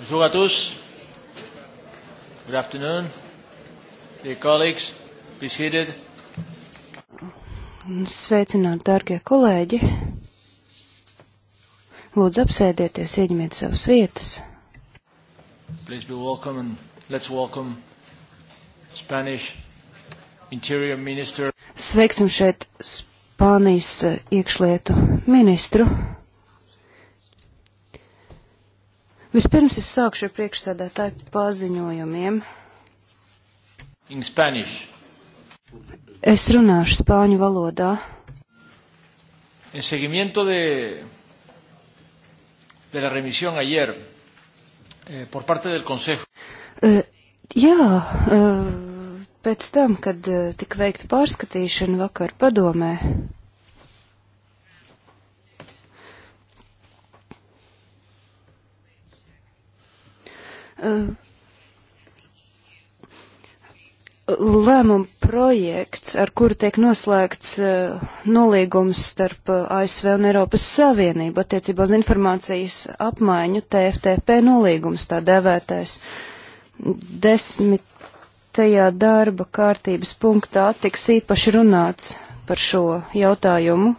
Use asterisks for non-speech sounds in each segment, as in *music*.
Bonjour à tous. Good afternoon. Dear colleagues, be seated. Sveicināti, dārgie kolēģi. Lūdzu, apsēdieties, ieņemiet savas vietas. Please be welcome and let's welcome Spanish Interior Minister. Sveiksim šeit Spānijas iekšlietu ministru. Vispirms es sākšu ar priekšsēdētāju paziņojumiem. In Spanish. Es runāšu spāņu valodā. En seguimiento de, de la remisión ayer eh, por parte del Consejo. Uh, jā, uh, pēc tam, kad uh, tika veikta pārskatīšana vakar padomē, uh, lēmuma projekts, ar kuru tiek noslēgts uh, nolīgums starp ASV un Eiropas Savienību attiecībā uz informācijas apmaiņu TFTP nolīgums, tā devētais. Desmitajā darba kārtības punktā tiks īpaši runāts par šo jautājumu.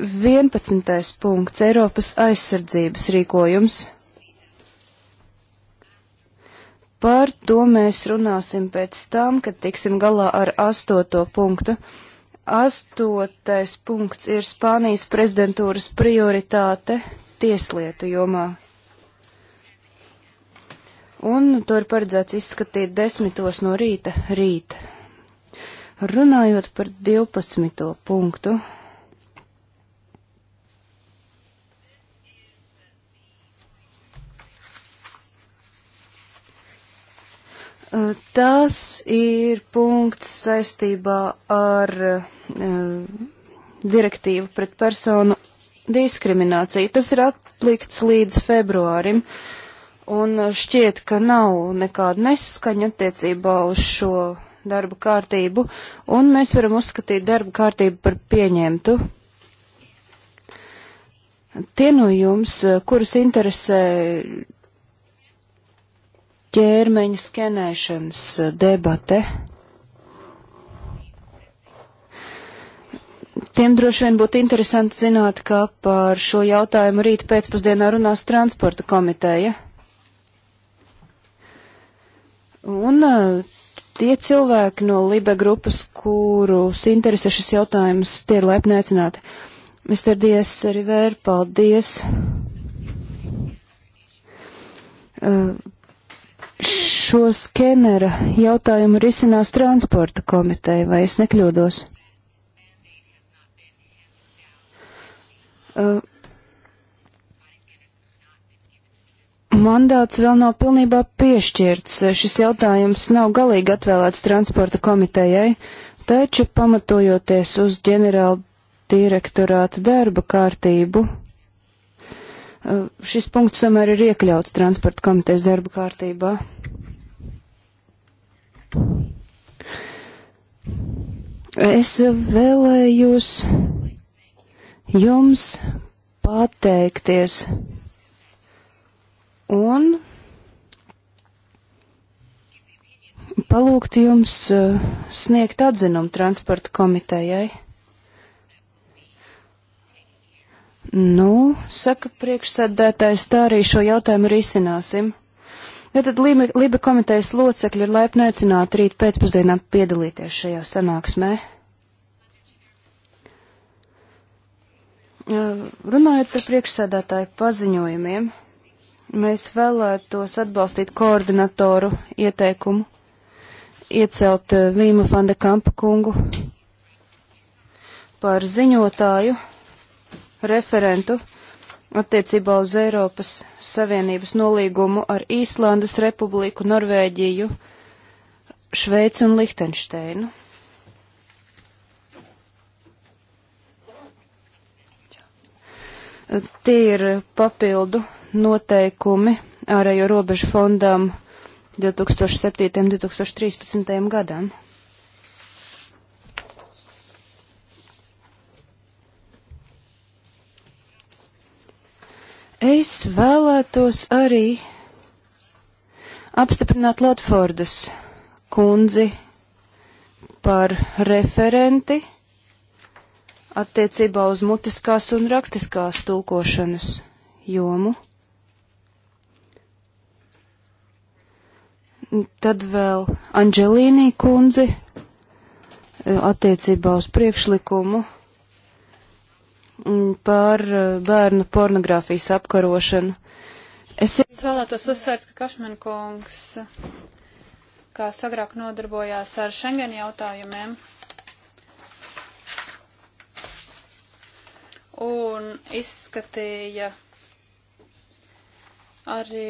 11. punkts - Eiropas aizsardzības rīkojums. Par to mēs runāsim pēc tam, kad tiksim galā ar astoto punktu. Astotais punkts ir Spānijas prezidentūras prioritāte tieslietu jomā. Un to ir paredzēts izskatīt desmitos no rīta rīt. Runājot par 12. punktu, Tas ir punkts saistībā ar eh, direktīvu pret personu diskrimināciju. Tas ir atlikts līdz februārim. Un šķiet, ka nav nekāda nesaskaņa attiecībā uz šo darba kārtību, un mēs varam uzskatīt darba kārtību par pieņemtu. Tie no jums, eh, kurus interesē ķermeņa skenēšanas debate. Tiem droši vien būtu interesanti zināt, ka par šo jautājumu rīt pēcpusdienā runās transporta komiteja. Un eh, tie cilvēki no Libe grupas, kurus interesē šis jautājums, tie ir laipni aicināti. Mr. Dies, arī vēr, paldies. Uh, šo skenera jautājumu risinās transporta komiteja, vai es nekļūdos? Uh, mandāts vēl nav pilnībā piešķirts. Šis jautājums nav galīgi atvēlēts transporta komitejai, taču pamatojoties uz ģenerāla direktorāta darba kārtību, uh, šis punkts tomēr ir iekļauts transporta komitejas darba kārtībā. Es vēlējos jums pateikties un palūgt jums eh, sniegt atzinumu transporta komitejai. Nu, saka priekšsēdētājs, tā arī šo jautājumu risināsim. Ja tad Liba komitejas locekļi ir laipni aicināti rīt pēcpusdienā piedalīties šajā sanāksmē. Runājot par priekšsēdētāju paziņojumiem, mēs vēlētos atbalstīt koordinatoru ieteikumu iecelt Vīma Fanda Kampa kungu par ziņotāju referentu attiecībā uz Eiropas Savienības nolīgumu ar Īslandes republiku, Norvēģiju, Šveici un Lihtenšteinu. Tie ir papildu noteikumi ārējo robežu fondam 2007. un 2013. gadam. Es vēlētos arī apstiprināt Lotfordas kundzi par referenti attiecībā uz mutiskās un rakstiskās tulkošanas jomu. Tad vēl Anģelīnī kundzi e, attiecībā uz priekšlikumu Mm, par eh, bērnu pornogrāfijas apkarošanu. Es, es vēlētos uzsvērt, ka Kašmen kungs, kā sagrāk nodarbojās ar Schengen jautājumiem, un izskatīja arī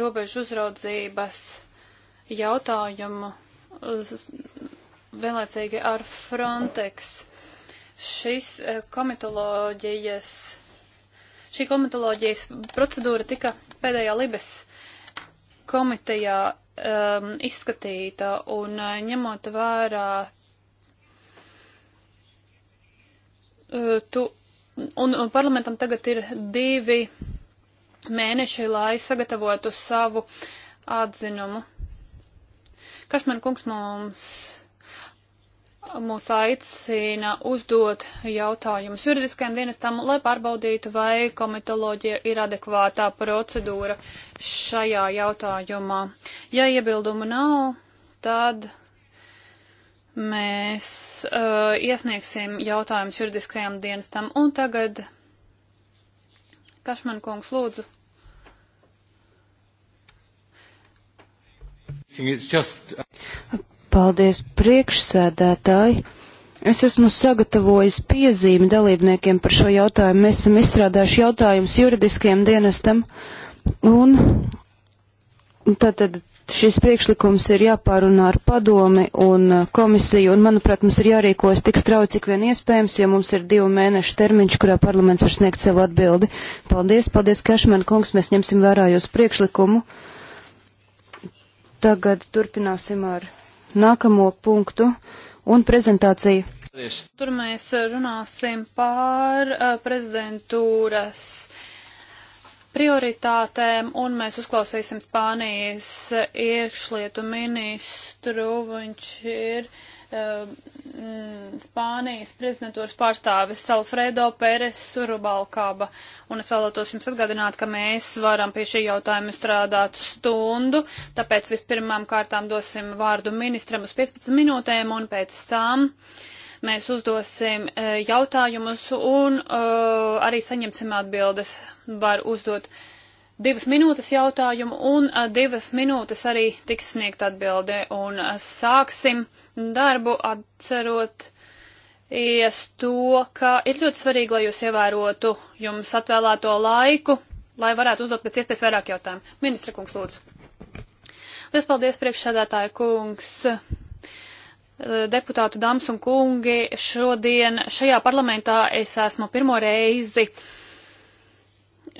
robežu uzraudzības jautājumu vienlaicīgi ar Frontex Šis eh, komitoloģijas, šī komitoloģijas procedūra tika pēdējā Libes komitejā um, izskatīta un eh, ņemot vērā eh, tu, un, un parlamentam tagad ir divi mēneši, lai sagatavotu savu atzinumu. Kašman kungs mums mūs aicina uzdot jautājumus juridiskajam dienestam, lai pārbaudītu, vai komitoloģija ir adekvātā procedūra šajā jautājumā. Ja iebildumu nav, tad mēs uh, iesniegsim jautājumus juridiskajam dienestam. Un tagad Kašman kungs lūdzu. Just... Uh, Paldies, priekšsēdētāji! Es esmu sagatavojis piezīmi dalībniekiem par šo jautājumu. Mēs esam izstrādājuši jautājumus juridiskajam dienestam, un tātad šis priekšlikums ir jāpārunā ar padomi un uh, komisiju, un, manuprāt, mums ir jārīkojas tik strauji, cik vien iespējams, jo mums ir divu mēnešu termiņš, kurā parlaments var sniegt savu atbildi. Paldies, paldies, Kašman kungs, mēs ņemsim vērā jūsu priekšlikumu. Tagad turpināsim ar nākamo punktu un prezentāciju. Tur mēs eh, runāsim par uh, prezidentūras prioritātēm, un mēs uzklausīsim Spānijas iekšlietu ministru. Viņš ir uh, Um, Spānijas prezidentūras pārstāvis Salfredo Pēres Surubalkaba. Un es vēlētos jums atgādināt, ka mēs varam pie šī jautājuma strādāt stundu, tāpēc vispirmām kārtām dosim vārdu ministram uz 15 minūtēm un pēc tam mēs uzdosim eh, jautājumus un uh, arī saņemsim atbildes. Var uzdot divas minūtes jautājumu un uh, divas minūtes arī tiks sniegt atbildi. Un uh, sāksim. Uh, darbu, atcerot ies to, ka ir ļoti svarīgi, lai jūs ievērotu jums atvēlēto laiku, lai varētu uzdot pēc iespējas vairāk jautājumu. Ministra kungs, lūdzu. Lies paldies, priekšsēdētāja kungs deputātu dāmas un kungi, šodien šajā parlamentā es esmu pirmo reizi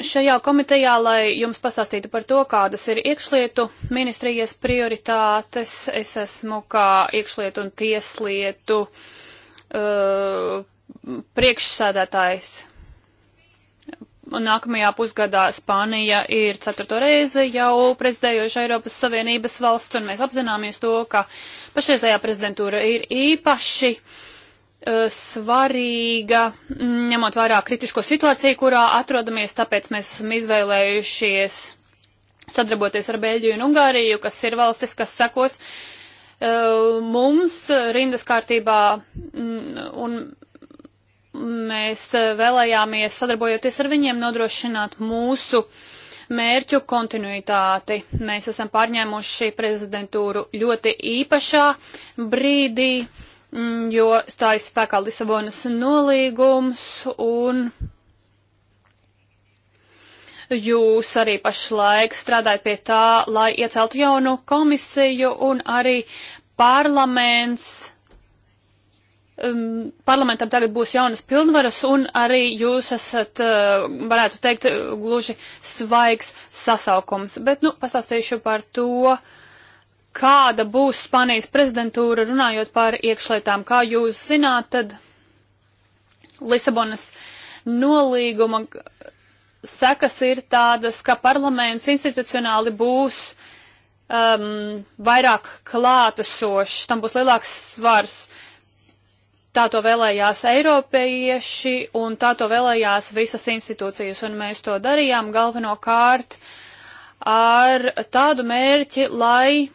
šajā komitejā, lai jums pastāstītu par to, kādas ir iekšlietu ministrijas prioritātes. Es esmu kā iekšlietu un tieslietu uh, priekšsēdētājs. Nākamajā pusgadā Spānija ir ceturto reizi jau prezidējoša Eiropas Savienības valsts, un mēs apzināmies to, ka pašreizējā prezidentūra ir īpaši uh, Uh, svarīga, mm, ņemot vērā kritisko situāciju, kurā atrodamies, tāpēc mēs esam izvēlējušies sadarboties ar Beļģiju un Ungāriju, kas ir valstis, kas sekos uh, mums rindas kārtībā, mm, un mēs vēlējāmies, sadarbojoties ar viņiem, nodrošināt mūsu mērķu kontinuitāti. Mēs esam pārņēmuši prezidentūru ļoti īpašā brīdī Mm, jo stājas spēkā Lisabonas nolīgums un jūs arī pašlaik strādājat pie tā, lai ieceltu jaunu komisiju un arī parlaments. Um, parlamentam tagad būs jaunas pilnvaras un arī jūs esat, uh, varētu teikt, gluži svaigs sasaukums. Bet, nu, pastāstīšu par to, uh, kāda būs Spānijas prezidentūra runājot par iekšlietām. Kā jūs zināt, tad Lisabonas nolīguma sekas ir tādas, ka parlaments institucionāli būs um, vairāk klātesošs, tam būs lielāks svars. Tā to vēlējās eiropieši un tā to vēlējās visas institūcijas, un mēs to darījām galvenokārt ar tādu mērķi, lai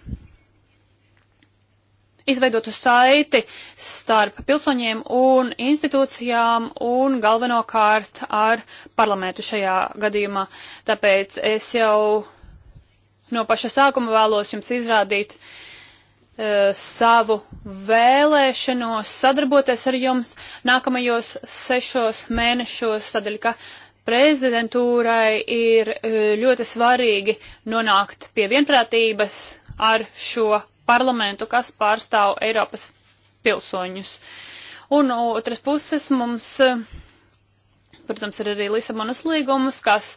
izveidotu saiti starp pilsoņiem un institūcijām un galvenokārt ar parlamentu šajā gadījumā. Tāpēc es jau no paša sākuma vēlos jums izrādīt uh, savu vēlēšanos sadarboties ar jums nākamajos sešos mēnešos, tādēļ, ka prezidentūrai ir uh, ļoti svarīgi nonākt pie vienprātības ar šo parlamentu, kas pārstāv Eiropas pilsoņus. Un no otras puses mums, protams, ir arī Lisabonas līgumus, kas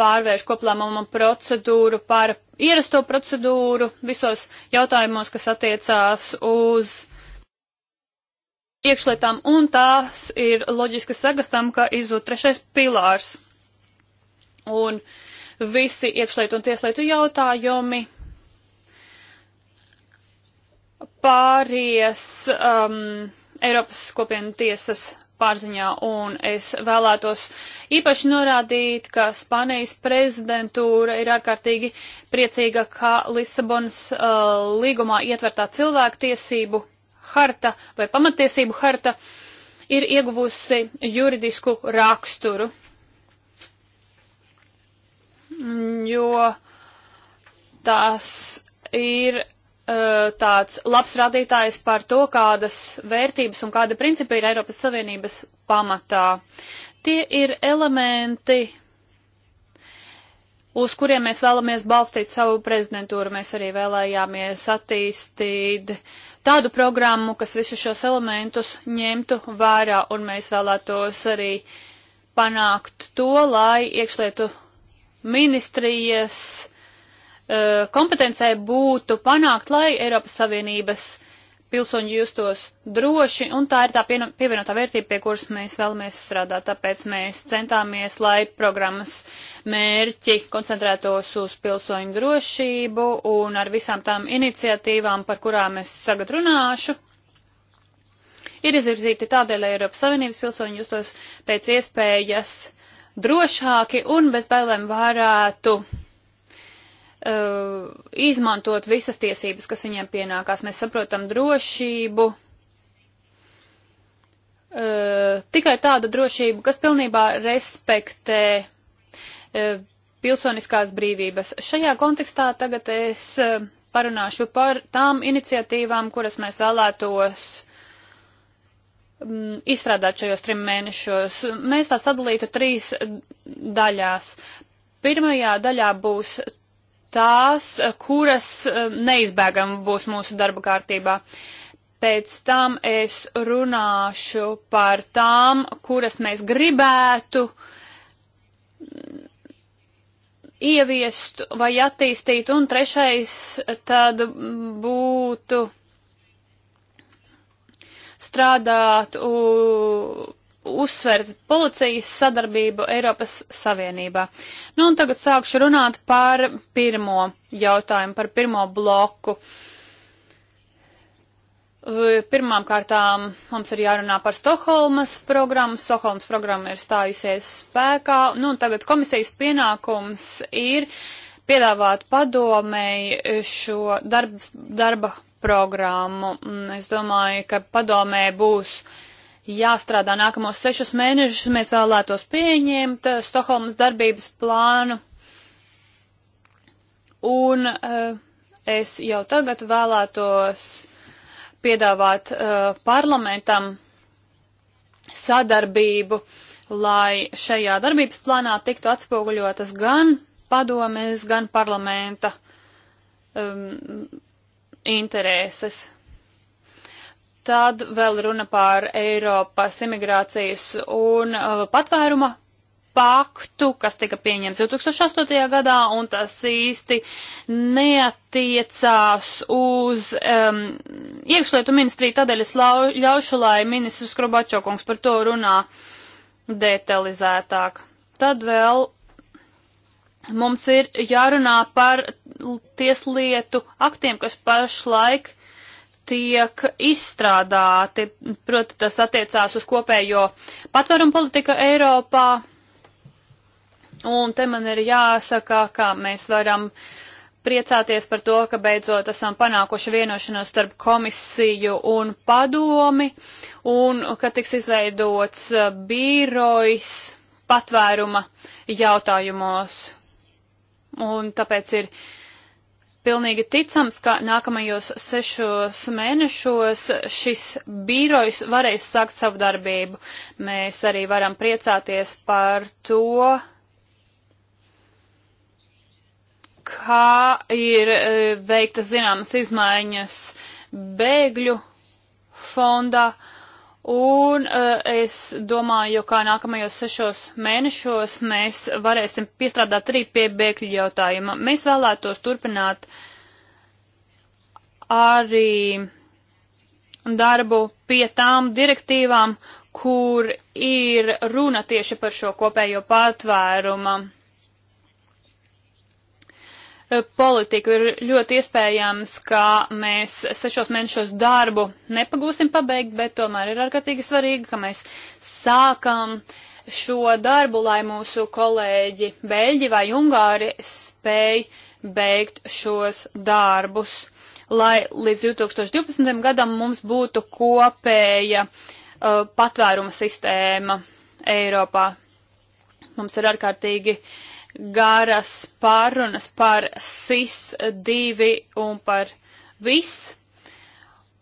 pārvērš koplēmumu procedūru par ierasto procedūru visos jautājumos, kas attiecās uz iekšlietām, un tās ir loģiski sagastam, ka izzūd trešais pilārs. Un visi iekšlietu un tieslietu jautājumi pāries um, Eiropas kopienu tiesas pārziņā, un es vēlētos īpaši norādīt, ka Spānijas prezidentūra ir ārkārtīgi priecīga, ka Lisabonas uh, līgumā ietvertā cilvēktiesību harta vai pamatiesību harta ir ieguvusi juridisku raksturu, mm, jo tās ir Eh, tāds labs radītājs par to, kādas vērtības un kāda principi ir Eiropas Savienības pamatā. Tie ir elementi, uz kuriem mēs vēlamies balstīt savu prezidentūru. Mēs arī vēlējāmies attīstīt tādu programmu, kas visus šos elementus ņemtu vērā, un mēs vēlētos arī panākt to, lai iekšlietu ministrijas Eh, kompetencē būtu panākt, lai Eiropas Savienības pilsoņi justos droši, un tā ir tā pievienotā vērtība, pie kuras mēs vēlamies strādāt. Tāpēc mēs centāmies, lai programmas mērķi koncentrētos uz pilsoņu drošību un ar visām tām iniciatīvām, par kurām es tagad runāšu. Ir izvirzīti tādēļ, lai Eiropas Savienības pilsoņi justos pēc iespējas drošāki un bez bailēm varētu uh, uh, izmantot visas tiesības, kas viņiem pienākās. Mēs saprotam drošību, uh, tikai tādu drošību, kas pilnībā respektē uh, pilsoniskās brīvības. Šajā kontekstā tagad es uh, parunāšu par tām iniciatīvām, kuras mēs vēlētos um, izstrādāt šajos trim mēnešos. Mēs tā sadalītu trīs daļās. Pirmajā daļā būs tās, kuras eh, neizbēgami būs mūsu darba kārtībā. Pēc tam es runāšu par tām, kuras mēs gribētu ieviest vai attīstīt, un trešais tad būtu strādāt u, uzsvērt policijas sadarbību Eiropas Savienībā. Nu, un tagad sākšu runāt par pirmo jautājumu, par pirmo bloku. Pirmām kārtām mums ir jārunā par Stokholmas programmu. Stokholmas programma ir stājusies spēkā. Nu, un tagad komisijas pienākums ir piedāvāt padomēji šo darb, darba programmu. Es domāju, ka padomē būs uh, jāstrādā nākamos sešus mēnešus. Mēs vēlētos pieņemt eh, Stokholmas darbības plānu. Un eh, es jau tagad vēlētos piedāvāt eh, parlamentam sadarbību, lai šajā darbības plānā tiktu atspoguļotas gan padomes, gan parlamenta um, intereses. Tad vēl runa par Eiropas imigrācijas un uh, patvēruma paktu, kas tika pieņemts 2008. gadā, un tas īsti neatiecās uz um, iekšlietu ministriju, tādēļ es lau, ļaušu, lai ministrs Krobačokungs par to runā detalizētāk. Tad vēl mums ir jārunā par tieslietu aktiem, kas pašlaik tiek izstrādāti, proti tas attiecās uz kopējo patvērumu politiku Eiropā. Un te man ir jāsaka, ka mēs varam priecāties par to, ka beidzot esam panākuši vienošanos starp komisiju un padomi, un ka tiks izveidots bīrojs patvēruma jautājumos. Un tāpēc ir uh, pilnīgi ticams, ka nākamajos sešos mēnešos šis bīrojs varēs sākt savu darbību. Mēs arī varam priecāties par to, kā ir e, veikta zināmas izmaiņas bēgļu fondā. Uh, Un uh, es domāju, ka nākamajos sešos mēnešos mēs varēsim piestrādāt arī pie bēgļu jautājuma. Mēs vēlētos turpināt arī darbu pie tām direktīvām, kur ir runa tieši par šo kopējo pārtvērumu politiku, ir ļoti iespējams, ka mēs sešos mēnešos darbu nepagūsim pabeigt, bet tomēr ir ārkārtīgi svarīgi, ka mēs sākam šo darbu, lai mūsu kolēģi Beļģi vai Ungāri spēj beigt šos darbus, lai līdz 2012. gadam mums būtu kopēja uh, patvēruma sistēma Eiropā. Mums ir ārkārtīgi uh, garas pārunas par SIS-2 un par VIS.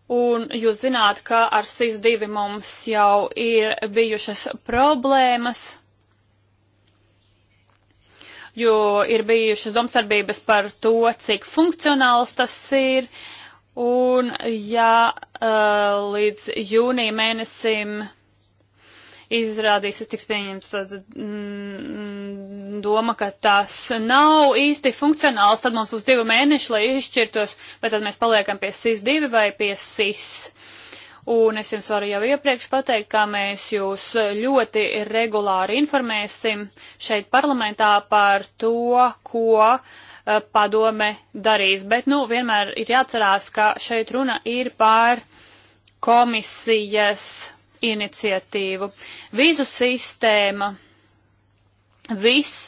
Un jūs zināt, ka ar SIS-2 mums jau ir bijušas problēmas, jo ir bijušas domstarbības par to, cik funkcionāls tas ir. Un ja uh, līdz jūnija mēnesim uh, izrādīsies tiks pieņemts mm, doma, ka tas nav īsti funkcionāls, tad mums būs divi mēneši, lai izšķirtos, vai tad mēs paliekam pie SIS-2 vai pie SIS. Un es jums varu jau iepriekš pateikt, kā mēs jūs ļoti regulāri informēsim šeit parlamentā par to, ko uh, padome darīs. Bet, nu, vienmēr ir jāatcerās, ka šeit runa ir par komisijas iniciatīvu. Vizu sistēma, viss,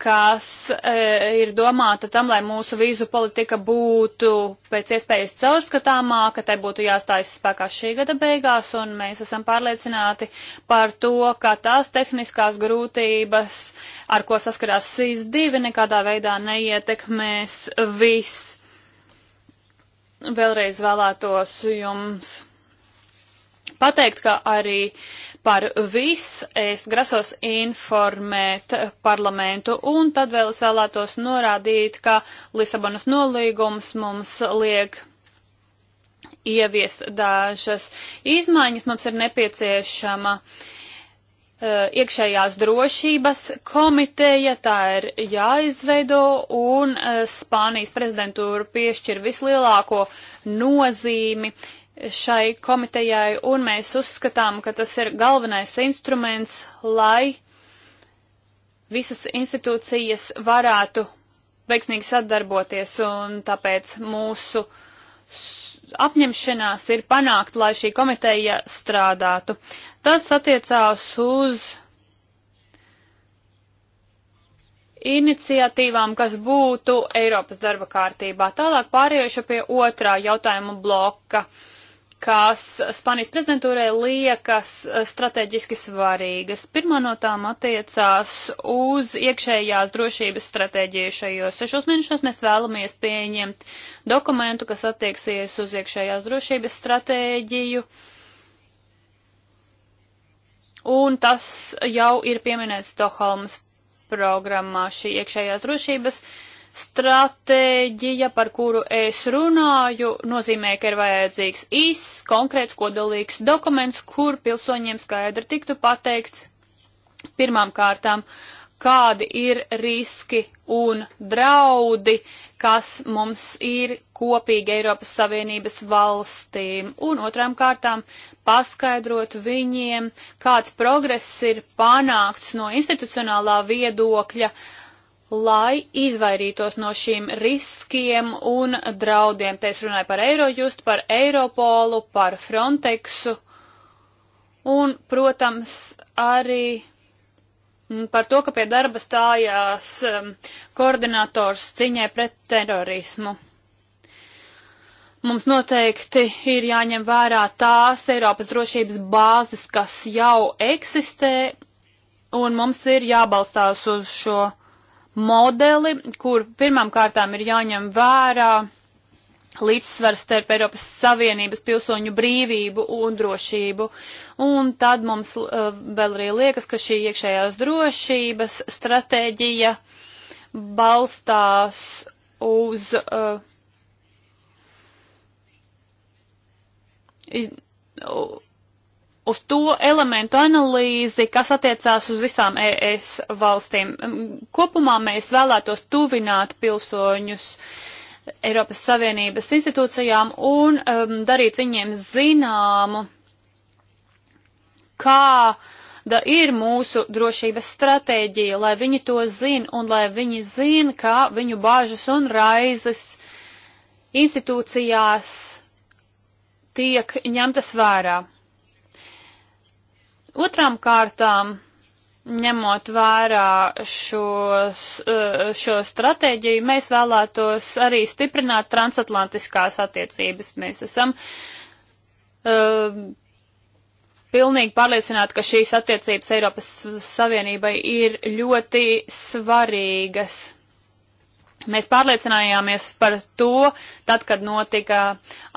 kas e, ir domāta tam, lai mūsu vīzu politika būtu pēc iespējas caurskatāmāka, tai būtu jāstājas spēkā šī gada beigās, un mēs esam pārliecināti par to, ka tās tehniskās grūtības, ar ko saskarās SIS-2, nekādā veidā neietekmēs viss. Vēlreiz vēlētos jums pateikt, ka arī par visu es grasos informēt parlamentu, un tad vēl es vēlētos norādīt, ka Lisabonas nolīgums mums liek ieviest dažas izmaiņas. Mums ir nepieciešama uh, iekšējās drošības komiteja, tā ir jāizveido, un uh, Spānijas prezidentūra piešķir vislielāko nozīmi šai komitejai, un mēs uzskatām, ka tas ir galvenais instruments, lai visas institūcijas varētu veiksmīgi sadarboties, un tāpēc mūsu apņemšanās ir panākt, lai šī komiteja strādātu. Tas attiecās uz iniciatīvām, kas būtu Eiropas darba kārtībā. Tālāk pāriešu pie otrā jautājuma bloka. Uh, kas Spānijas prezidentūrai liekas eh, strateģiski svarīgas. Pirmā no tām attiecās uz iekšējās drošības stratēģiju šajos sešos mēnešos. Mēs vēlamies pieņemt dokumentu, kas attieksies uz iekšējās drošības stratēģiju. Un tas jau ir pieminēts Stokholmas programmā šī iekšējās drošības stratēģija Stratēģija, par kuru es runāju, nozīmē, ka ir vajadzīgs īss, konkrēts, kodolīgs dokuments, kur pilsoņiem skaidri tiktu pateikts pirmām kārtām, kādi ir riski un draudi, kas mums ir kopīgi Eiropas Savienības valstīm, un otrām kārtām paskaidrot viņiem, kāds progress ir panākts no institucionālā viedokļa, uh, lai izvairītos no šīm riskiem un draudiem. Te es runāju par Eirojust, par Eiropolu, par Frontexu un, protams, arī mm, par to, ka pie darba stājās um, koordinators ciņai pret terorismu. Mums noteikti ir jāņem vērā tās Eiropas drošības bāzes, kas jau eksistē, un mums ir jābalstās uz šo modeli, kur pirmām kārtām ir jāņem vērā līdzsvars starp Eiropas Savienības pilsoņu brīvību un drošību. Un tad mums uh, vēl arī liekas, ka šī iekšējās drošības stratēģija balstās uz uh, uz to elementu analīzi, kas attiecās uz visām ES valstīm. Kopumā mēs vēlētos tuvināt pilsoņus Eiropas Savienības institūcijām un um, darīt viņiem zināmu, kā da ir mūsu drošības stratēģija, lai viņi to zin un lai viņi zin, kā viņu bāžas un raizes institūcijās tiek ņemtas vērā. Otrām kārtām, ņemot vērā šo, eh, šo stratēģiju, mēs vēlētos arī stiprināt transatlantiskās attiecības. Mēs esam uh, pilnīgi pārliecināti, ka šīs attiecības Eiropas Savienībai ir ļoti svarīgas. Mēs pārliecinājāmies par to, tad, kad notika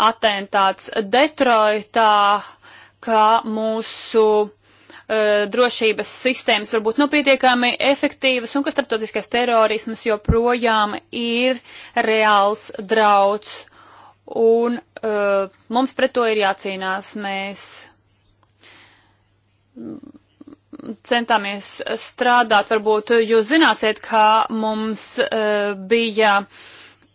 atentāts Detroitā, ka mūsu uh, drošības sistēmas varbūt nav pietiekami efektīvas un ka starptautiskais terorisms joprojām ir reāls drauds. Un uh, mums pret to ir jācīnās. Mēs centāmies strādāt. Varbūt jūs zināsiet, kā mums uh, bija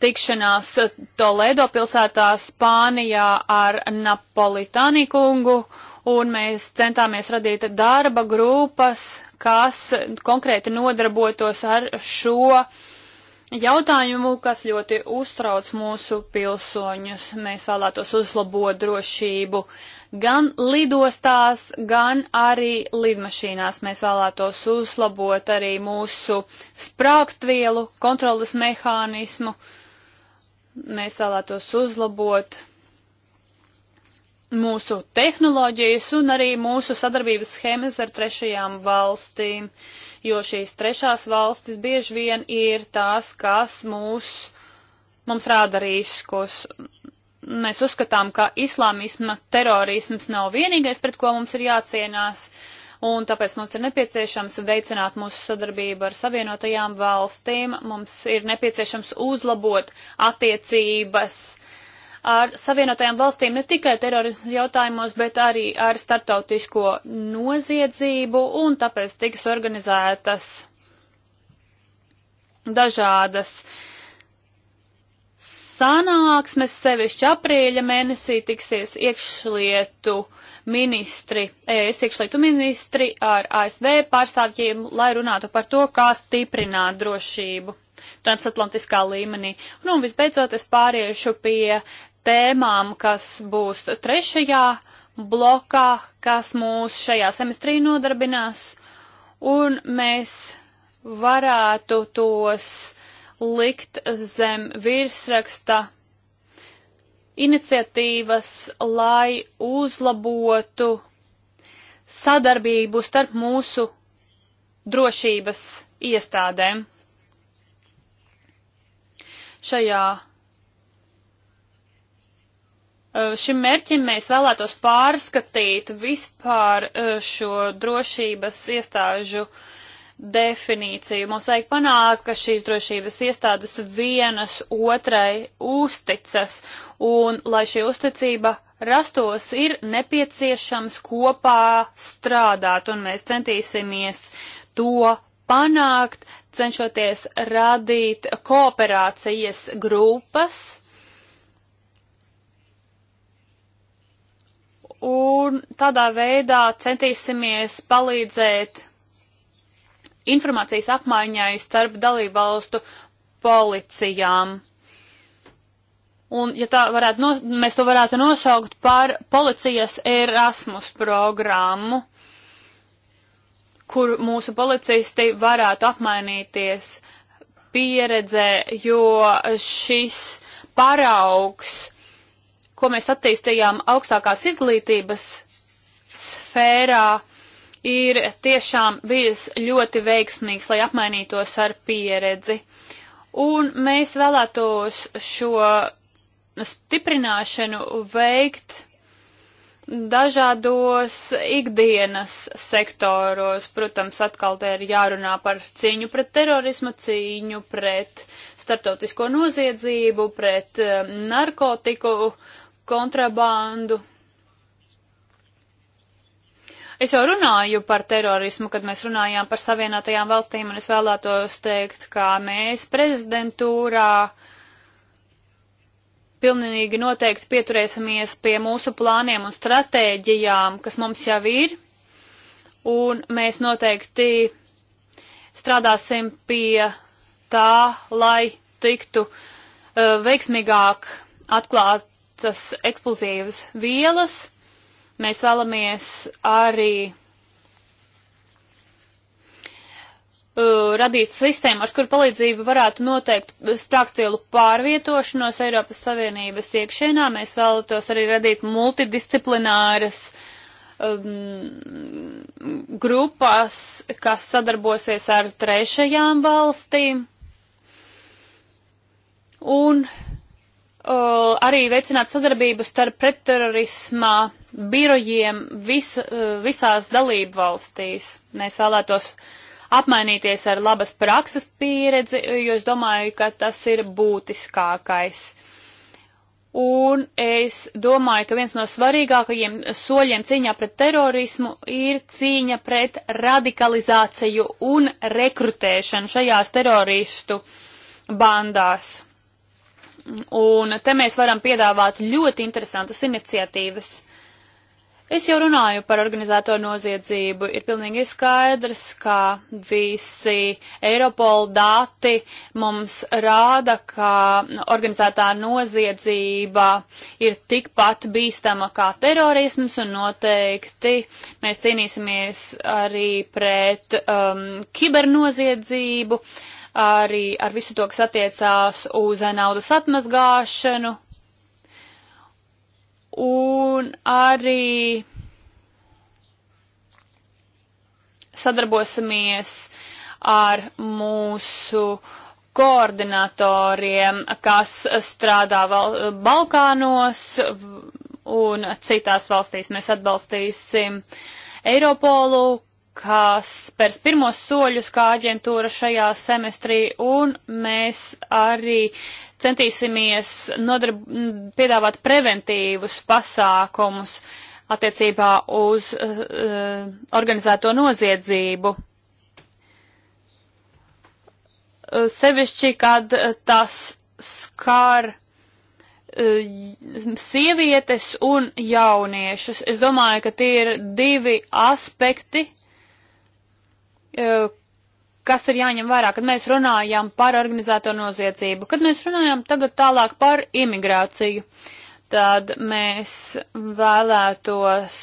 tikšanās Toledo pilsētā Spānijā ar Napolitāni kungu. Uh, un mēs centāmies radīt darba grupas, kas konkrēti nodarbotos ar šo jautājumu, kas ļoti uztrauc mūsu pilsoņus. Mēs vēlētos uzlabot drošību gan lidostās, gan arī lidmašīnās. Mēs vēlētos uzlabot arī mūsu sprākstvielu kontrolas mehānismu. Mēs vēlētos uzlabot mūsu tehnoloģijas un arī mūsu sadarbības schēmas ar trešajām valstīm, jo šīs trešās valstis bieži vien ir tās, kas mūs, mums rāda riskus. Mēs uzskatām, ka islāmisma terorisms nav vienīgais, pret ko mums ir jācienās, un tāpēc mums ir nepieciešams veicināt mūsu sadarbību ar savienotajām valstīm, mums ir nepieciešams uzlabot attiecības, uh, ar Savienotajām valstīm ne tikai terorismu jautājumos, bet arī ar startautisko noziedzību, un tāpēc tiks organizētas dažādas sanāksmes, sevišķi aprīļa mēnesī tiksies iekšlietu ministri, es iekšlietu ministri ar ASV pārstāvjiem, lai runātu par to, kā stiprināt drošību transatlantiskā līmenī. Nu, un visbeidzot, es pāriešu pie tēmām, kas būs trešajā blokā, kas mūs šajā semestrī nodarbinās, un mēs varētu tos likt zem virsraksta iniciatīvas, lai uzlabotu sadarbību starp mūsu drošības iestādēm. Šajā šim mērķim mēs vēlētos pārskatīt vispār šo drošības iestāžu definīciju. Mums vajag panākt, ka šīs drošības iestādes vienas otrai uzticas, un lai šī uzticība rastos, ir nepieciešams kopā strādāt, un mēs centīsimies to panākt, cenšoties radīt kooperācijas grupas. Un tādā veidā centīsimies palīdzēt informācijas apmaiņai starp dalībvalstu policijām. Un, ja tā varētu, no, mēs to varētu nosaukt par policijas Erasmus programmu. Uh, kur mūsu policisti varētu apmainīties pieredzē, jo šis paraugs, ko mēs attīstījām augstākās izglītības sfērā, ir tiešām bijis ļoti veiksmīgs, lai apmainītos ar pieredzi. Un mēs vēlētos šo stiprināšanu veikt dažādos ikdienas sektoros. Protams, atkal te ir jārunā par cīņu pret terorismu, cīņu pret starptautisko noziedzību, pret eh, narkotiku kontrabandu. Es jau runāju par terorismu, kad mēs runājām par savienotajām valstīm, un es vēlētos teikt, kā mēs prezidentūrā uh, pilnīgi noteikti pieturēsimies pie mūsu plāniem un stratēģijām, kas mums jau ir, un mēs noteikti strādāsim pie tā, lai tiktu uh, veiksmīgāk atklātas eksplozīvas vielas. Mēs vēlamies arī uh, radīt sistēmu, ar kur palīdzību varētu noteikt sprākstvielu pārvietošanos Eiropas Savienības iekšēnā. Mēs vēlētos arī radīt multidisciplināras um, grupas, kas sadarbosies ar trešajām valstīm. Un Uh, arī veicināt sadarbību starp pretterorismā birojiem vis, uh, visās dalību valstīs. Mēs vēlētos apmainīties ar labas prakses pieredzi, jo es domāju, ka tas ir būtiskākais. Un es domāju, ka viens no svarīgākajiem soļiem cīņā pret terorismu ir cīņa pret radikalizāciju un rekrutēšanu šajās teroristu bandās. Un te mēs varam piedāvāt ļoti interesantas iniciatīvas Es jau runāju par organizēto noziedzību. Ir pilnīgi skaidrs, ka visi Eiropola dati mums rāda, ka organizētā noziedzība ir tikpat bīstama kā terorisms un noteikti mēs cīnīsimies arī pret um, kibernoziedzību, arī ar visu to, kas attiecās uz naudas atmazgāšanu, un arī sadarbosimies ar mūsu koordinatoriem, kas strādā val Balkānos un citās valstīs. Mēs atbalstīsim Eiropolu, kas spērs pirmos soļus kā aģentūra šajā semestrī, un mēs arī uh, centīsimies nodarb, piedāvāt preventīvus pasākumus attiecībā uz uh, organizēto noziedzību. Eh, sevišķi, kad eh, tas skar sievietes un jauniešus. Es domāju, ka tie ir divi aspekti, kas ir jāņem vērā, kad mēs runājam par organizēto noziedzību, kad mēs runājam tagad tālāk par imigrāciju, tad mēs vēlētos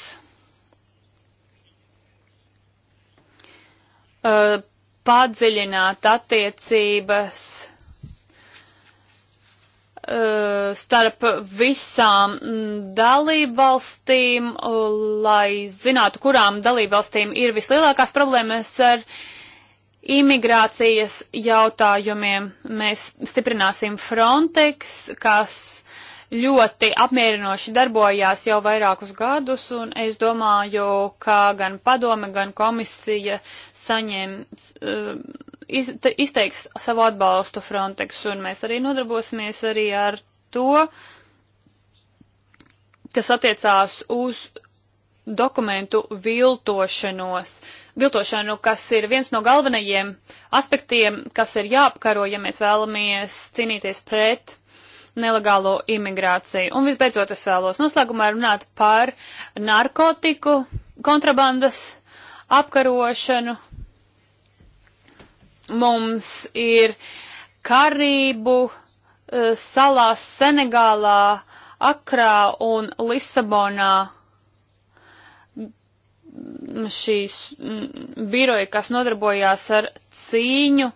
uh, padziļināt attiecības uh, starp visām mm, dalībvalstīm, lai zinātu, kurām dalībvalstīm ir vislielākās problēmas ar uh, imigrācijas jautājumiem. Mēs stiprināsim Frontex, kas ļoti apmierinoši darbojās jau vairākus gadus, un es domāju, ka gan padome, gan komisija saņems, eh, iz, izteiks savu atbalstu Frontex, un mēs arī nodarbosimies arī ar to, kas attiecās uz dokumentu viltošanos. Viltošanu, kas ir viens no galvenajiem aspektiem, kas ir jāapkaro, ja mēs vēlamies cīnīties pret nelegālo imigrāciju. Un visbeidzot, es vēlos noslēgumā runāt par narkotiku kontrabandas apkarošanu. Mums ir Karību eh, salās Senegālā, Akrā un Lisabonā šīs mm, biroja, kas nodarbojās ar cīņu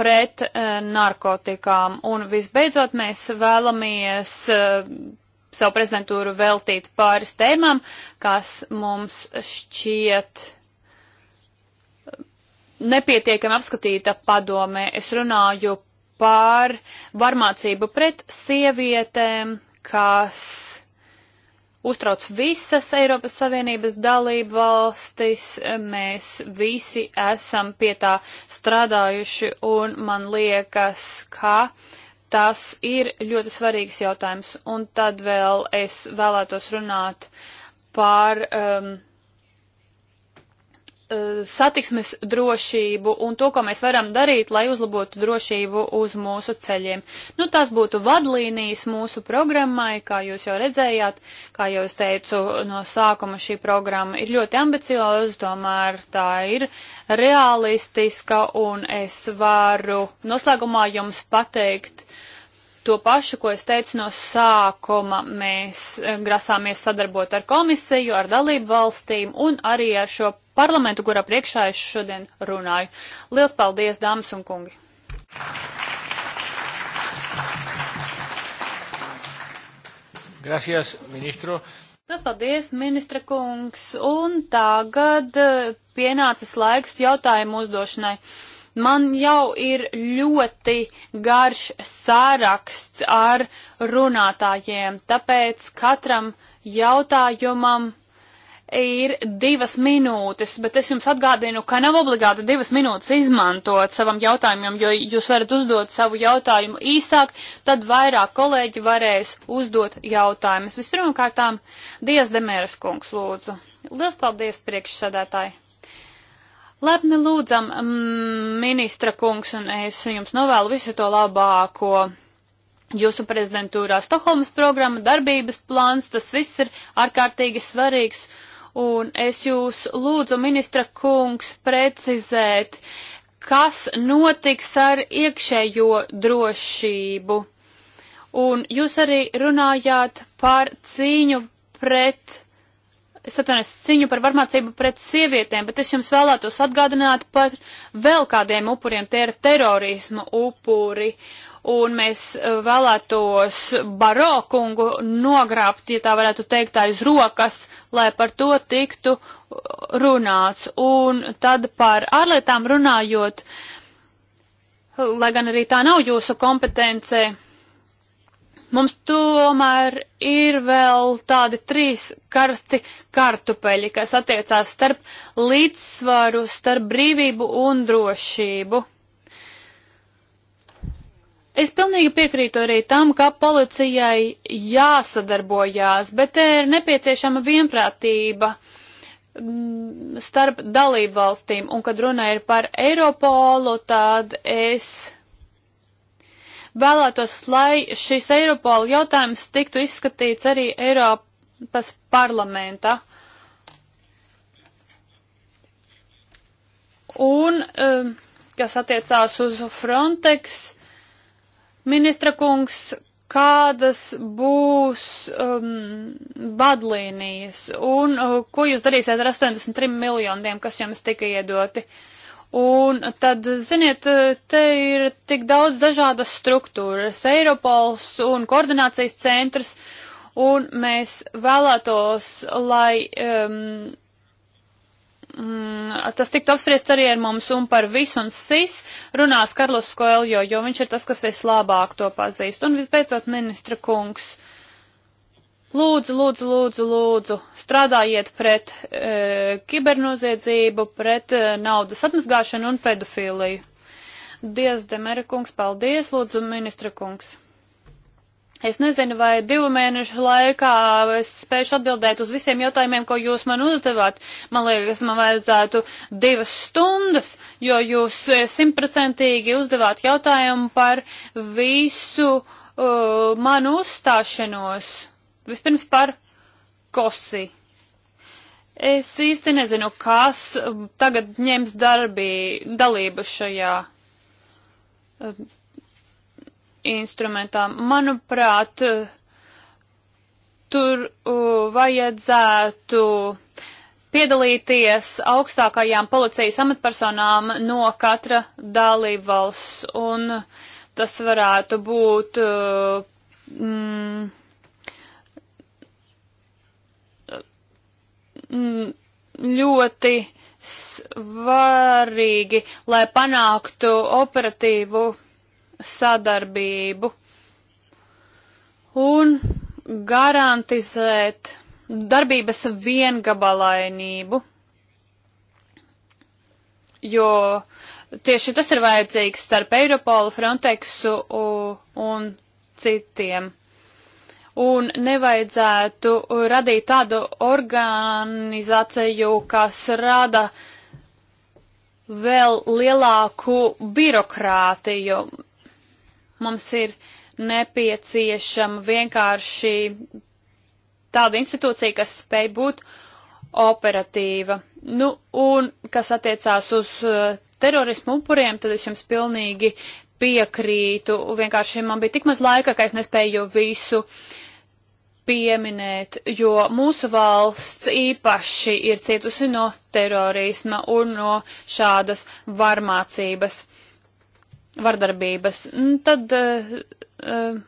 pret eh, narkotikām. Un visbeidzot, mēs vēlamies eh, savu prezidentūru veltīt pāris tēmām, kas mums šķiet eh, nepietiekami apskatīta padomē. Es runāju par varmācību pret sievietēm, kas uztrauc visas Eiropas Savienības dalību valstis. Mēs visi esam pie tā strādājuši un man liekas, ka tas ir ļoti svarīgs jautājums. Un tad vēl es vēlētos runāt par um, Eh, satiksmes drošību un to, ko mēs varam darīt, lai uzlabotu drošību uz mūsu ceļiem. Nu, tās būtu vadlīnijas mūsu programmai, kā jūs jau redzējāt, kā jau es teicu, no sākuma šī programma ir ļoti ambicioza, tomēr tā ir realistiska un es varu noslēgumā jums pateikt, uh, to pašu, ko es teicu no sākuma. Mēs eh, grasāmies sadarbot ar komisiju, ar dalību valstīm un arī ar šo parlamentu, kurā priekšā es šodien runāju. Liels paldies, dāmas un kungi! Gracias, ministro. Tas paldies, ministra kungs. Un tagad eh, pienācis laiks jautājumu uzdošanai. Man jau ir ļoti garš sāraksts ar runātājiem, tāpēc katram jautājumam ir divas minūtes, bet es jums atgādinu, ka nav obligāti divas minūtes izmantot savam jautājumam, jo jūs varat uzdot savu jautājumu īsāk, tad vairāk kolēģi varēs uzdot jautājumus. Vispirmkārtām, Dievs Demēras kungs lūdzu. Lielas paldies priekšsēdētāji! Lepni nu lūdzam, mm, ministra kungs, un es jums novēlu visu to labāko. Jūsu prezidentūrā Stokholmas programma, darbības plāns, tas viss ir ārkārtīgi svarīgs. Un es jūs lūdzu, ministra kungs, precizēt, kas notiks ar iekšējo drošību. Un jūs arī runājāt par cīņu pret es atvainojos, ciņu par varmācību pret sievietēm, bet es jums vēlētos atgādināt par vēl kādiem upuriem. Tie ir terorisma upuri. Un mēs eh, vēlētos baro kungu nogrābt, ja tā varētu teikt, aiz rokas, lai par to tiktu eh, runāts. Un tad par ārlietām runājot, lai gan arī tā nav jūsu kompetencija Mums tomēr ir vēl tādi trīs karsti kartupeļi, kas attiecās starp līdzsvaru, starp brīvību un drošību. Es pilnīgi piekrītu arī tam, ka policijai jāsadarbojās, bet te ir nepieciešama vienprātība mm, starp dalību valstīm, un kad runa ir par Eiropolu, tad es Vēlētos, lai šis Eiropola jautājums tiktu izskatīts arī Eiropas parlamenta. Un, um, kas attiecās uz Frontex, ministra kungs, kādas būs um, vadlīnijas un uh, ko jūs darīsiet ar 83 miljoniem, kas jums tika iedoti? Uh, Un tad, ziniet, te ir tik daudz dažādas struktūras, Eiropols un koordinācijas centrs, un mēs vēlētos, lai um, mm, tas tiktu apspriests arī ar mums un par visu un sis runās Karlos Skoeljo, jo viņš ir tas, kas vislabāk to pazīst. Un visbeidzot, ministra kungs. Uh, Lūdzu, lūdzu, lūdzu, lūdzu, strādājiet pret e, kibernoziedzību, pret e, naudas atmazgāšanu un pedofīliju. Dievs, Demera kungs, paldies, lūdzu, ministra kungs. Es nezinu, vai divu mēnešu laikā es spēšu atbildēt uz visiem jautājumiem, ko jūs man uzdevāt. Man liekas, man vajadzētu divas stundas, jo jūs e, simtprocentīgi uzdevāt jautājumu par visu uh, manu uzstāšanos. Vispirms par kosi. Es īsti nezinu, kas tagad ņems darbī, dalību šajā uh, instrumentā. Manuprāt, tur uh, vajadzētu piedalīties augstākajām policijas amatpersonām no katra dalībvalsts, un tas varētu būt mm, Mm, ļoti svarīgi, lai panāktu operatīvu sadarbību un garantizēt darbības viengabalainību, jo tieši tas ir vajadzīgs starp Eiropolu, Frontexu un citiem un nevajadzētu radīt tādu organizāciju, kas rada vēl lielāku birokrātiju. Mums ir nepieciešama vienkārši tāda institūcija, kas spēj būt operatīva. Nu, un kas attiecās uz uh, terorismu upuriem, tad es jums pilnīgi piekrītu. Vienkārši man bija tik maz laika, ka es nespēju visu uh, pieminēt, jo mūsu valsts īpaši ir cietusi no terorisma un no šādas varmācības, vardarbības. Nu, tad uh, eh, uh,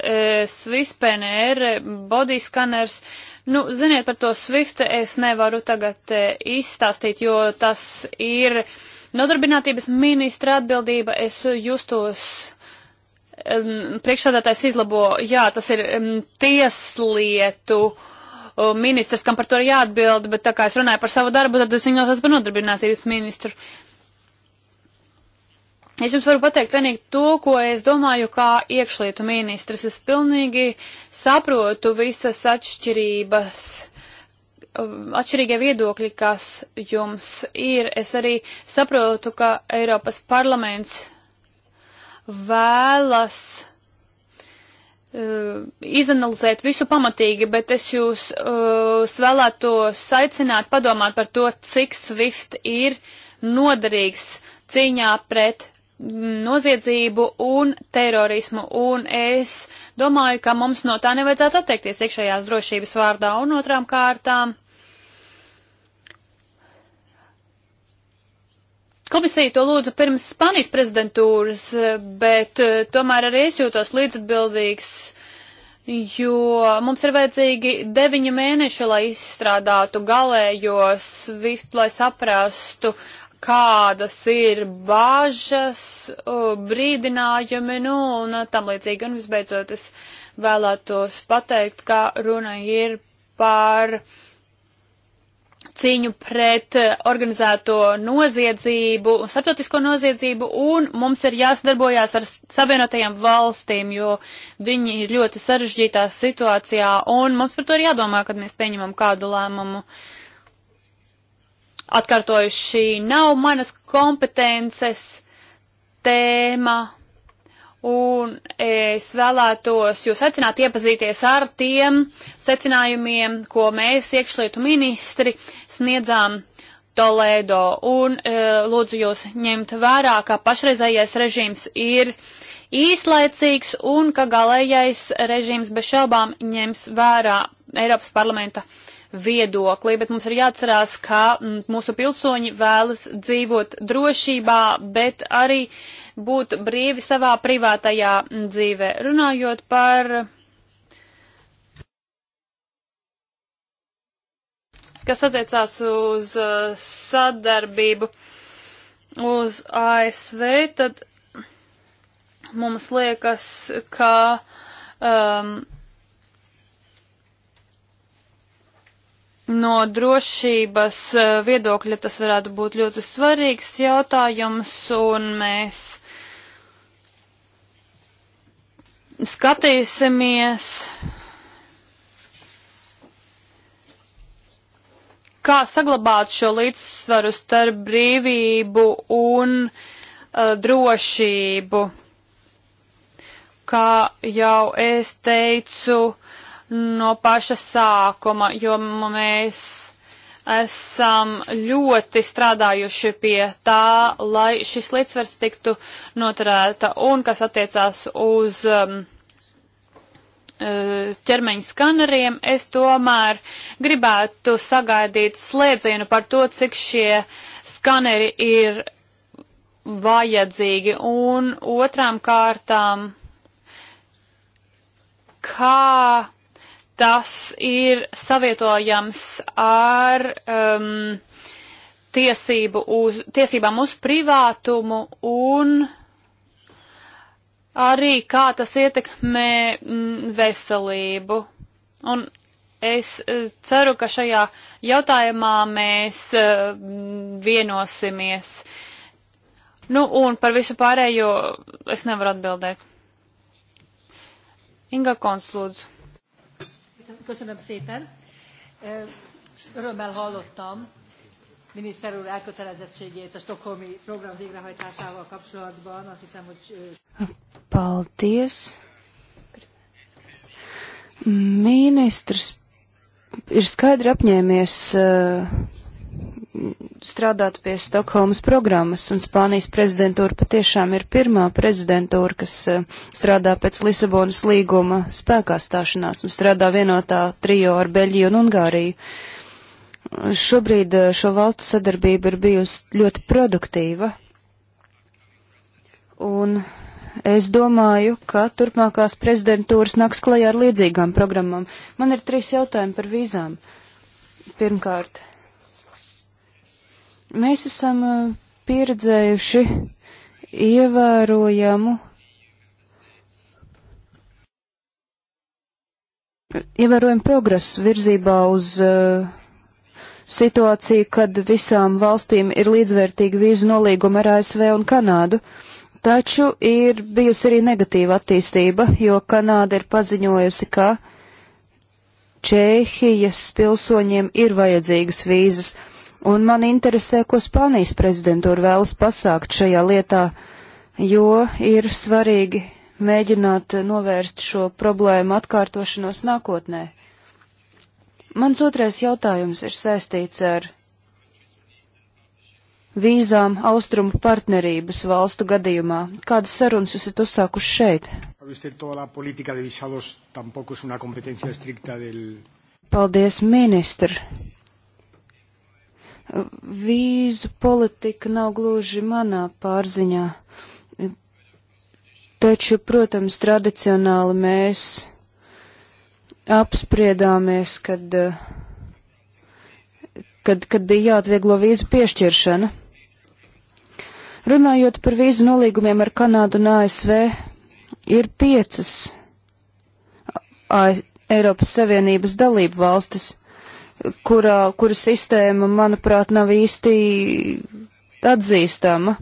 eh, SwiftPNR, bodyskaners, nu, ziniet par to Swift es nevaru tagad uh, izstāstīt, jo tas ir nodarbinātības ministra atbildība. Es justos priekšsādātājs izlabo, jā, tas ir tieslietu ministrs, kam par to ir jāatbild, bet tā kā es runāju par savu darbu, tad es viņu nosaucu par nodarbinātības ministru. Es jums varu pateikt vienīgi to, ko es domāju kā iekšlietu ministrs. Es pilnīgi saprotu visas atšķirības, atšķirīgie viedokļi, kas jums ir. Es arī saprotu, ka Eiropas parlaments vēlas uh, izanalizēt visu pamatīgi, bet es jūs uh, vēlētos aicināt padomāt par to, cik SWIFT ir noderīgs cīņā pret noziedzību un terorismu, un es domāju, ka mums no tā nevajadzētu atteikties iekšējās drošības vārdā un otrām kārtām. Uh, Komisija to lūdza pirms Spānijas prezidentūras, bet eh, tomēr arī es jūtos līdzatbildīgs, jo mums ir vajadzīgi deviņi mēneši, lai izstrādātu galējo SWIFT, lai saprastu, kādas ir bāžas, brīdinājumi, nu, un tam līdzīgi. Un visbeidzot, es vēlētos pateikt, ka runa ir par. Uh, cīņu pret eh, organizēto noziedzību, starptautisko noziedzību, un mums ir jāsadarbojās ar savienotajām valstīm, jo viņi ir ļoti sarežģītā situācijā, un mums par to ir jādomā, kad mēs pieņemam kādu lēmumu. Atkārtoju, šī nav manas kompetences tēma, Un es vēlētos jūs aicināt iepazīties ar tiem secinājumiem, ko mēs iekšlietu ministri sniedzām Toledo. Un e, lūdzu jūs ņemt vērā, ka pašreizējais režīms ir īslaicīgs un ka galējais režīms bez šaubām ņems vērā Eiropas parlamenta viedoklī, bet mums ir jāatcerās, ka mūsu pilsoņi vēlas dzīvot drošībā, bet arī uh, būt brīvi savā privātajā dzīvē. Runājot par. kas attiecās uz uh, sadarbību uz ASV, tad mums liekas, ka um, no drošības uh, viedokļa tas varētu būt ļoti svarīgs jautājums, un mēs skatīsimies, kā saglabāt šo līdzsvaru starp brīvību un uh, drošību. Kā jau es teicu no paša sākuma, jo mēs esam ļoti strādājuši pie tā, lai šis līdzsvars tiktu noturēta un kas attiecās uz um, uh, ķermeņa skaneriem, es tomēr gribētu sagaidīt slēdzienu par to, cik šie skaneri ir vajadzīgi un otrām kārtām, kā tas ir savietojams ar um, tiesību uz, tiesībām uz privātumu un arī kā tas ietekmē mm, veselību. Un es eh, ceru, ka šajā jautājumā mēs uh, vienosimies. Nu, un par visu pārējo es nevaru atbildēt. Inga Konslūdzu. Köszönöm szépen. Örömmel hallottam miniszter úr elkötelezettségét a stokholmi program végrehajtásával kapcsolatban. Azt hiszem, hogy... Paldies. Ministrs ir skaidri apņēmies uh, strādāt pie Stokholmas programmas, un Spānijas prezidentūra patiešām ir pirmā prezidentūra, kas eh, strādā pēc Lisabonas līguma spēkā stāšanās un strādā vienotā trijo ar Beļģiju un Ungāriju. Šobrīd eh, šo valstu sadarbība ir bijusi ļoti produktīva, un es domāju, ka turpmākās prezidentūras nāks klajā ar līdzīgām programmām. Man ir trīs jautājumi par vīzām. Pirmkārt, Mēs esam uh, pieredzējuši ievērojamu, ievērojamu progresu virzībā uz uh, situāciju, kad visām valstīm ir līdzvērtīgi vīzu nolīgumi ar ASV un Kanādu. Taču ir bijusi arī negatīva attīstība, jo Kanāda ir paziņojusi, ka Čehijas pilsoņiem ir vajadzīgas vīzas un man interesē, ko Spānijas prezidentūra vēlas pasākt šajā lietā, jo ir svarīgi mēģināt novērst šo problēmu atkārtošanos nākotnē. Mans otrais jautājums ir saistīts ar vīzām austrumu partnerības valstu gadījumā. Kādas sarunas esat uzsākuši šeit? Paldies, ministri! Vīzu politika nav gluži manā pārziņā, taču, protams, tradicionāli mēs apspriedāmies, kad, kad, kad bija jāatvieglo vīzu piešķiršana. Runājot par vīzu nolīgumiem ar Kanādu un ASV, ir piecas Eiropas Savienības dalību valstis, kurā, kura sistēma, manuprāt, nav īsti atzīstama.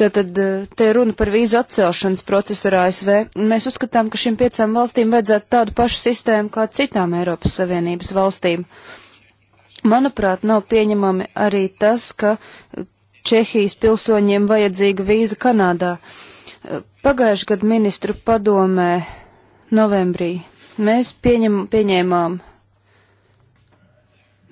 Tātad eh, te runa par vīzu atcelšanas procesu ar ASV, un mēs uzskatām, ka šīm piecām valstīm vajadzētu tādu pašu sistēmu kā citām Eiropas Savienības valstīm. Manuprāt, nav pieņemami arī tas, ka Čehijas pilsoņiem vajadzīga vīza Kanādā. Pagājuši gadu ministru padomē novembrī mēs pieņem, pieņēmām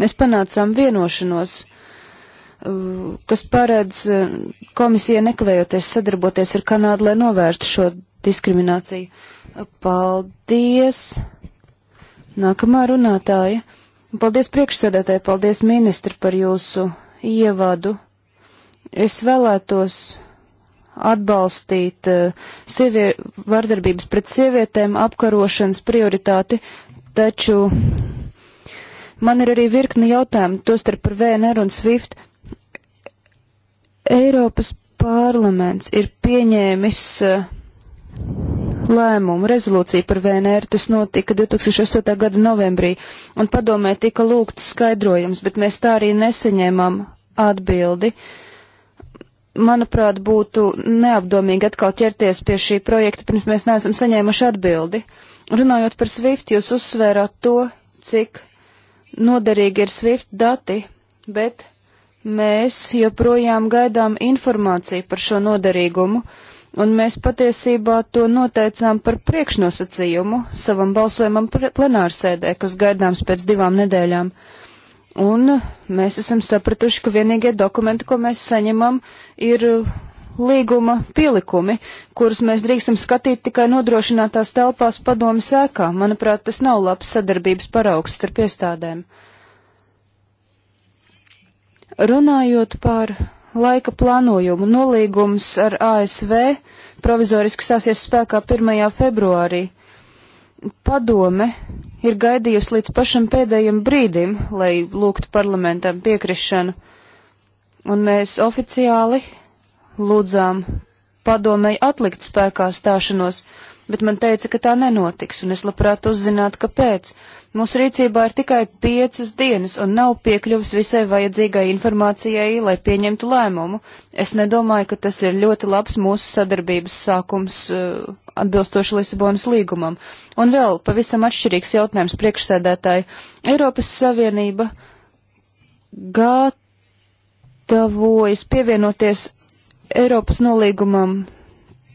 Mēs panācām vienošanos, uh, kas paredz uh, komisija nekavējoties sadarboties ar Kanādu, lai novērstu šo diskrimināciju. Uh, paldies! Nākamā runātāja. Paldies priekšsēdētāji, paldies ministri par jūsu ievadu. Es vēlētos atbalstīt sievie, vardarbības pret sievietēm apkarošanas prioritāti, taču Man ir arī virkni jautājumu, tostarp par VNR un SWIFT. Eiropas parlaments ir pieņēmis uh, lēmumu, rezolūciju par VNR, tas notika 2008. gada novembrī, un padomē tika lūgts skaidrojums, bet mēs tā arī nesaņēmām atbildi. Manuprāt, būtu neapdomīgi atkal ķerties pie šī projekta, pirms mēs neesam saņēmuši atbildi. Runājot par SWIFT, jūs uzsvērāt to, cik noderīgi ir SWIFT dati, bet mēs joprojām gaidām informāciju par šo noderīgumu, un mēs patiesībā to noteicām par priekšnosacījumu savam balsojumam plenārsēdē, kas gaidāms pēc divām nedēļām. Un mēs esam sapratuši, ka vienīgie dokumenti, ko mēs saņemam, ir līguma pielikumi, kurus mēs drīkstam skatīt tikai nodrošinātās telpās padomi sēkā. Manuprāt, tas nav labs sadarbības paraugs starp iestādēm. Runājot par laika plānojumu, nolīgums ar ASV provizoriski sāsies spēkā 1. februārī. Padome ir gaidījusi līdz pašam pēdējiem brīdim, lai lūgtu parlamentam piekrišanu, un mēs oficiāli lūdzām padomēji atlikt spēkā stāšanos, bet man teica, ka tā nenotiks, un es labprāt uzzinātu, kāpēc. Mūsu rīcībā ir tikai piecas dienas, un nav piekļuvis visai vajadzīgai informācijai, lai pieņemtu lēmumu. Es nedomāju, ka tas ir ļoti labs mūsu sadarbības sākums uh, atbilstoši Lisabonas līgumam. Un vēl pavisam atšķirīgs jautājums priekšsēdētāji. Eiropas Savienība gatavojas pievienoties Eiropas nolīgumam,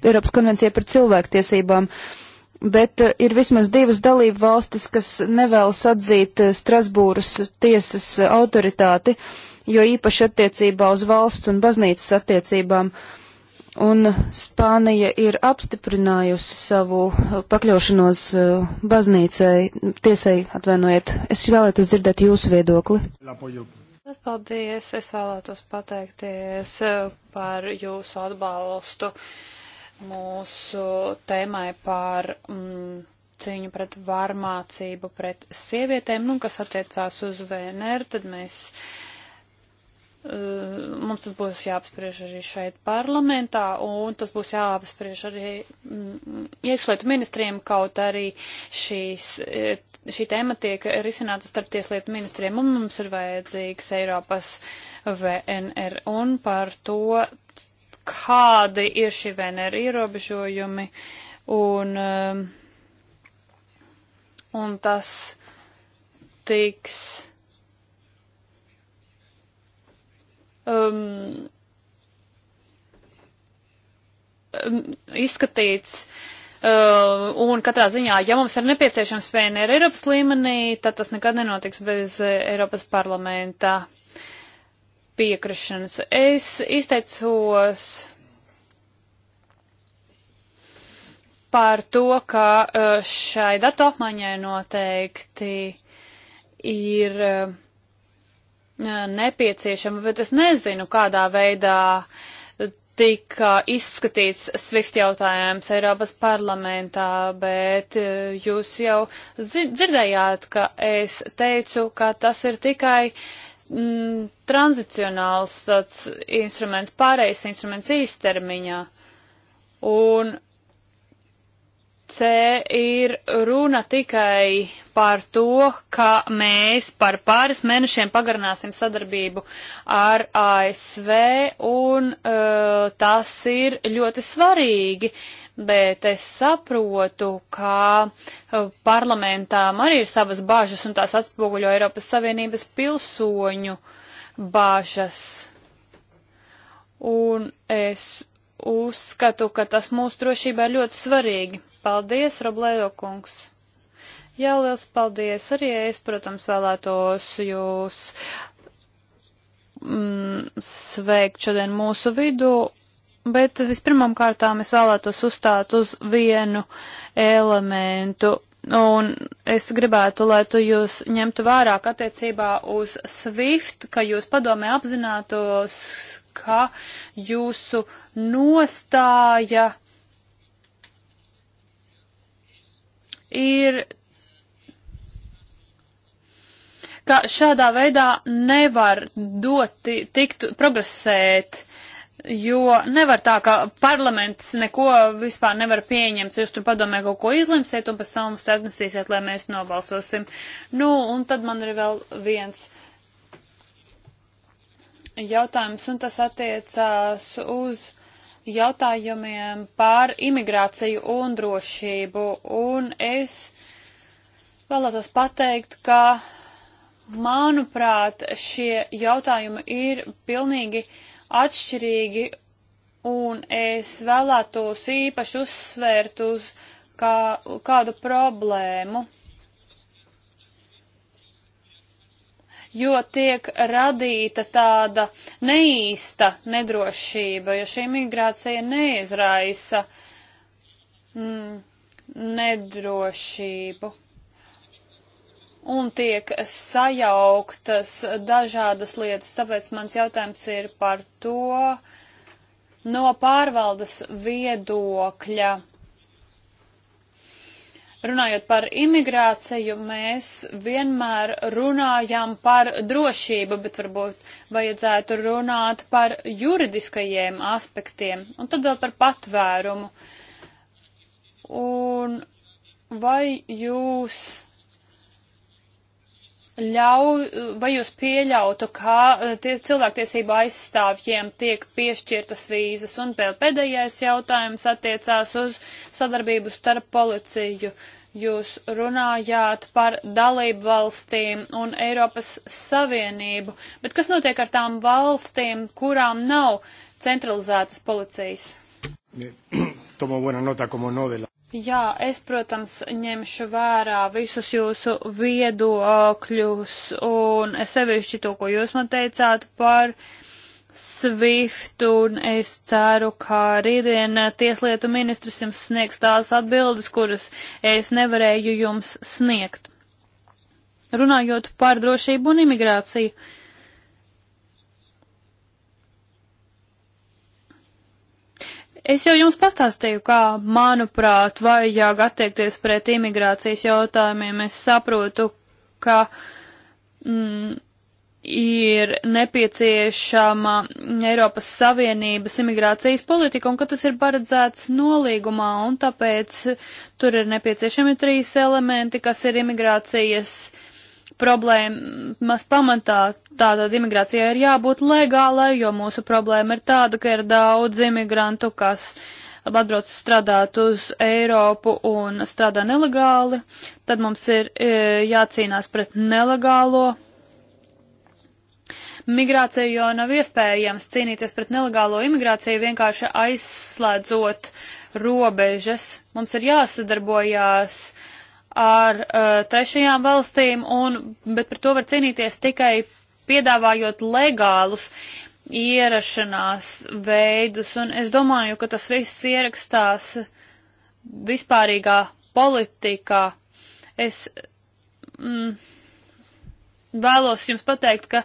Eiropas konvencijai par cilvēktiesībām, bet eh, ir vismaz divas dalību valstis, kas nevēlas atzīt eh, Strasbūras tiesas autoritāti, jo īpaši attiecībā uz valsts un baznīcas attiecībām. Un Spānija ir apstiprinājusi savu eh, pakļaušanos baznīcai, tiesai, atvainojiet, es vēlētu dzirdēt jūsu viedokli. Lapoju. Lielas paldies! Es vēlētos pateikties eh, par jūsu atbalstu mūsu tēmai par mm, cīņu pret varmācību pret sievietēm, nu, kas attiecās uz VNR, tad mēs, uh, mums tas būs jāapspriež arī šeit parlamentā, un tas būs jāapspriež arī mm, iekšlietu ministriem, kaut arī šīs eh, šī tēma tiek risināta starp tieslietu ministriem, un mums ir vajadzīgs Eiropas VNR, un par to, kādi ir šī VNR ierobežojumi, un, um, un tas tiks. Um, um izskatīts uh, Uh, un katrā ziņā, ja mums ir nepieciešams PNR Eiropas līmenī, tad tas nekad nenotiks bez uh, Eiropas parlamenta piekrišanas. Es izteicos par to, ka uh, šai datu apmaiņai noteikti ir nepieciešama, bet es nezinu, kādā veidā tika izskatīts SWIFT jautājums Eiropas parlamentā, bet e, jūs jau dzirdējāt, ka es teicu, ka tas ir tikai mm, tranzicionāls tāds instruments, pārējais instruments īstermiņā. Un C ir runa tikai par to, ka mēs par pāris mēnešiem pagarināsim sadarbību ar ASV, un uh, tas ir ļoti svarīgi, bet es saprotu, ka uh, parlamentām arī ir savas bāžas, un tās atspoguļo Eiropas Savienības pilsoņu bāžas. Un es uzskatu, ka tas mūsu drošībā ir ļoti svarīgi. Paldies, Roblējo kungs! Jā, liels paldies! Arī es, protams, vēlētos jūs mm, sveikt šodien mūsu vidū, bet vispirmām kārtām es vēlētos uzstāt uz vienu elementu. Un es gribētu, lai tu jūs ņemtu vērāk attiecībā uz SWIFT, ka jūs padomē apzinātos, ka jūsu nostāja ir ka šādā veidā nevar dot, tikt progresēt, jo nevar tā, ka parlaments neko vispār nevar pieņemt, jūs tur padomē kaut ko izlemsiet un pēc tam mums te atnesīsiet, lai mēs nobalsosim. Nu, un tad man ir vēl viens jautājums, un tas attiecās uz jautājumiem par imigrāciju un drošību. Un es vēlētos pateikt, ka, manuprāt, šie jautājumi ir pilnīgi atšķirīgi, un es vēlētos īpaši uzsvērt uz kā, kādu problēmu. jo tiek radīta tāda neīsta nedrošība, jo šī migrācija neizraisa mm, nedrošību. Un tiek sajauktas dažādas lietas, tāpēc mans jautājums ir par to no pārvaldes viedokļa Runājot par imigrāciju, mēs vienmēr runājam par drošību, bet varbūt vajadzētu runāt par juridiskajiem aspektiem un tad vēl par patvērumu. Un vai jūs ļauj, vai jūs pieļautu, ka eh, tie cilvēktiesība aizstāvjiem tiek piešķirtas vīzas? Un vēl pēdējais jautājums attiecās uz sadarbību starp policiju. Jūs runājāt par dalību valstīm un Eiropas Savienību, bet kas notiek ar tām valstīm, kurām nav centralizētas policijas? *coughs* Tomo buena nota, como no de la... Jā, es, protams, ņemšu vērā visus jūsu viedokļus un sevišķi to, ko jūs man teicāt par Swift, un es ceru, ka rītdien tieslietu ministrs jums sniegs tās atbildes, kuras es nevarēju jums sniegt. Runājot par drošību un imigrāciju. Uh, Es jau jums pastāstīju, kā, manuprāt, vajag attiekties pret imigrācijas jautājumiem. Es saprotu, ka mm, ir nepieciešama Eiropas Savienības imigrācijas politika un ka tas ir paredzēts nolīgumā un tāpēc tur ir nepieciešami trīs elementi, kas ir imigrācijas problēmas pamatā. Tātad imigrācijai ir jābūt legālai, jo mūsu problēma ir tāda, ka ir daudz imigrantu, kas atbrauc strādāt uz Eiropu un strādā nelegāli. Tad mums ir e, jācīnās pret nelegālo migrāciju, jo nav iespējams cīnīties pret nelegālo imigrāciju vienkārši aizslēdzot robežas. Mums ir jāsadarbojās uh, ar uh, trešajām valstīm, un, bet par to var cīnīties tikai piedāvājot legālus ierašanās veidus, un es domāju, ka tas viss ierakstās vispārīgā politikā. Es mm, vēlos jums pateikt, ka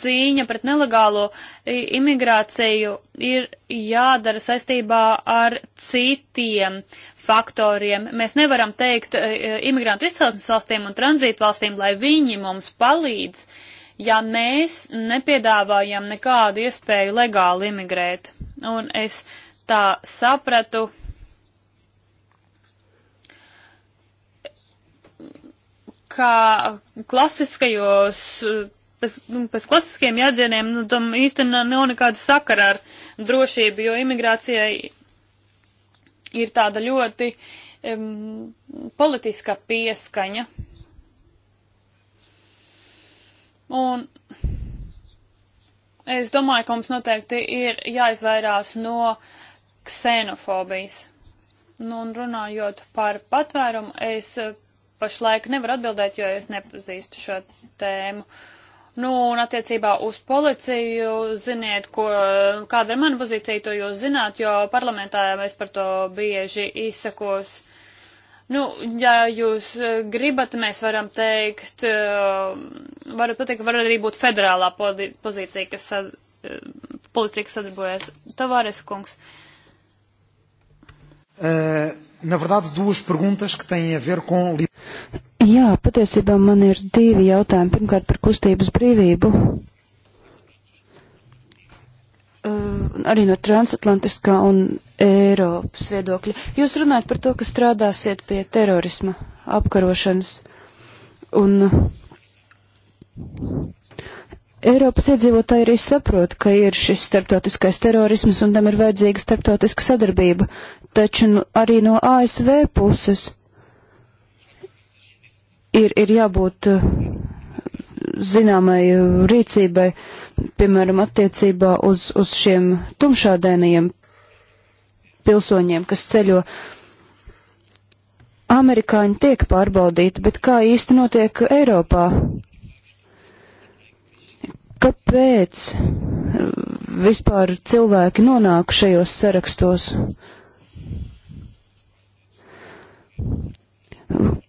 cīņa pret nelegālo imigrāciju ir jādara saistībā ar citiem faktoriem. Mēs nevaram teikt e, e, imigrantu izceltnes valstīm un tranzītu valstīm, lai viņi mums palīdz, ja mēs nepiedāvājam nekādu iespēju legāli imigrēt. Un es tā sapratu kā klasiskajos, pēc, nu, pēc klasiskiem jēdzieniem, nu, tam īstenībā nav nekāda sakara ar drošību, jo imigrācijai ir tāda ļoti um, politiska pieskaņa. Un es domāju, ka mums noteikti ir jāizvairās no ksenofobijas. Nu, un runājot par patvērumu, es pašlaik nevaru atbildēt, jo es nepazīstu šo tēmu. Nu, un attiecībā uz policiju, ziniet, ko, kāda ir mana pozīcija, to jūs zināt, jo parlamentā es par to bieži izsakos. Nu, ja jūs gribat, mēs varam teikt, eh, varu pateikt, var arī būt federālā pozīcija, kas, sad, eh, policija, kas sadarbojas. Tavares kungs. Uh, Uh, na verdade, duas perguntas que têm a ver com. Jā, patiesībā man ir divi jautājumi. Pirmkārt, par kustības brīvību. Uh, arī no transatlantiskā un Eiropas viedokļa. Jūs runājat par to, ka strādāsiet pie terorisma apkarošanas. Un Eiropas iedzīvotāji arī saprot, ka ir šis starptautiskais terorisms un tam ir vajadzīga starptautiska sadarbība, taču nu, arī no ASV puses ir, ir jābūt eh, zināmai rīcībai, piemēram, attiecībā uz, uz šiem tumšādēnajiem pilsoņiem, kas ceļo. Amerikāņi tiek pārbaudīti, bet kā īsti notiek Eiropā? Kāpēc eh, vispār cilvēki nonāk šajos sarakstos?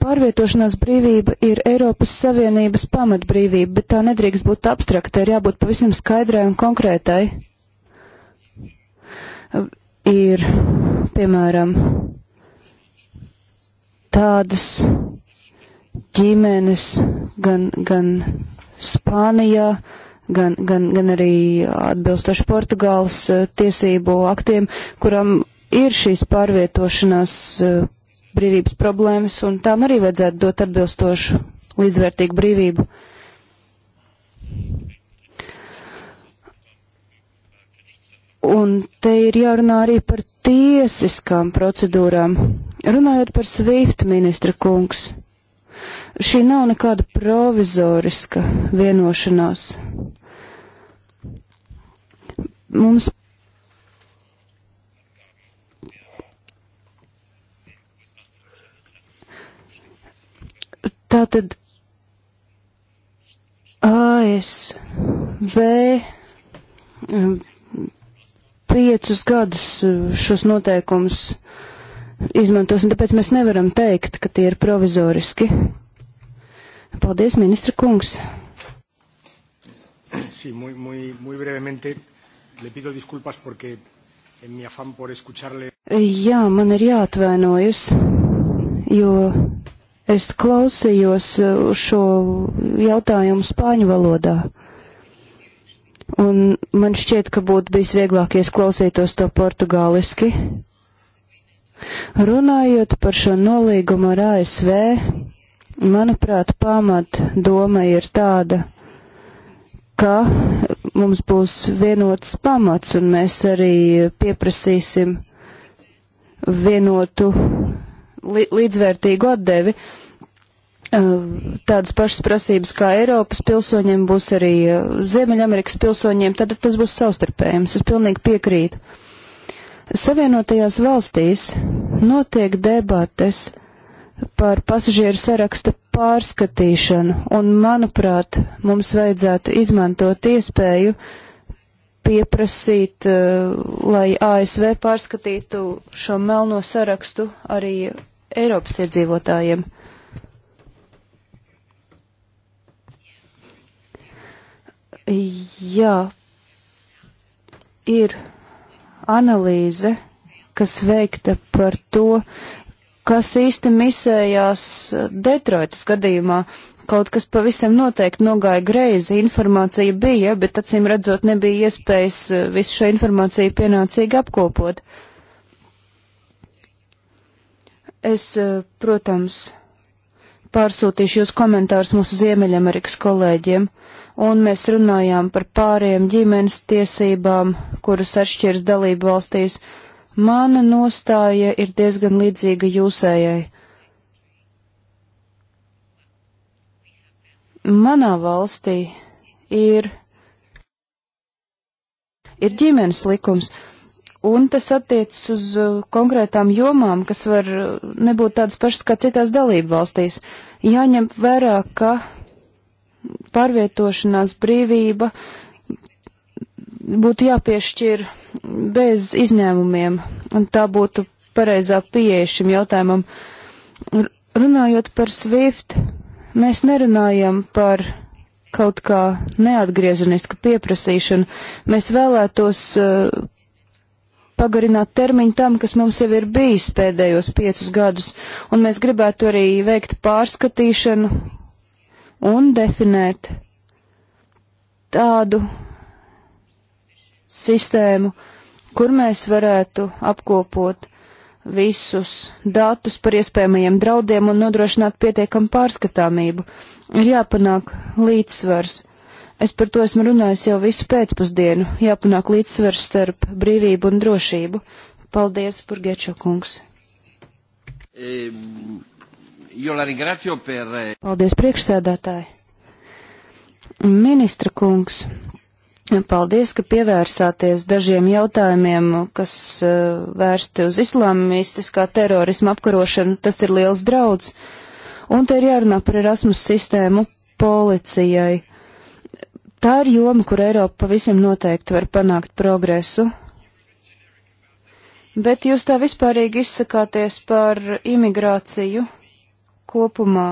Pārvietošanās brīvība ir Eiropas Savienības pamatbrīvība, bet tā nedrīkst būt abstrakta, ir jābūt pavisam skaidrai un konkrētai. Ir, piemēram, tādas ģimenes gan, gan Spānijā, uh, gan, gan, gan arī atbilstoši Portugāles eh, tiesību aktiem, kuram ir šīs pārvietošanās eh, brīvības problēmas, un tām arī vajadzētu dot atbilstošu līdzvērtīgu brīvību. Un te ir jārunā arī par tiesiskām procedūrām. Runājot par Swift ministra kungs. Šī nav nekāda provizoriska vienošanās. Mums Tātad ASV um, piecus gadus uh, šos noteikumus uh, izmantos, un tāpēc mēs nevaram teikt, ka tie ir provizoriski. Paldies, ministra kungs. Sí, muy, muy, muy brevemente. Le pido disculpas porque en mi afán por escucharle. Jā, man ir jāatvainojas, jo es klausījos uh, šo jautājumu spāņu valodā. Un man šķiet, ka būtu bijis vieglāk, ja es klausītos to portugāliski. Runājot par šo nolīgumu ar ASV, manuprāt, pamat doma ir tāda, ka mums būs vienots pamats un mēs arī pieprasīsim vienotu li līdzvērtīgu atdevi. Uh, tādas pašas prasības kā Eiropas pilsoņiem būs arī uh, Ziemeļamerikas pilsoņiem, tad tas būs savstarpējams. Es pilnīgi piekrītu. Savienotajās valstīs notiek debates par pasažieru saraksta pārskatīšanu, un, manuprāt, mums vajadzētu izmantot iespēju pieprasīt, eh, lai ASV pārskatītu šo melno sarakstu arī Eiropas iedzīvotājiem. Jā, ir analīze, kas veikta par to, kas īsti misējās Detroitas gadījumā. Kaut kas pavisam noteikti nogāja greizi, informācija bija, bet acīm redzot nebija iespējas eh, visu šo informāciju pienācīgi apkopot. Es, eh, protams, pārsūtīšu jūs komentārus mūsu Ziemeļamerikas kolēģiem, un mēs runājām par pāriem ģimenes tiesībām, kuras atšķiras dalību valstīs. Mana nostāja ir diezgan līdzīga jūsējai. Manā valstī ir, ir ģimenes likums, un tas attiecas uz uh, konkrētām jomām, kas var uh, nebūt tādas pašas kā citās dalību valstīs. Jāņem vērā, ka pārvietošanās brīvība būtu jāpiešķir bez izņēmumiem, un tā būtu pareizā pieeja šim jautājumam. Runājot par SWIFT, mēs nerunājam par kaut kā neatgriezeniska pieprasīšana. Mēs vēlētos uh, pagarināt termiņu tam, kas mums jau ir bijis pēdējos piecus gadus, un mēs gribētu arī veikt pārskatīšanu un definēt tādu sistēmu, kur mēs varētu apkopot visus datus par iespējamajiem draudiem un nodrošināt pietiekamu pārskatāmību. Ir jāpanāk līdzsvars Es par to esmu runājis jau visu pēcpusdienu. Jāpanāk līdzsvers starp brīvību un drošību. Paldies, Purgečo kungs. Ehm, eh, paldies, priekšsēdētāji. Ministra kungs, paldies, ka pievērsāties dažiem jautājumiem, kas eh, vērsti uz islāmistiskā terorisma apkarošanu. Tas ir liels draudz. Un te ir jārunā par Erasmus sistēmu policijai Tā ir joma, kur Eiropa pavisam noteikti var panākt progresu. Bet jūs tā vispārīgi izsakāties par imigrāciju kopumā.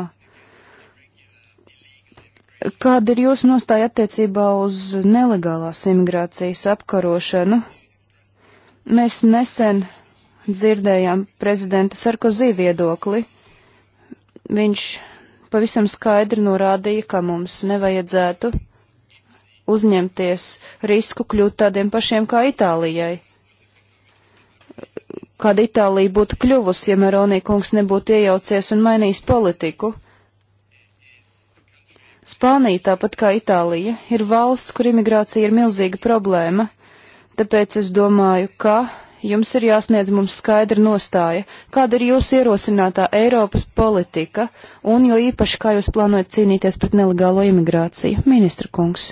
Kāda ir jūsu nostāja attiecībā uz nelegālās imigrācijas apkarošanu? Mēs nesen dzirdējām prezidenta Sarkozī viedokli. Viņš pavisam skaidri norādīja, ka mums nevajadzētu uzņemties risku kļūt tādiem pašiem kā Itālijai. Kad Itālija būtu kļuvusi, ja Meronī kungs nebūtu iejaucies un mainījis politiku. Spānija, tāpat kā Itālija, ir valsts, kur imigrācija ir milzīga problēma, tāpēc es domāju, ka jums ir jāsniedz mums skaidra nostāja, kāda ir jūsu ierosinātā Eiropas politika, un jo īpaši kā jūs plānojat cīnīties pret nelegālo imigrāciju, ministra kungs.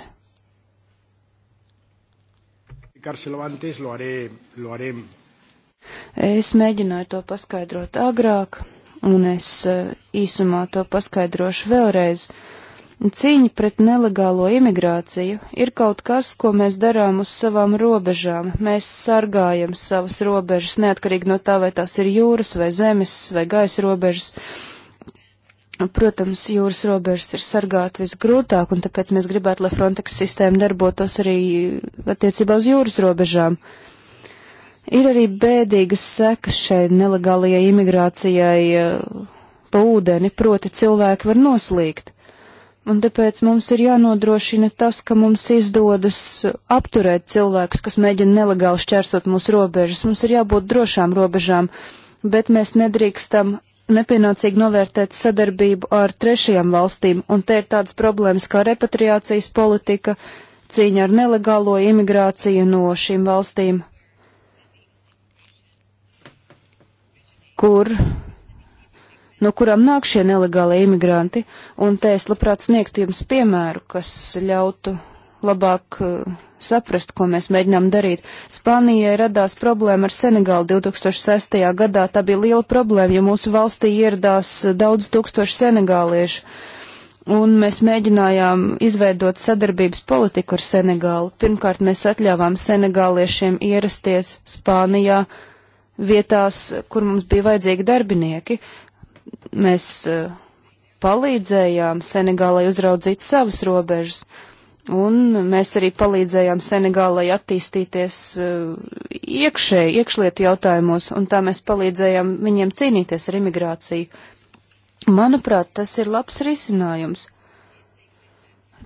Es mēģināju to paskaidrot agrāk, un es eh, īsumā to paskaidrošu vēlreiz. Cīņa pret nelegālo imigrāciju ir kaut kas, ko mēs darām uz savām robežām. Mēs sargājam savas robežas, neatkarīgi no tā, vai tās ir jūras vai zemes vai gaisa robežas. Uh, Nu, protams, jūras robežas ir sargāt visgrūtāk, un tāpēc mēs gribētu, lai Frontex sistēma darbotos arī attiecībā uz jūras robežām. Ir arī bēdīgas sekas šai nelegālajai imigrācijai eh, pa ūdeni, proti cilvēki var noslīgt. Un tāpēc mums ir jānodrošina tas, ka mums izdodas apturēt cilvēkus, kas mēģina nelegāli šķērsot mūsu robežas. Mums ir jābūt drošām robežām, bet mēs nedrīkstam nepienācīgi novērtēt sadarbību ar trešajām valstīm, un te ir tādas problēmas kā repatriācijas politika, cīņa ar nelegālo imigrāciju no šīm valstīm, kur, no kurām nāk šie nelegālie imigranti, un te es labprāt sniegtu jums piemēru, kas ļautu labāk uh, saprast, ko mēs mēģinām darīt. Spānijai radās problēma ar Senegālu 2006. gadā. Tā bija liela problēma, jo mūsu valstī ieradās daudz tūkstoši senegāliešu. Un mēs mēģinājām izveidot sadarbības politiku ar Senegālu. Pirmkārt, mēs atļāvām senegāliešiem ierasties Spānijā vietās, kur mums bija vajadzīgi darbinieki. Mēs eh, palīdzējām Senegālai uzraudzīt savas robežas. Uh, Un mēs arī palīdzējām Senegālai attīstīties eh, iekšēji, iekšlietu jautājumos, un tā mēs palīdzējām viņiem cīnīties ar imigrāciju. Manuprāt, tas ir labs risinājums.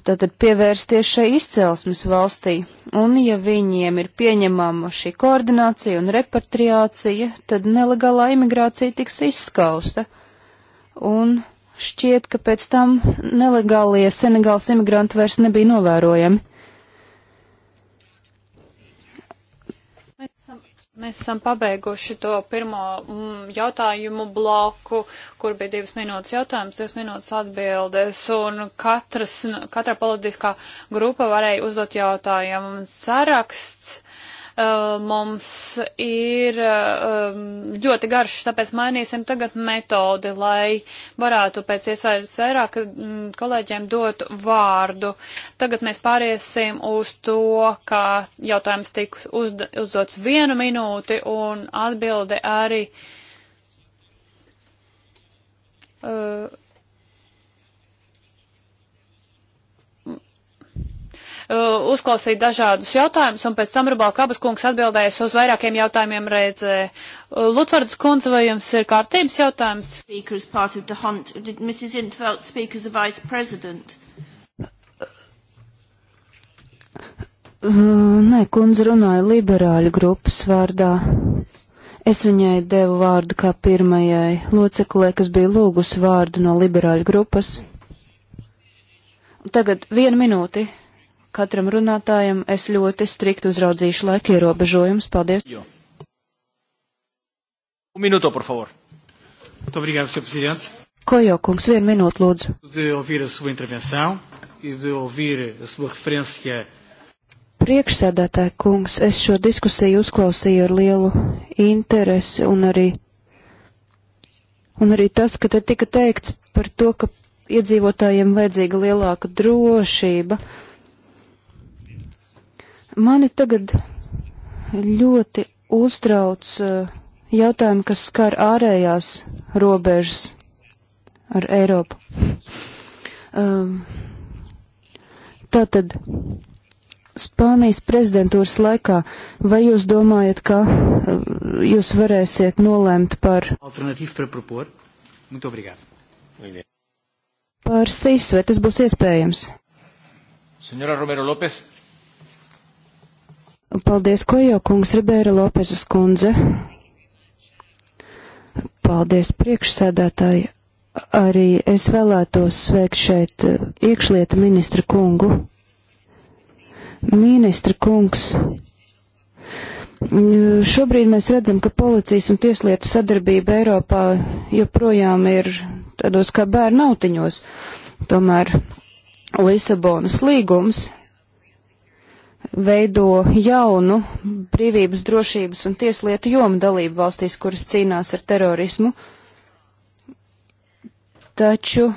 Tātad pievērsties šai izcelsmes valstī, un ja viņiem ir pieņemama šī koordinācija un repatriācija, tad nelegālā imigrācija tiks izskausta. Un šķiet, ka pēc tam nelegālie Senegāls imigranti vairs nebija novērojami. Mēs esam, mēs esam pabeiguši to pirmo mm, jautājumu bloku, kur bija divas minūtes jautājums, divas minūtes atbildes, un katras, katra politiskā grupa varēja uzdot jautājumu. Saraksts Eh, mums ir eh, ļoti garš, tāpēc mainīsim tagad metodi, lai varētu pēc iespējas vairāk mm, kolēģiem dot vārdu. Tagad mēs pāriesim uz to, ka jautājums tiks uzd uzdots vienu minūti un atbildi arī. Uh, uh, uzklausīt dažādus jautājumus, un pēc tam Rubalkabas kungs atbildēs uz vairākiem jautājumiem reizē. Uh, Lutvardus kundze, vai jums ir kārtības jautājums? Uh, nē, kundze runāja liberāļu grupas vārdā. Es viņai devu vārdu kā pirmajai loceklē, kas bija lūgusi vārdu no liberāļu grupas. Tagad vienu minūti katram runātājam es ļoti strikt uzraudzīšu laika ierobežojumus. Paldies! Jo. Un minūto, por favor. Obrigado, Sr. Presidente. Kojo, kungs, vienu minūtu, lūdzu. De ouvir a sua intervenção e de ouvir a sua referência. Priekšsēdētāji, kungs, es šo diskusiju uzklausīju ar lielu interesi un arī, un arī tas, ka te tika teikts par to, ka iedzīvotājiem vajadzīga lielāka drošība. Uh, Mani tagad ļoti uztrauc eh, jautājumi, kas skar ārējās robežas ar Eiropu. Ehm, tātad, Spānijas prezidentūras laikā, vai jūs domājat, ka eh, jūs varēsiet nolēmt par. Par SIS, vai tas būs iespējams? Senora Romero Lopes. Paldies, ko jau kungs Ribeira Lopezes kundze. Paldies, priekšsēdētāji. Arī es vēlētos sveikt šeit eh, iekšlietu ministra kungu. Ministra kungs. Šobrīd mēs redzam, ka policijas un tieslietu sadarbība Eiropā joprojām ir tādos kā bērnu autiņos. Tomēr Lisabonas līgums veido jaunu brīvības, drošības un tieslietu jomu dalību valstīs, kuras cīnās ar terorismu. Taču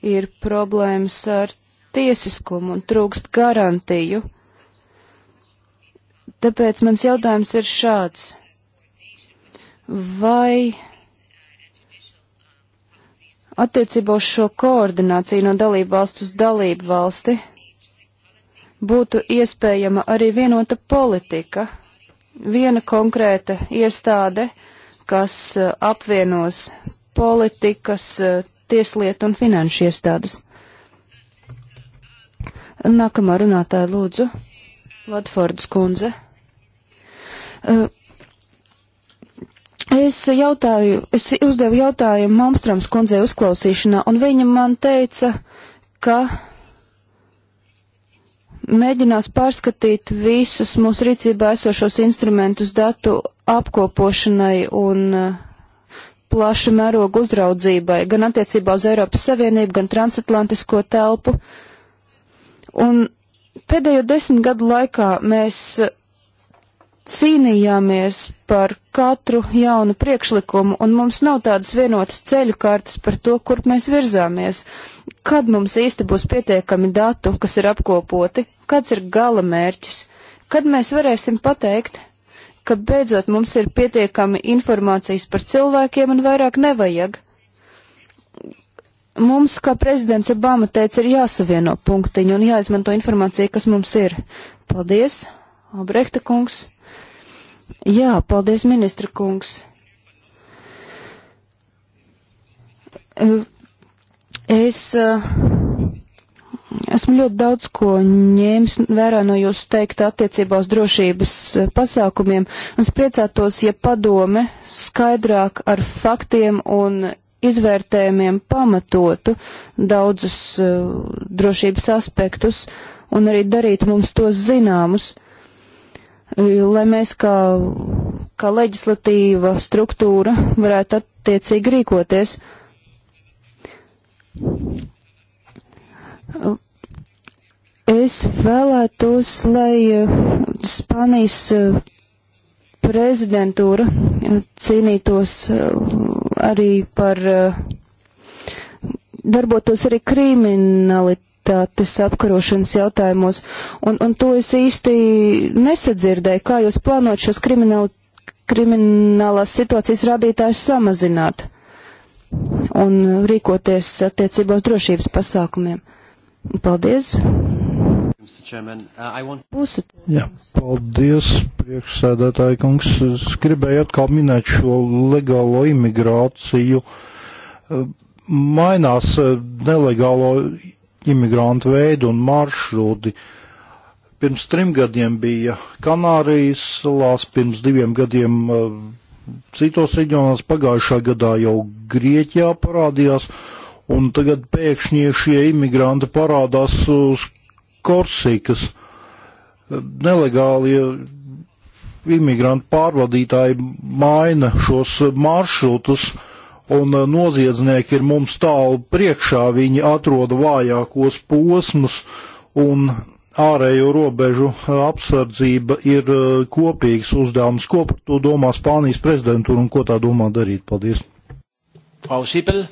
ir problēmas ar tiesiskumu un trūkst garantiju. Tāpēc mans jautājums ir šāds. Vai attiecībā uz šo koordināciju no dalību valsts uz dalību valsti būtu iespējama arī vienota politika, viena konkrēta iestāde, kas eh, apvienos politikas, eh, tieslietu un finanšu iestādes. Nākamā runātāja lūdzu, Latfordas kundze. Eh, es jautāju, es uzdevu jautājumu Malmstrāms kundzei uzklausīšanā, un viņa man teica, ka mēģinās pārskatīt visus mūsu rīcībā esošos instrumentus datu apkopošanai un eh, plašu mērogu uzraudzībai, gan attiecībā uz Eiropas Savienību, gan transatlantisko telpu. Un pēdējo desmit gadu laikā mēs cīnījāmies par katru jaunu priekšlikumu, un mums nav tādas vienotas ceļu kārtas par to, kur mēs virzāmies. Kad mums īsti būs pietiekami datu, kas ir apkopoti, kāds ir gala mērķis, kad mēs varēsim pateikt, ka beidzot mums ir pietiekami informācijas par cilvēkiem un vairāk nevajag. Mums, kā prezidents Obama teica, ir jāsavieno punktiņu un jāizmanto informācija, kas mums ir. Paldies, Obrehta kungs! Jā, paldies, ministra kungs. Eh, es eh, esmu ļoti daudz ko ņēmis vērā no jūsu teikta attiecībā uz drošības eh, pasākumiem, un es priecātos, ja padome skaidrāk ar faktiem un izvērtējumiem pamatotu daudzus drošības aspektus un arī darītu mums tos zināmus. Uh, lai mēs kā, kā leģislatīva struktūra varētu attiecīgi rīkoties. Es vēlētos, lai eh, Spānijas eh, prezidentūra eh, cīnītos arī par, darbotos arī kriminalitāti kriminalitātes apkarošanas jautājumos, un, un to es īsti nesadzirdēju, kā jūs plānot šos kriminal, kriminālās situācijas rādītājus samazināt un rīkoties attiecībā uz drošības pasākumiem. Paldies! Uh, Būsit. Jā, paldies, priekšsēdētāji kungs. Es gribēju atkal minēt šo legālo imigrāciju uh, mainās uh, nelegālo imigrantu veidu un maršrūdi. Pirms trim gadiem bija Kanārijas salās, pirms diviem gadiem eh, citos reģionos, pagājušā gadā jau Grieķijā parādījās, un tagad pēkšņi šie imigranti parādās uz Korsikas. Nelegālie imigrantu pārvadītāji maina šos maršrutus, uh, un uh, noziedznieki ir mums tālu priekšā, viņi atrod vājākos posmus, un ārējo robežu uh, apsardzība ir uh, kopīgs uzdevums. Ko par to domā Spānijas prezidentūra un ko tā domā darīt? Paldies! Frau Sipel.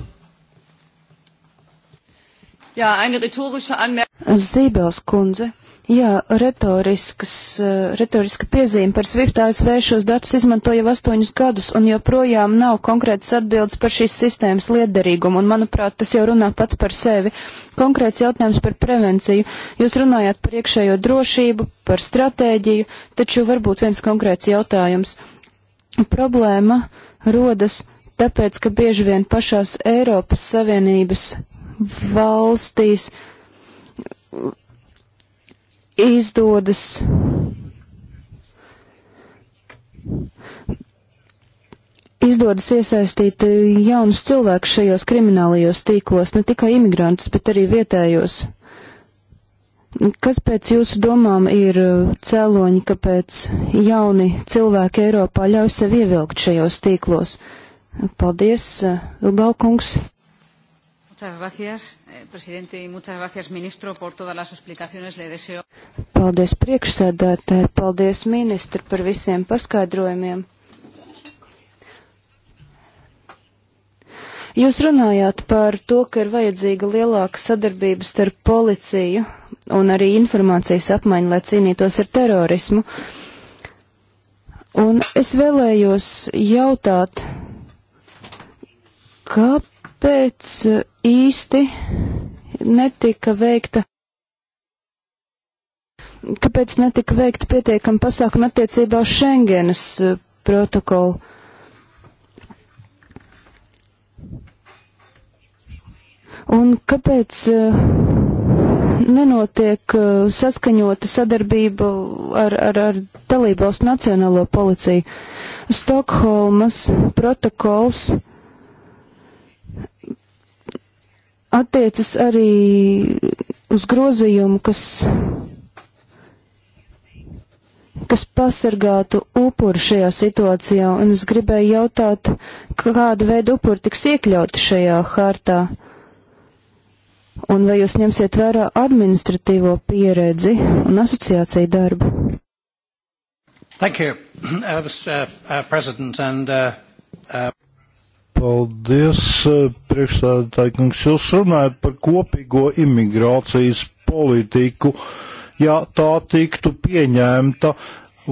Jā, eine retorische Anmerkung. Zībels kundze, Jā, eh, retoriska piezīme par Swift ASV šos datus izmanto jau astoņus gadus, un joprojām nav konkrētas atbildes par šīs sistēmas liederīgumu, un, manuprāt, tas jau runā pats par sevi. Konkrēts jautājums par prevenciju. Jūs runājāt par iekšējo drošību, par stratēģiju, taču varbūt viens konkrēts jautājums. Problēma rodas tāpēc, ka bieži vien pašās Eiropas Savienības valstīs izdodas izdodas iesaistīt jaunus cilvēkus šajos kriminālajos tīklos, ne tikai imigrantus, bet arī vietējos. Kas pēc jūsu domām ir uh, cēloņi, kāpēc jauni cilvēki Eiropā ļauj sev ievilkt šajos tīklos? Paldies, Vilbaukungs, uh, Muchas gracias, eh, presidente, y muchas gracias, ministro, por todas las explicaciones. Le deseo. Paldies priekšsēdētāji, paldies ministri par visiem paskaidrojumiem. Jūs runājāt par to, ka ir vajadzīga lielāka sadarbība starp policiju un arī informācijas apmaiņu, lai cīnītos ar terorismu. Un es vēlējos jautāt, kāpēc kāpēc e, īsti netika veikta, kāpēc netika veikta pietiekama pasākuma attiecībā uz Schengenas e, protokolu. Un kāpēc e, nenotiek saskaņota sadarbība ar, ar, ar dalībvalstu nacionālo policiju? Stokholmas protokols uh, attiecas arī uz grozījumu, kas, kas pasargātu upuru šajā situācijā, un es gribēju jautāt, kāda veida upuri tiks iekļauti šajā hartā, un vai jūs ņemsiet vērā administratīvo pieredzi un asociāciju darbu. Thank you, *clears throat* uh, Mr. Uh, uh, President, and uh, uh Paldies, priekšstādātāji kungs. Jūs runājat par kopīgo imigrācijas politiku. Ja tā tiktu pieņemta,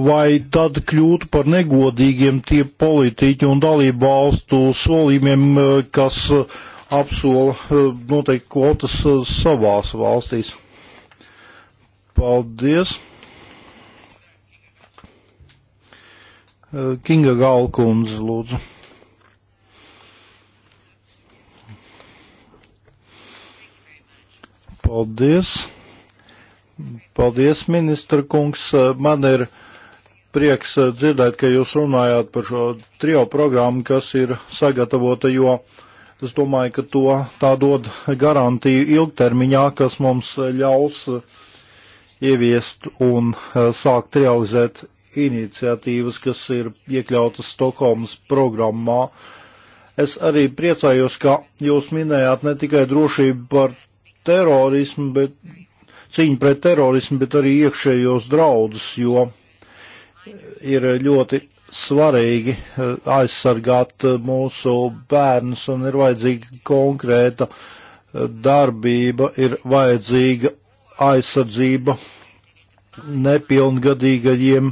vai tad kļūtu par negodīgiem tie politiķi un dalību valstu solījumiem, kas apsola eh, noteikti kvotas eh, savās valstīs? Paldies. Eh, Kinga Galkundze, lūdzu. Paldies! Paldies, ministra kungs! Man ir prieks eh, dzirdēt, ka jūs runājāt par šo trio programmu, kas ir sagatavota, jo es domāju, ka to tā dod garantiju ilgtermiņā, kas mums ļaus ieviest un eh, sākt realizēt iniciatīvas, kas ir iekļautas Stokholmas programmā. Es arī priecājos, ka jūs minējāt ne tikai drošību par terorismu, bet cīņa pret terorismu, bet arī iekšējos draudus, jo ir ļoti svarīgi eh, aizsargāt eh, mūsu bērnus un ir vajadzīga konkrēta eh, darbība, ir vajadzīga aizsardzība nepilngadīgajiem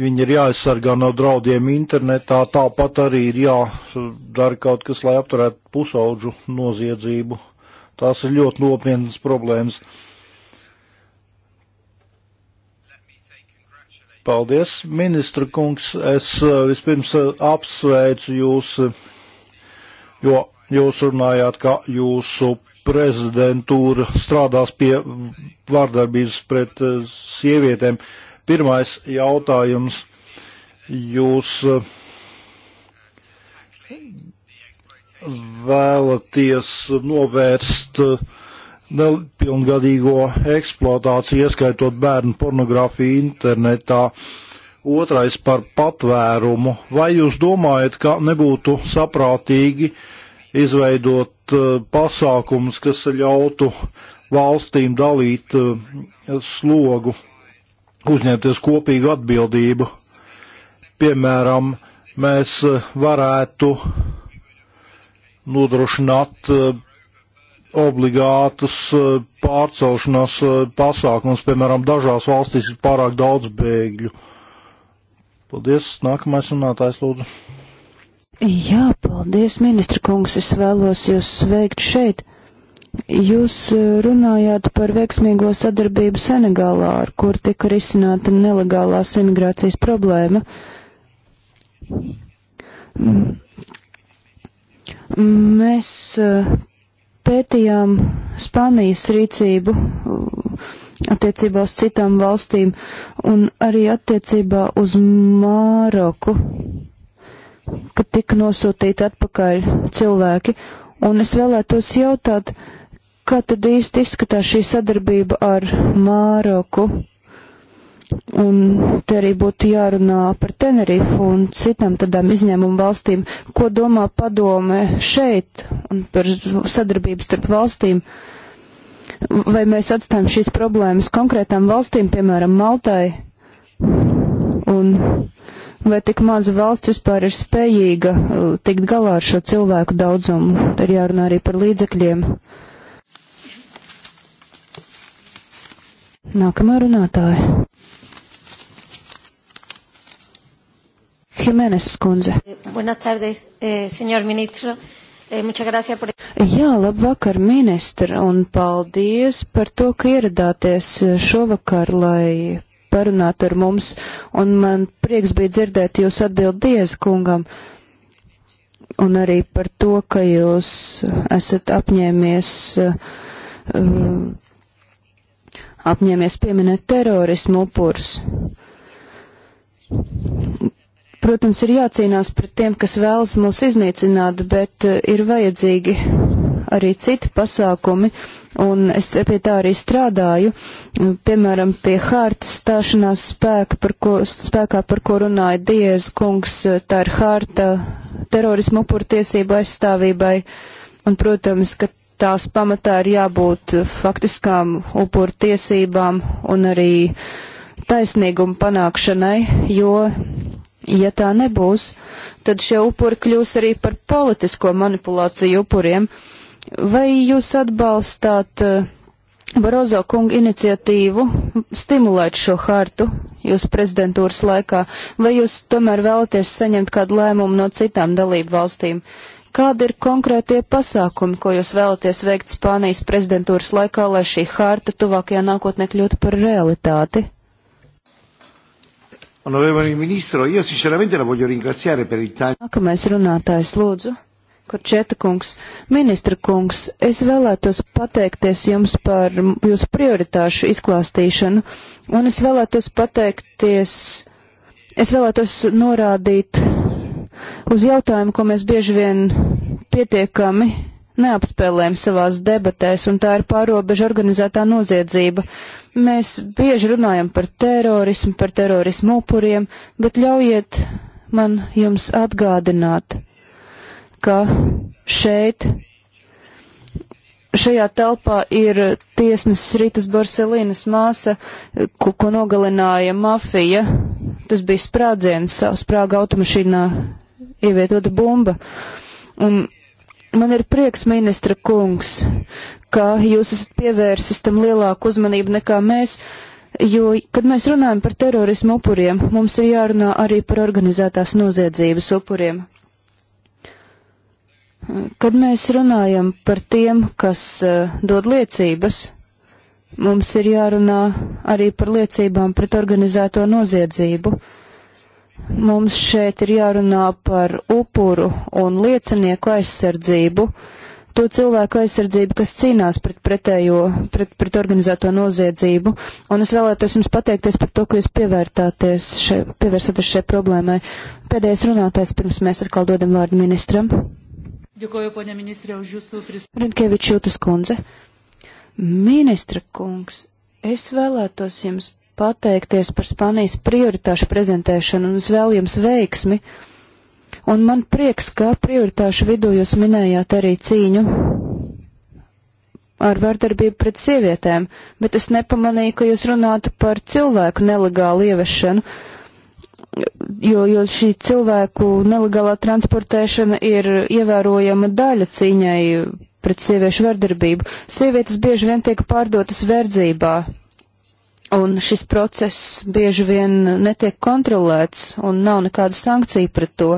Viņi ir jāaizsargā no draudiem internetā, tāpat arī ir jādara kaut kas, lai apturētu pusauģu noziedzību. Tās ir ļoti nopietnas problēmas. Paldies, ministra kungs. Es eh, vispirms eh, apsveicu jūs, eh, jo jūs runājāt, ka jūsu prezidentūra strādās pie vārdarbības pret sievietēm. Uh, Pirmais jautājums. Jūs eh, vēlaties novērst eh, nepilngadīgo eksploatāciju, ieskaitot bērnu pornogrāfiju internetā. Otrais par patvērumu. Vai jūs domājat, ka nebūtu saprātīgi izveidot eh, pasākums, kas ļautu valstīm dalīt slogu uzņemties kopīgu atbildību. Piemēram, mēs eh, varētu nodrošināt eh, obligātas eh, pārcelšanās pasākums, piemēram, dažās valstīs ir pārāk daudz bēgļu. Paldies, nākamais runātājs lūdzu. Jā, paldies, ministra kungs, es vēlos jūs sveikt šeit. Jūs eh, runājāt par veiksmīgo sadarbību Senegālā, ar kur tika risināta nelegālās imigrācijas problēma. Mēs eh, pētījām Spānijas rīcību eh, attiecībā uz citām valstīm un arī attiecībā uz Māroku, kad tika nosūtīti atpakaļ cilvēki. Un es vēlētos jautāt, uh, kā tad īsti izskatās šī sadarbība ar Māroku? Un te arī būtu jārunā par Tenerifu un citām tādām izņēmumu valstīm. Ko domā padome šeit un par sadarbību starp valstīm? Vai mēs atstājam šīs problēmas konkrētām valstīm, piemēram, Maltai? Un vai tik maza valsts vispār ir spējīga uh, tikt galā ar šo cilvēku daudzumu? Te ir jārunā arī par līdzekļiem. Uh, Nākamā runātāja. Jimenez skundze. Buenas tardes, eh, señor ministro. Eh, muchas gracias por... Jā, labvakar, ministra, un paldies par to, ka ieradāties eh, šovakar, lai parunātu ar mums, un man prieks bija dzirdēt jūs atbildies kungam, un arī par to, ka jūs eh, esat apņēmies uh, apņēmies pieminēt terorismu upurs. Protams, ir jācīnās pret tiem, kas vēlas mūs iznīcināt, bet eh, ir vajadzīgi arī citi pasākumi, un es pie tā arī strādāju, piemēram, pie hārtas stāšanās spēka, par ko, spēkā, par ko runāja Diez kungs, tā ir hārta terorismu upurtiesību aizstāvībai, un, protams, ka tās pamatā ir jābūt faktiskām upuru tiesībām un arī taisnīguma panākšanai, jo, ja tā nebūs, tad šie upuri kļūs arī par politisko manipulāciju upuriem. Vai jūs atbalstāt eh, Barozo kungu iniciatīvu stimulēt šo hartu jūsu prezidentūras laikā, vai jūs tomēr vēlaties saņemt kādu lēmumu no citām dalību valstīm? Uh, Kādi ir konkrētie pasākumi, ko jūs vēlaties veikt Spānijas prezidentūras laikā, lai šī harta tuvākajā nākotnē kļūtu par realitāti? Nākamais runātājs lūdzu. Korčeta kungs, ministra kungs, es vēlētos pateikties jums par jūsu prioritāšu izklāstīšanu, un es vēlētos pateikties, es vēlētos norādīt uz jautājumu, ko mēs bieži vien pietiekami neapspēlējam savās debatēs, un tā ir pārobeža organizētā noziedzība. Mēs bieži runājam par terorismu, par terorismu upuriem, bet ļaujiet man jums atgādināt, ka šeit šajā telpā ir tiesnesis Rītas Borselīnas māsa, ko, ko nogalināja mafija. Tas bija sprādziens, sprāga automašīnā ievietota bumba. Un man ir prieks, ministra kungs, ka jūs esat pievērsis tam lielāku uzmanību nekā mēs, jo, kad mēs runājam par terorismu upuriem, mums ir jārunā arī par organizētās noziedzības upuriem. Kad mēs runājam par tiem, kas uh, dod liecības, mums ir jārunā arī par liecībām pret organizēto noziedzību. Uh, Mums šeit ir jārunā par upuru un liecinieku aizsardzību, to cilvēku aizsardzību, kas cīnās pret pretējo, pret, pret organizēto noziedzību. Un es vēlētos jums pateikties par to, ka jūs pievērtāties šai, pievērsaties šai problēmai. Pēdējais runātājs pirms mēs atkal dodam vārdu ministram. Ďakujem, poņa ministre, uz jūsu pristu. Rindkevičs Jūtas kundze. Ministra kungs, es vēlētos jums pateikties par Spānijas prioritāšu prezentēšanu un es vēl jums veiksmi. Un man prieks, ka prioritāšu vidū jūs minējāt arī cīņu ar vardarbību pret sievietēm, bet es nepamanīju, ka jūs runātu par cilvēku nelegālu ievešanu, jo, jo šī cilvēku nelegālā transportēšana ir ievērojama daļa cīņai pret sieviešu vardarbību. Sievietes bieži vien tiek pārdotas verdzībā, Un šis process bieži vien netiek kontrolēts un nav nekādu sankciju pret to.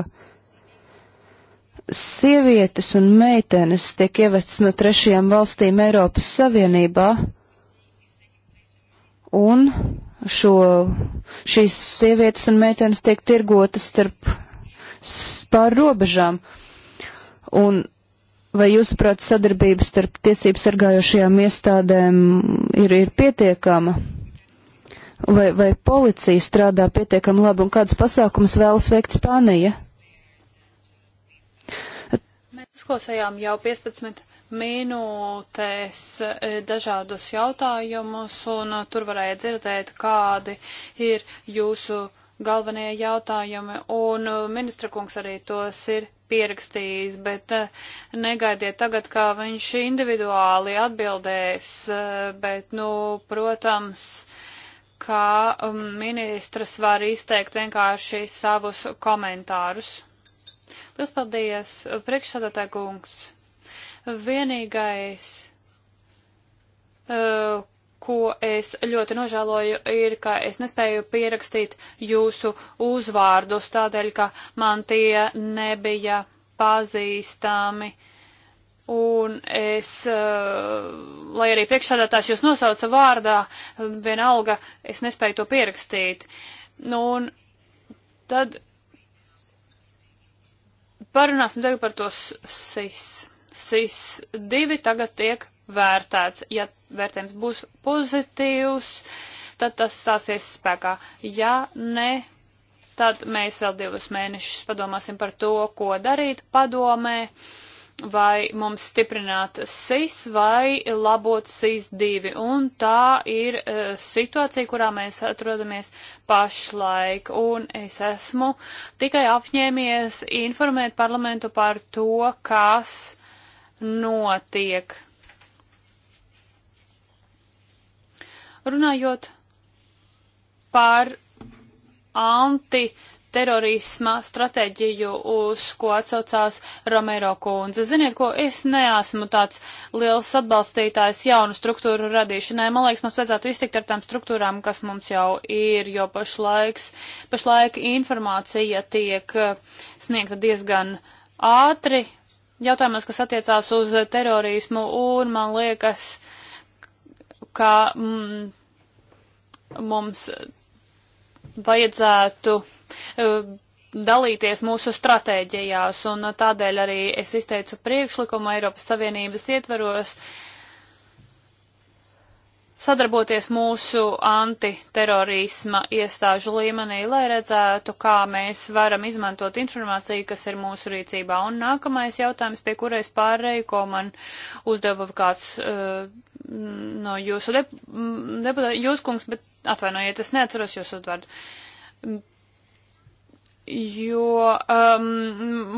Sievietes un meitenes tiek ievestas no trešajām valstīm Eiropas Savienībā, un šo, šīs sievietes un meitenes tiek tirgotas starp pār robežām. Un vai jūsuprāt sadarbības starp tiesību sargājošajām iestādēm ir, ir pietiekama? vai, vai policija strādā pietiekami labi un kādas pasākumas vēlas veikt Spānija? Mēs uzklausījām jau 15 minūtēs eh, dažādus jautājumus, un eh, tur varēja dzirdēt, kādi ir jūsu galvenie jautājumi, un eh, ministra kungs arī tos ir pierakstījis, bet negaidiet tagad, kā viņš individuāli atbildēs, bet, nu, protams, uh, ka um, ministrs var izteikt vienkārši savus komentārus. Liels paldies, priekšsādātāj kungs. Vienīgais, uh, ko es ļoti nožēloju, ir, ka es nespēju pierakstīt jūsu uzvārdus tādēļ, ka man tie nebija pazīstami. Uh, Un es, eh, lai arī priekšsādātājs jūs nosauca vārdā, vienalga es nespēju to pierakstīt. Nu, un tad parunāsim tagad par to SIS. SIS 2 tagad tiek vērtēts. Ja vērtējums būs pozitīvs, tad tas stāsies spēkā. Ja ne, tad mēs vēl divus mēnešus padomāsim par to, ko darīt padomē. Uh, vai mums stiprināt SIS vai labot SIS 2. Un tā ir uh, situācija, kurā mēs atrodamies pašlaik. Un es esmu tikai apņēmies informēt parlamentu par to, kas notiek. Runājot par anti terorisma stratēģiju, uz ko atsaucās Romero kundze. Ziniet, ko es neesmu tāds liels atbalstītājs jaunu struktūru radīšanai. Man liekas, mums vajadzētu iztikt ar tām struktūrām, kas mums jau ir, jo pašlaiks, pašlaik informācija tiek eh, sniegta diezgan ātri jautājumos, kas attiecās uz terorismu, un man liekas, ka mm, mums vajadzētu E, dalīties mūsu stratēģijās, un tādēļ arī es izteicu priekšlikumu Eiropas Savienības ietveros sadarboties mūsu antiterorisma iestāžu līmenī, lai redzētu, kā mēs varam izmantot informāciju, kas ir mūsu rīcībā. Un nākamais jautājums, pie kurais pārēju, ko man uzdeva kāds uh, no jūsu dep deputāta, jūs kungs, bet atvainojiet, es neatceros jūsu uzvārdu jo um,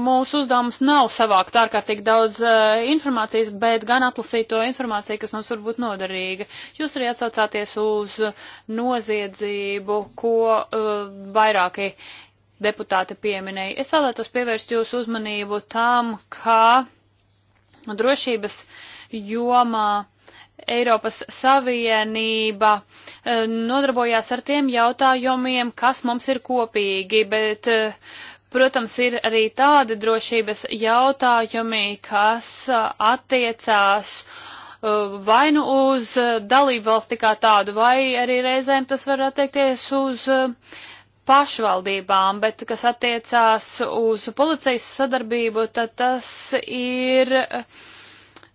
mūsu uzdevums nav savākt ārkārtīgi daudz uh, informācijas, bet gan atlasīt to informāciju, kas mums var būt noderīga. Jūs arī atsaucāties uz noziedzību, ko uh, vairāki deputāti pieminēja. Es vēlētos pievērst jūsu uzmanību tam, kā drošības jomā uh, Eiropas Savienība eh, nodarbojās ar tiem jautājumiem, kas mums ir kopīgi, bet, eh, protams, ir arī tādi drošības jautājumi, kas eh, attiecās vai nu uz dalību valsti kā tādu, vai arī reizēm tas var attiekties uz pašvaldībām, bet kas attiecās uz policijas sadarbību, tad tas ir uh,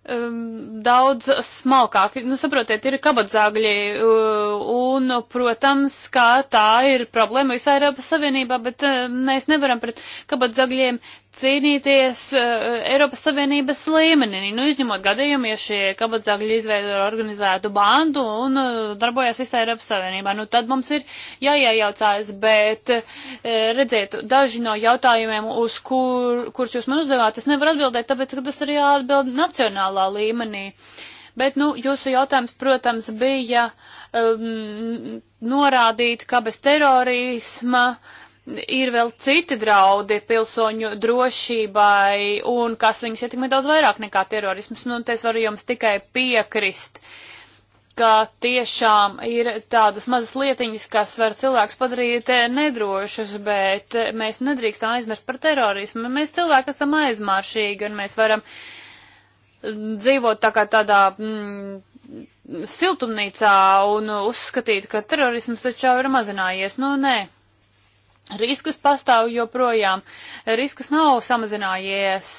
um, daudz smalkāki. Nu, saprotiet, ir kabatzāgļi, uh, un, protams, kā tā ir problēma visā Eiropas Savienībā, bet um, mēs nevaram pret kabatzāgļiem cīnīties uh, Eiropas Savienības līmenī, nu, izņemot gadījumu, ja šie kabadzāgļi izveido organizētu bandu un uh, darbojas visā Eiropas Savienībā. Nu, tad mums ir jāiejaucās, bet uh, redziet, daži no jautājumiem, uz kur, kurus jūs man uzdevāt, es nevaru atbildēt, tāpēc, ka tas ir jāatbild nacionālā līmenī. Bet, nu, jūsu jautājums, protams, bija um, norādīt, ka bez terorisma uh, ir vēl citi draudi pilsoņu drošībai un kas viņus ietekmē daudz vairāk nekā terorisms. Nu, te es varu jums tikai piekrist, ka tiešām ir tādas mazas lietiņas, kas var cilvēks padarīt nedrošus, bet mēs nedrīkstam aizmirst par terorismu. Mēs cilvēki esam aizmāršīgi un mēs varam dzīvot tā kā tādā. Mm, siltumnīcā un uzskatīt, ka terorisms taču jau ir mazinājies. Nu, nē, Risks pastāv joprojām, risks nav samazinājies,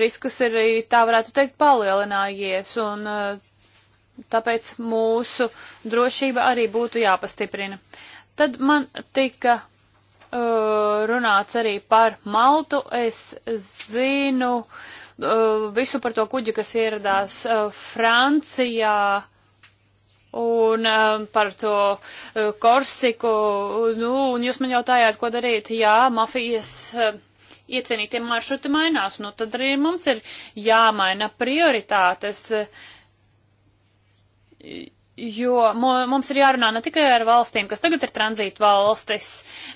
risks ir, tā varētu teikt, palielinājies, un eh, tāpēc mūsu drošība arī būtu jāpastiprina. Tad man tika eh, runāts arī par Maltu. Es zinu eh, visu par to kuģi, kas ieradās Francijā un um, par to uh, Korsiku. Nu, un jūs man jautājāt, ko darīt? Jā, mafijas. Uh, Iecienītie maršruti mainās, nu tad arī mums ir jāmaina prioritātes, jo mums ir jārunā ne tikai ar valstīm, kas tagad ir tranzīta valstis,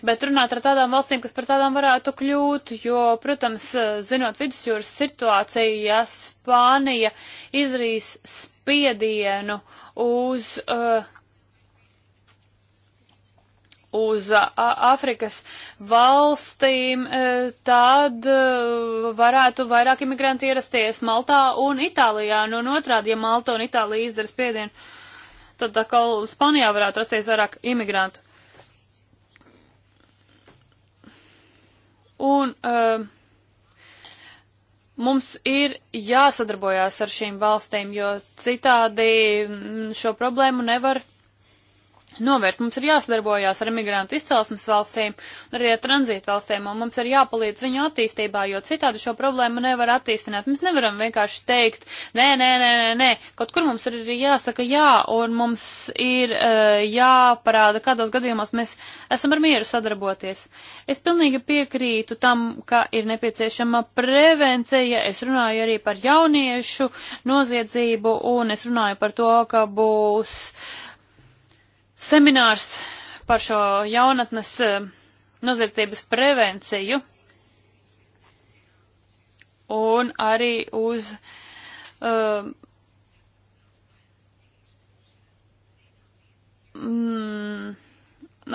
bet runāt ar tādām valstīm, kas par tādām varētu kļūt, jo, protams, zinot vidusjūras situāciju, ja Spānija izrīs spēju, spiedienu uz, uh, uz uh, Āfrikas valstīm, uh, tad varētu vairāk imigranti ierasties Maltā un Itālijā. Nu, un otrādi, ja Malta un Itālija izdara spiedienu, tad atkal Spanijā varētu rasties vairāk imigrantu. Un uh, Mums ir jāsadarbojās ar šīm valstīm, jo citādi mm, šo problēmu nevar novērst. Mums ir jāsadarbojās ar migrantu izcelsmes valstīm un arī ar tranzītu valstīm, un mums ir jāpalīdz viņu attīstībā, jo citādi šo problēmu nevar attīstināt. Mēs nevaram vienkārši teikt, nē, nē, nē, nē, nē. kaut kur mums ir jāsaka jā, un mums ir uh, jāparāda, kādos gadījumos mēs esam ar mieru sadarboties. Es pilnīgi piekrītu tam, ka ir nepieciešama prevencija. Es runāju arī par jauniešu noziedzību, un es runāju par to, ka būs. Uh, seminārs par šo jaunatnes eh, noziedzības prevenciju un arī uz um, mm,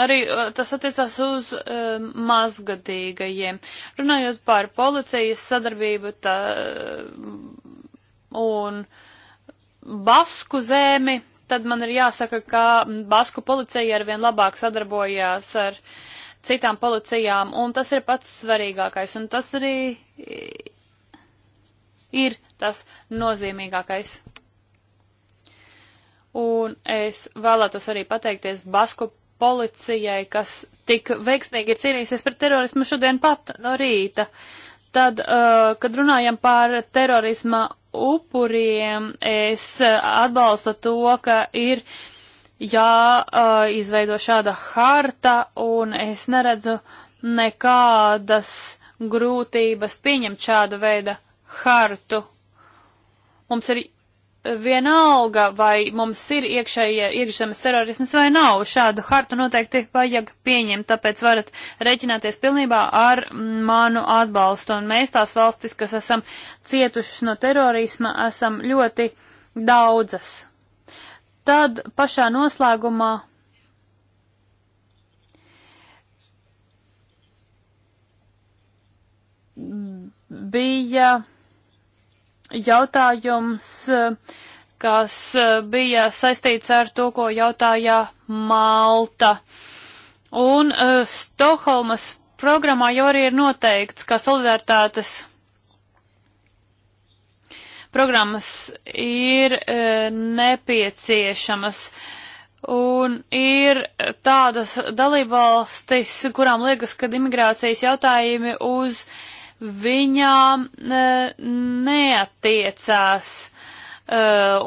arī eh, tas attiecās uz um, mazgadīgajiem. Runājot par policijas sadarbību tā, un Basku zemi, tad man ir jāsaka, ka Basku policija arvien labāk sadarbojās ar citām policijām, un tas ir pats svarīgākais, un tas arī ir tas nozīmīgākais. Un es vēlētos arī pateikties Basku policijai, kas tik veiksmīgi ir cīnījusies par terorismu šodien pat no rīta. Tad, uh, kad runājam par terorisma upuriem, es eh, atbalstu to, ka ir jāizveido eh, šāda harta, un es neredzu nekādas grūtības pieņemt šādu veidu hartu. Mums ir vienalga, vai mums ir iekšējie iekšzemes terorismas vai nav. Šādu hartu noteikti vajag pieņemt, tāpēc varat reķināties pilnībā ar manu atbalstu. Un mēs tās valstis, kas esam cietušas no terorisma, esam ļoti daudzas. Tad pašā noslēgumā. bija jautājums, kas eh, bija saistīts ar to, ko jautāja Malta. Un uh, Stokholmas programmā jau arī ir noteikts, ka solidaritātes programmas ir uh, nepieciešamas. Un ir tādas dalībvalstis, kurām liekas, ka imigrācijas jautājumi uz uh, viņām e, neatiecās. E,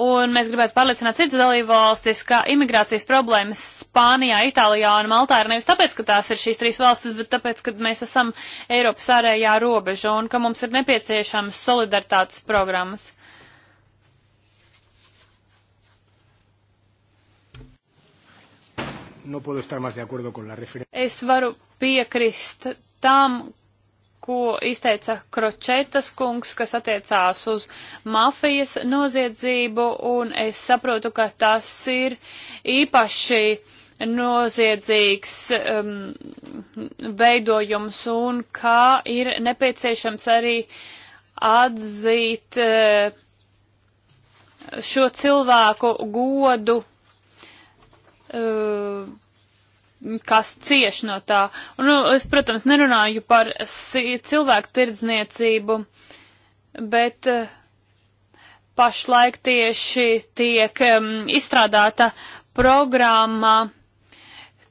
un mēs gribētu pārliecināt citas dalībvalstis, ka imigrācijas problēmas Spānijā, Itālijā un Maltā ir nevis tāpēc, ka tās ir šīs trīs valstis, bet tāpēc, ka mēs esam Eiropas ārējā robeža un ka mums ir nepieciešams solidaritātes programmas. no puedo estar más de acuerdo con la referencia. Es varu piekrist tam, ko izteica Kročetas kungs, kas attiecās uz mafijas noziedzību, un es saprotu, ka tas ir īpaši noziedzīgs um, veidojums un kā ir nepieciešams arī atzīt uh, šo cilvēku godu. Uh, kas cieš no tā. Un, nu, es, protams, nerunāju par cilvēku tirdzniecību, bet eh, pašlaik tieši tiek um, izstrādāta programma,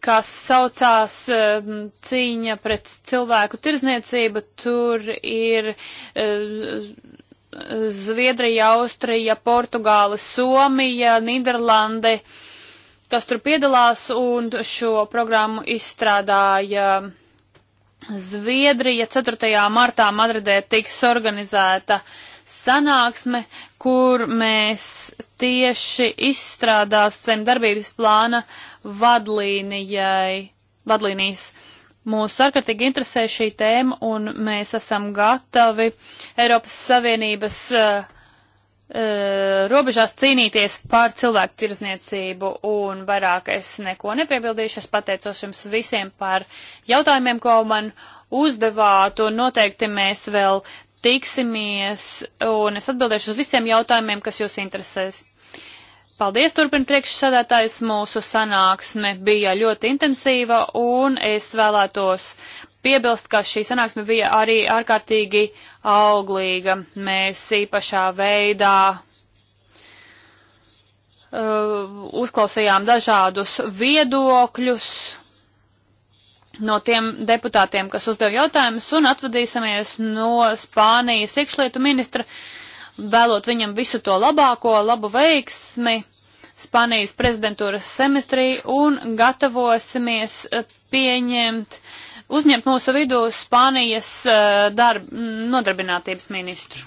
kas saucās um, cīņa pret cilvēku tirdzniecību. Tur ir um, Zviedrija, Austrija, Portugāla, Somija, Niderlande. Um, kas tur piedalās, un šo programmu izstrādāja Zviedrija. 4. martā Madridē tiks organizēta sanāksme, kur mēs tieši izstrādāsim darbības plāna vadlīnijai, vadlīnijas. Mūs ārkārtīgi interesē šī tēma, un mēs esam gatavi Eiropas Savienības uh, E, robežās cīnīties par cilvēku tirzniecību un vairāk es neko nepiebildīšu. Es pateicos jums visiem par jautājumiem, ko man uzdevāt un noteikti mēs vēl tiksimies un es atbildēšu uz visiem jautājumiem, kas jūs interesēs. Paldies, turpin priekšsādātājs. Mūsu sanāksme bija ļoti intensīva un es vēlētos piebilst, ka šī sanāksme bija arī ārkārtīgi auglīga. Mēs īpašā veidā uh, uzklausījām dažādus viedokļus no tiem deputātiem, kas uzdev jautājumus, un atvadīsimies no Spānijas iekšlietu ministra, vēlot viņam visu to labāko, labu veiksmi. Spānijas prezidentūras semestrī un gatavosimies uh, pieņemt uh, uzņemt mūsu vidū Spānijas eh, darb, nodarbinātības ministru.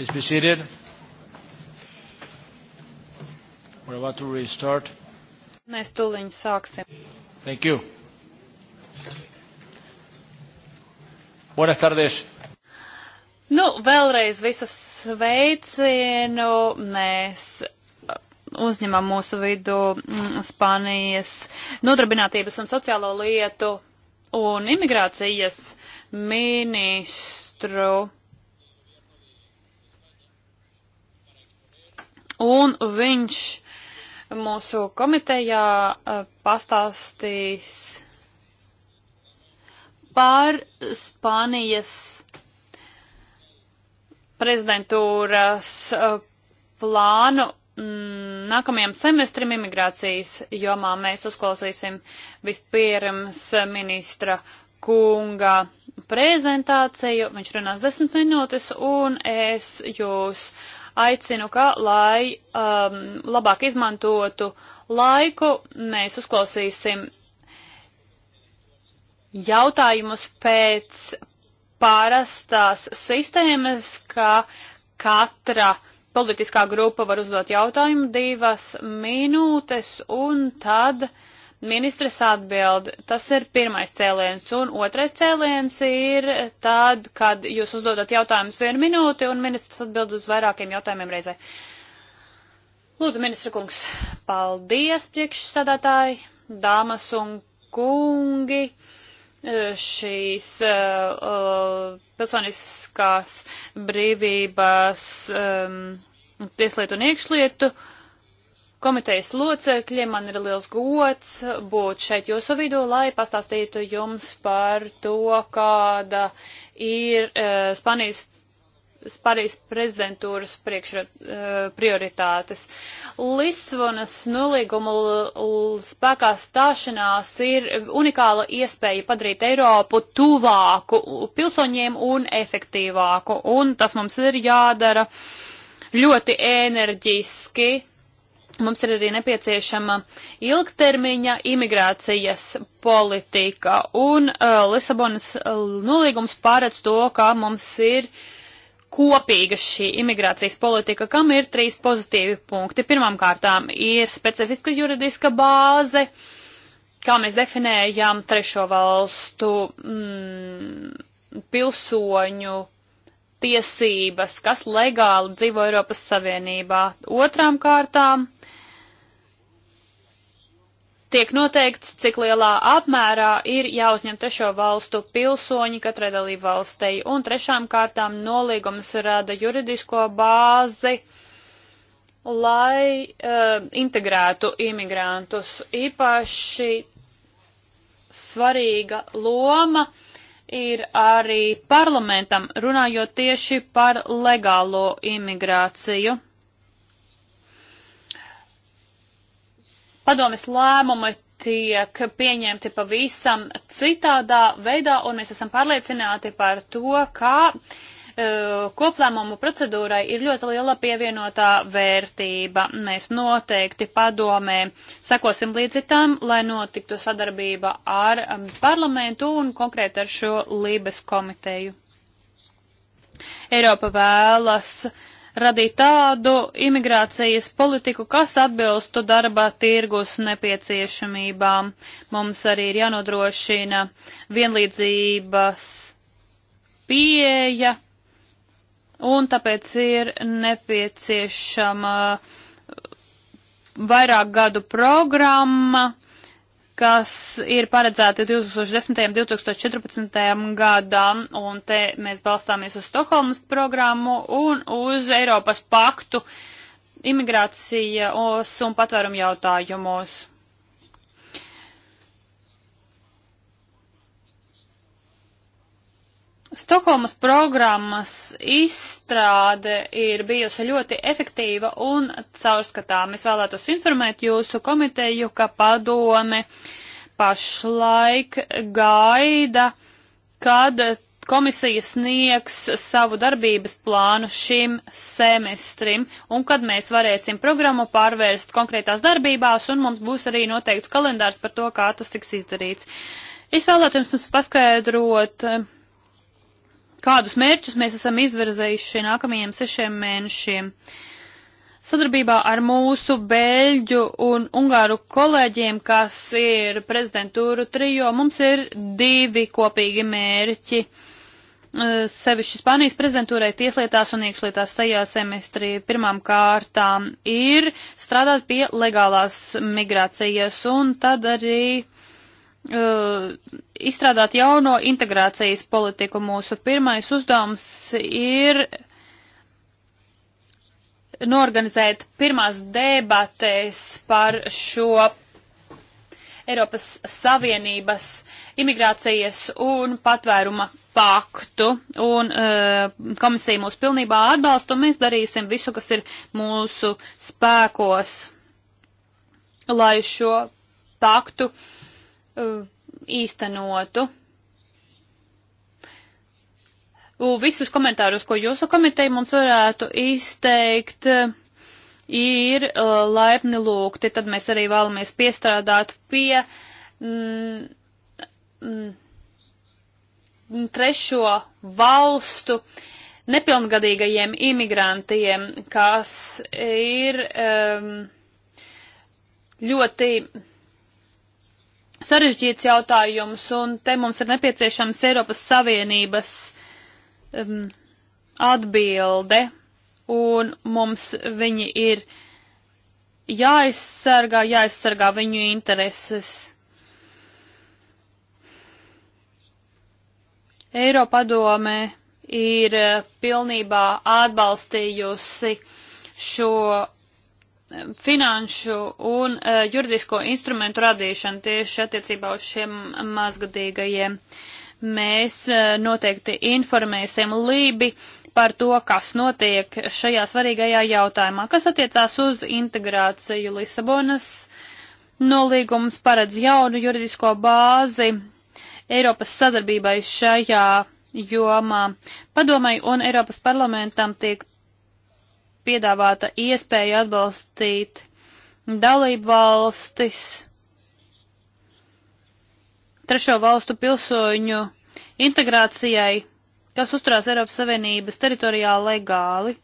Please be seated. We're about to restart. Mēs tūliņ sāksim. Thank you. Buenas tardes. Nu, vēlreiz visus sveicienu. Mēs uzņemam mūsu vidu mm, Spānijas nodarbinātības un sociālo lietu un imigrācijas ministru Un viņš mūsu komitejā eh, pastāstīs par Spānijas prezidentūras eh, plānu mm, nākamajam semestrim imigrācijas jomā. Mēs uzklausīsim vispirms ministra kunga prezentāciju. Viņš runās desmit minūtes un es jūs aicinu, ka, lai um, labāk izmantotu laiku, mēs uzklausīsim jautājumus pēc pārastās sistēmas, ka katra politiskā grupa var uzdot jautājumu divas minūtes un tad uh, Ministres atbild, tas ir pirmais cēliens, un otrais cēliens ir tad, kad jūs uzdodat jautājumus vienu minūti, un ministrs atbild uz vairākiem jautājumiem reizē. Lūdzu, ministra kungs, paldies priekšsādātāji, dāmas un kungi e, šīs uh, e, personiskās brīvības um, tieslietu un iekšlietu uh, komitejas locekļi. Man ir liels gods būt šeit jūsu vidū, lai pastāstītu jums par to, kāda ir uh, Spanijas. Parīs prezidentūras priekšra, uh, eh, prioritātes. Lisbonas nolīguma spēkā stāšanās ir unikāla iespēja padarīt Eiropu tuvāku pilsoņiem un efektīvāku, un tas mums ir jādara ļoti enerģiski, Mums ir arī nepieciešama ilgtermiņa imigrācijas politika, un uh, Lisabonas uh, nolīgums paredz to, ka mums ir kopīga šī imigrācijas politika, kam ir trīs pozitīvi punkti. Pirmām kārtām ir specifiska juridiska bāze, kā mēs definējam trešo valstu mm, pilsoņu tiesības, kas legāli dzīvo Eiropas Savienībā. Otrām kārtām tiek noteikts, cik lielā apmērā ir jāuzņem trešo valstu pilsoņi katrai dalību valstei, un trešām kārtām nolīgums rada juridisko bāzi, lai uh, integrētu imigrantus. Īpaši svarīga loma uh, ir arī parlamentam, runājot tieši par legālo imigrāciju. Padomis lēmumi tiek pieņemti pavisam citādā veidā, un mēs esam pārliecināti par to, kā uh, koplēmumu procedūrai ir ļoti liela pievienotā vērtība. Mēs noteikti padomē sekosim līdzi tam, lai notiktu sadarbība ar um, parlamentu un konkrēti ar šo Lībes komiteju. Eiropa vēlas radīt tādu imigrācijas politiku, kas atbilstu darba tirgus nepieciešamībām. Mums arī ir jānodrošina vienlīdzības pieeja un tāpēc ir nepieciešama vairāk gadu programma, kas ir paredzēta 2010. un 2014. gadam, un te mēs balstāmies uz Stokholmas programmu un uz Eiropas paktu imigrācijas un patvērumu jautājumos. Stokholmas programmas izstrāde ir bijusi ļoti efektīva un caurskatām. Es vēlētos informēt jūsu komiteju, ka padome pašlaik gaida, kad komisija sniegs savu darbības plānu šim semestrim, un kad mēs varēsim programmu pārvērst konkrētās darbībās, un mums būs arī noteikts kalendārs par to, kā tas tiks izdarīts. Es vēlētos jums paskaidrot, uh, kādus mērķus mēs esam izvirzējuši nākamajiem sešiem mēnešiem. Sadarbībā ar mūsu beļģu un ungāru kolēģiem, kas ir prezidentūru trijo, mums ir divi kopīgi mērķi. Uh, sevišķi Spānijas prezidentūrai tieslietās un iekšlietās tajā semestrī pirmām kārtām ir strādāt pie legālās migrācijas un tad arī uh, Uh, izstrādāt jauno integrācijas politiku. Mūsu pirmais uzdevums ir norganizēt pirmās debatēs par šo Eiropas Savienības imigrācijas un patvēruma paktu, un uh, komisija mūs pilnībā atbalsta, un mēs darīsim visu, kas ir mūsu spēkos, lai šo paktu uh, Uh, īstenotu. Visus komentārus, ko jūsu komiteja mums varētu izteikt, uh, ir uh, laipni lūgti. Tad mēs arī vēlamies piestrādāt pie mm, mm, trešo valstu nepilngadīgajiem imigrantiem, kas ir um, ļoti sarežģīts jautājums, un te mums ir nepieciešams Eiropas Savienības um, atbilde, un mums viņi ir jāizsargā, jāizsargā viņu intereses. Eiropadomē ir eh, pilnībā atbalstījusi šo finanšu un uh, juridisko instrumentu radīšanu tieši attiecībā uz šiem mazgadīgajiem. Mēs uh, noteikti informēsim Lībi par to, kas notiek šajā svarīgajā jautājumā, kas attiecās uz integrāciju Lisabonas nolīgums paredz jaunu juridisko bāzi Eiropas sadarbībai šajā jomā. Padomai un Eiropas parlamentam tiek piedāvāta iespēja atbalstīt dalību valstis, trešo valstu pilsoņu integrācijai, kas uzturās Eiropas Savienības teritorijā legāli.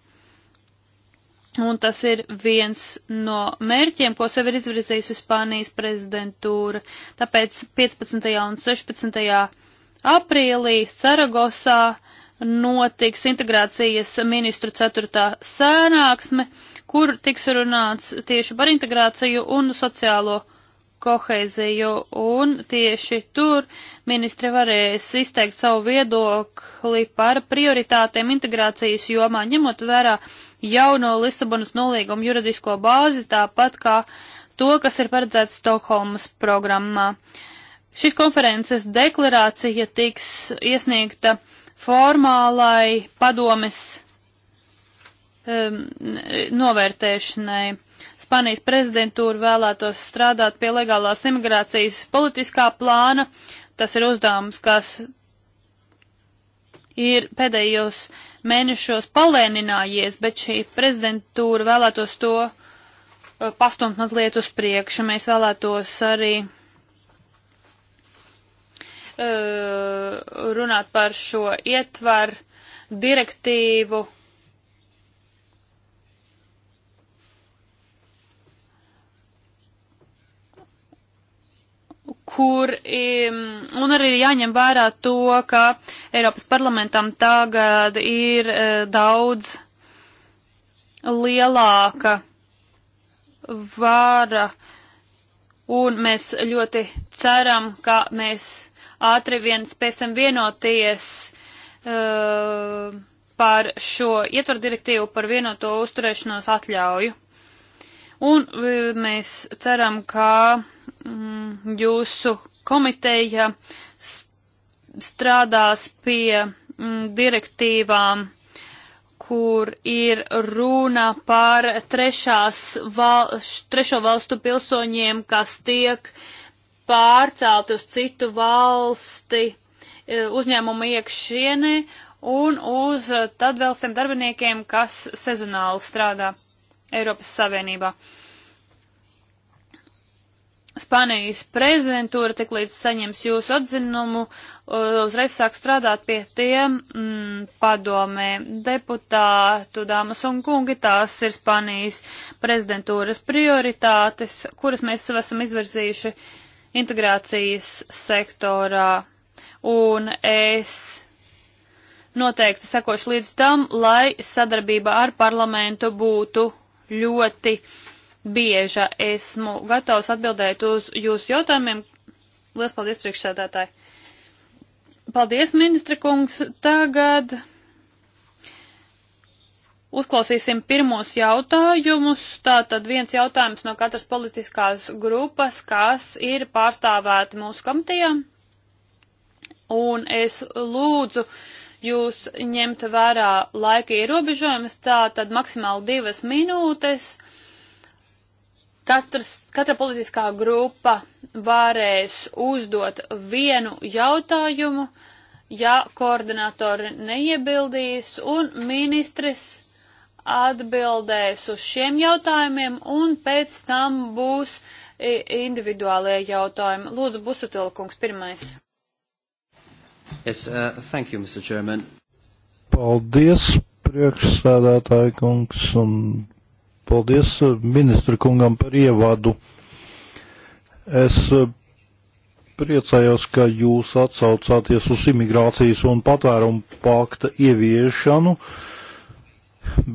Un tas ir viens no mērķiem, ko sev ir izvirzījusi Spānijas prezidentūra. Tāpēc 15. un 16. aprīlī Saragosā notiks integrācijas ministru ceturtā sēnāksme, kur tiks runāts tieši par integrāciju un sociālo koheiziju, un tieši tur ministri varēs izteikt savu viedokli par prioritātēm integrācijas jomā, ņemot vērā jauno Lisabonas nolīgumu juridisko bāzi, tāpat kā to, kas ir paredzēts Stokholmas programmā. Šīs konferences deklarācija tiks iesniegta formālai padomes um, novērtēšanai. Spānijas prezidentūra vēlētos strādāt pie legālās imigrācijas politiskā plāna. Tas ir uzdevums, kas ir pēdējos mēnešos palēninājies, bet šī prezidentūra vēlētos to uh, pastumt mazliet uz priekšu. Mēs vēlētos arī Eh, runāt par šo ietvaru direktīvu. kur un arī jāņem vērā to, ka Eiropas parlamentam tagad ir eh, daudz lielāka vāra, un mēs ļoti ceram, ka mēs ātri vien spēsim vienoties uh, par šo ietvaru direktīvu par vienoto uzturēšanos atļauju. Un uh, mēs ceram, ka mm, jūsu komiteja strādās pie mm, direktīvām kur ir runa par trešās val, trešo valstu pilsoņiem, kas tiek uh, pārcelt uz citu valsti e, uzņēmumu iekšienē un uz e, tad vēl tiem darbiniekiem, kas sezonāli strādā Eiropas Savienībā. Spānijas prezidentūra tik līdz saņems jūsu atzinumu, e, uzreiz sāk strādāt pie tiem mm, padomē deputātu, dāmas un kungi. Tās ir Spānijas prezidentūras prioritātes, kuras mēs esam izvirzījuši uh, integrācijas sektorā, un es noteikti sekošu līdz tam, lai sadarbība ar parlamentu būtu ļoti bieža. Esmu gatavs atbildēt uz jūsu jautājumiem. Lielas paldies priekšsēdētāji. Paldies, ministra kungs. Tagad. Uzklausīsim pirmos jautājumus. Tātad viens jautājums no katras politiskās grupas, kas ir pārstāvēti mūsu komitejā. Un es lūdzu jūs ņemt vērā laika ierobežojumus, tātad maksimāli divas minūtes. Katrs, katra politiskā grupa varēs uzdot vienu jautājumu, ja koordinatori neiebildīs, un ministrs atbildēs uz šiem jautājumiem, un pēc tam būs individuālie jautājumi. Lūdzu, Busutila kungs, pirmais. Yes, uh, thank you, Mr. Chairman. Paldies, priekšsēdētāji kungs, un paldies uh, ministru kungam par ievadu. Es uh, priecājos, ka jūs atsaucāties uz imigrācijas un patvērumu pakta ieviešanu. Uh,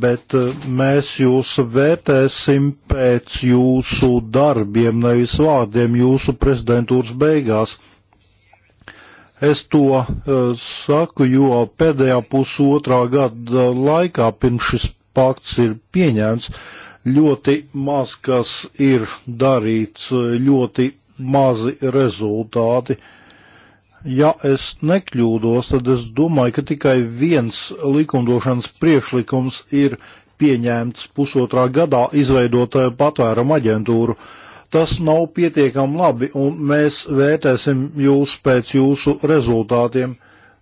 bet eh, mēs jūs vērtēsim pēc jūsu darbiem, nevis vārdiem jūsu prezidentūras beigās. Es to eh, saku, jo pēdējā pusotrā gada laikā, pirms šis pakts ir pieņēmts, ļoti maz kas ir darīts, eh, ļoti mazi rezultāti. Uh, Ja es nekļūdos, tad es domāju, ka tikai viens likumdošanas priekšlikums ir pieņemts pusotrā gadā izveidot eh, patvērumu aģentūru. Tas nav pietiekami labi, un mēs vērtēsim jūs pēc jūsu rezultātiem.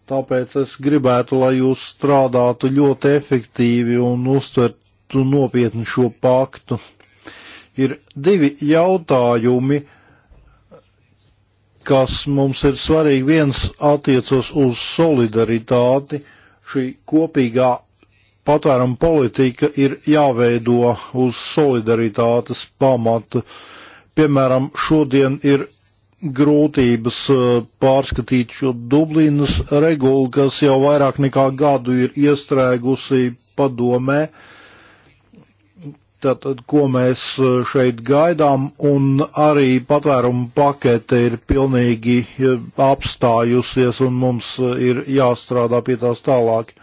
Tāpēc es gribētu, lai jūs strādātu ļoti efektīvi un uztvertu nopietni šo paktu. Ir divi jautājumi kas mums ir svarīgi. Viens attiecas uz solidaritāti. Šī kopīgā patvēruma politika ir jāveido uz solidaritātes pamata. Piemēram, šodien ir grūtības uh, pārskatīt šo Dublīnas regulu, kas jau vairāk nekā gadu ir iestrēgusi padomē. Uh, Tātad, ko mēs eh, šeit gaidām, un arī patvērumu pakete ir pilnīgi eh, apstājusies, un mums eh, ir jāstrādā pie tās tālāk.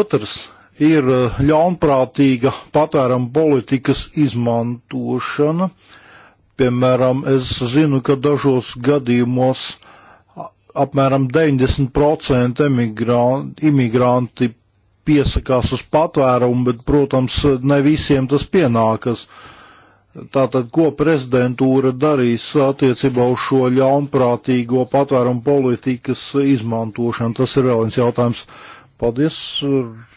Otrs ir ļaunprātīga patvērumu politikas izmantošana. Piemēram, es zinu, ka dažos gadījumos apmēram 90% emigranti, imigranti piesakās uz patvērumu, bet, protams, ne visiem tas pienākas. Tātad, ko prezidentūra darīs attiecībā uz šo ļaunprātīgo patvērumu politikas izmantošanu? Tas ir vēl viens jautājums. Paldies,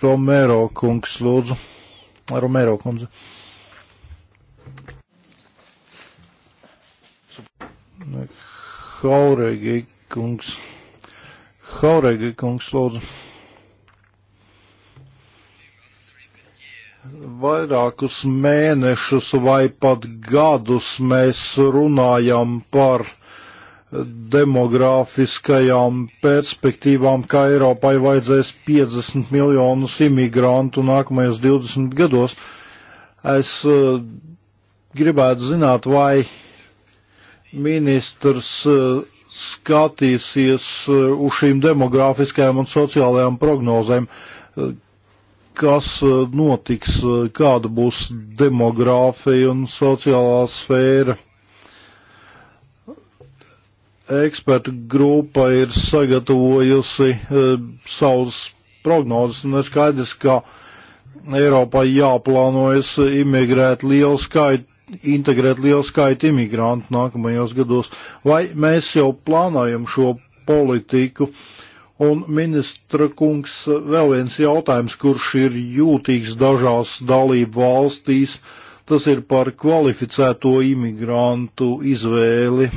Romero kungs, lūdzu. Romero kundze. Hauregi kungs. Hauregi kungs, lūdzu. vairākus mēnešus vai pat gadus mēs runājam par demogrāfiskajām perspektīvām, ka Eiropai vajadzēs 50 miljonus imigrantu nākamajos 20 gados. Es uh, gribētu zināt, vai ministrs uh, skatīsies uh, uz šīm demogrāfiskajām un sociālajām prognozēm, kas eh, notiks, eh, kāda būs demogrāfija un sociālā sfēra. Ekspertu grupa ir sagatavojusi e, eh, savus prognozes un ir skaidrs, ka Eiropai jāplānojas imigrēt lielu skaitu integrēt lielu skaitu imigrantu nākamajos gados, vai mēs jau plānojam šo politiku, uh, Un ministra kungs, vēl viens jautājums, kurš ir jūtīgs dažās dalību valstīs, tas ir par kvalificēto imigrantu izvēli.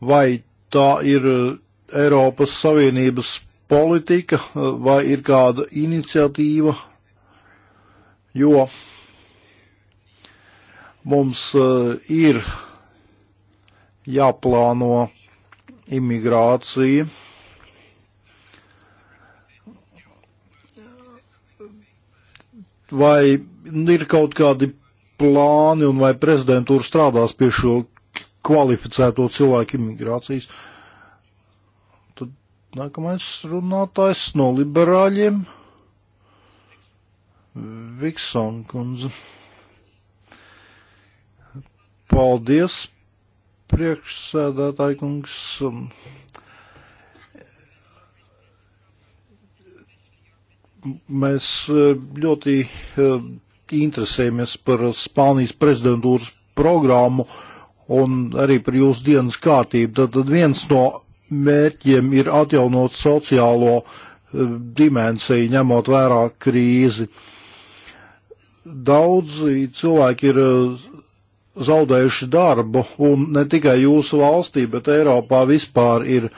Vai tā ir Eiropas Savienības politika vai ir kāda iniciatīva, jo mums uh, ir jāplāno imigrācija. vai ir kaut kādi plāni un vai prezidentūra strādās pie šo kvalificēto cilvēku imigrācijas. Tad nākamais runātājs no liberāļiem - Viksona kundze. Paldies, priekšsēdētāji kungs. mēs e, ļoti e, interesējamies par Spānijas prezidentūras programmu un arī par jūsu dienas kārtību. Tad, tad viens no mērķiem ir atjaunot sociālo e, dimensiju, ņemot vērā krīzi. Daudzi cilvēki ir zaudējuši darbu, un ne tikai jūsu valstī, bet Eiropā vispār ir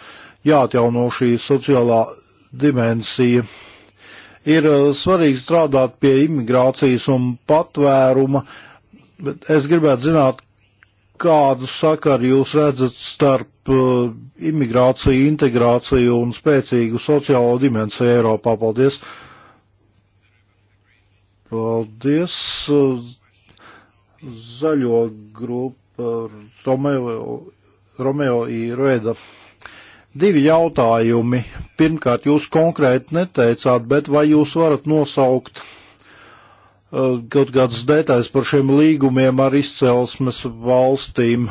jāatjauno šī sociālā dimensija ir eh, svarīgi strādāt pie imigrācijas un patvēruma, bet es gribētu zināt, kādu sakaru jūs redzat starp uh, imigrāciju, integrāciju un spēcīgu sociālo dimensiju Eiropā. Paldies! Paldies! Eh, zaļo grupa Romeo, Romeo Irueda. Divi jautājumi. Pirmkārt, jūs konkrēti neteicāt, bet vai jūs varat nosaukt uh, kaut kādas detaļas par šiem līgumiem ar izcelsmes valstīm,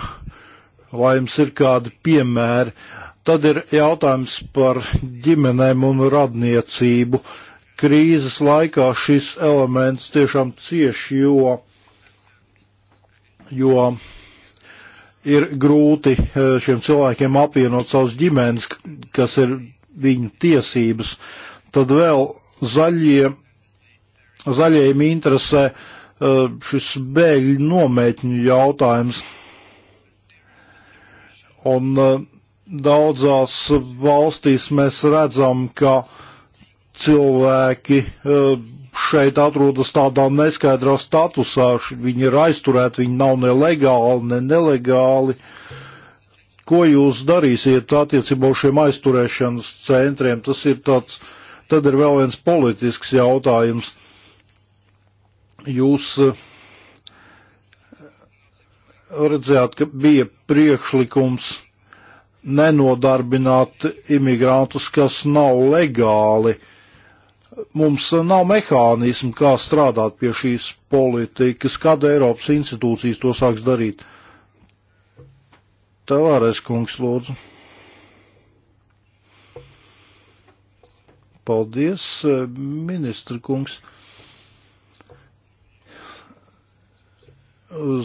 vai jums ir kādi piemēri? Tad ir jautājums par ģimenēm un radniecību. Krīzes laikā šis elements tiešām cieši, jo, jo ir grūti eh, šiem cilvēkiem apvienot savus ģimenes, kas ir viņu tiesības. Tad vēl zaļie, zaļajiem interesē eh, šis bēgļu nomēķņu jautājums. Un eh, daudzās valstīs mēs redzam, ka cilvēki šeit atrodas tādā neskaidrā statusā. Viņi ir aizturēti, viņi nav ne legāli, ne nelegāli. Ko jūs darīsiet attiecībā uz šiem aizturēšanas centriem? Tas ir tāds, tad ir vēl viens politisks jautājums. Jūs eh, redzējāt, ka bija priekšlikums nenodarbināt imigrantus, kas nav legāli mums nav mehānismu, kā strādāt pie šīs politikas, kad Eiropas institūcijas to sāks darīt. Tavārēs kungs, lūdzu. Paldies, ministra kungs.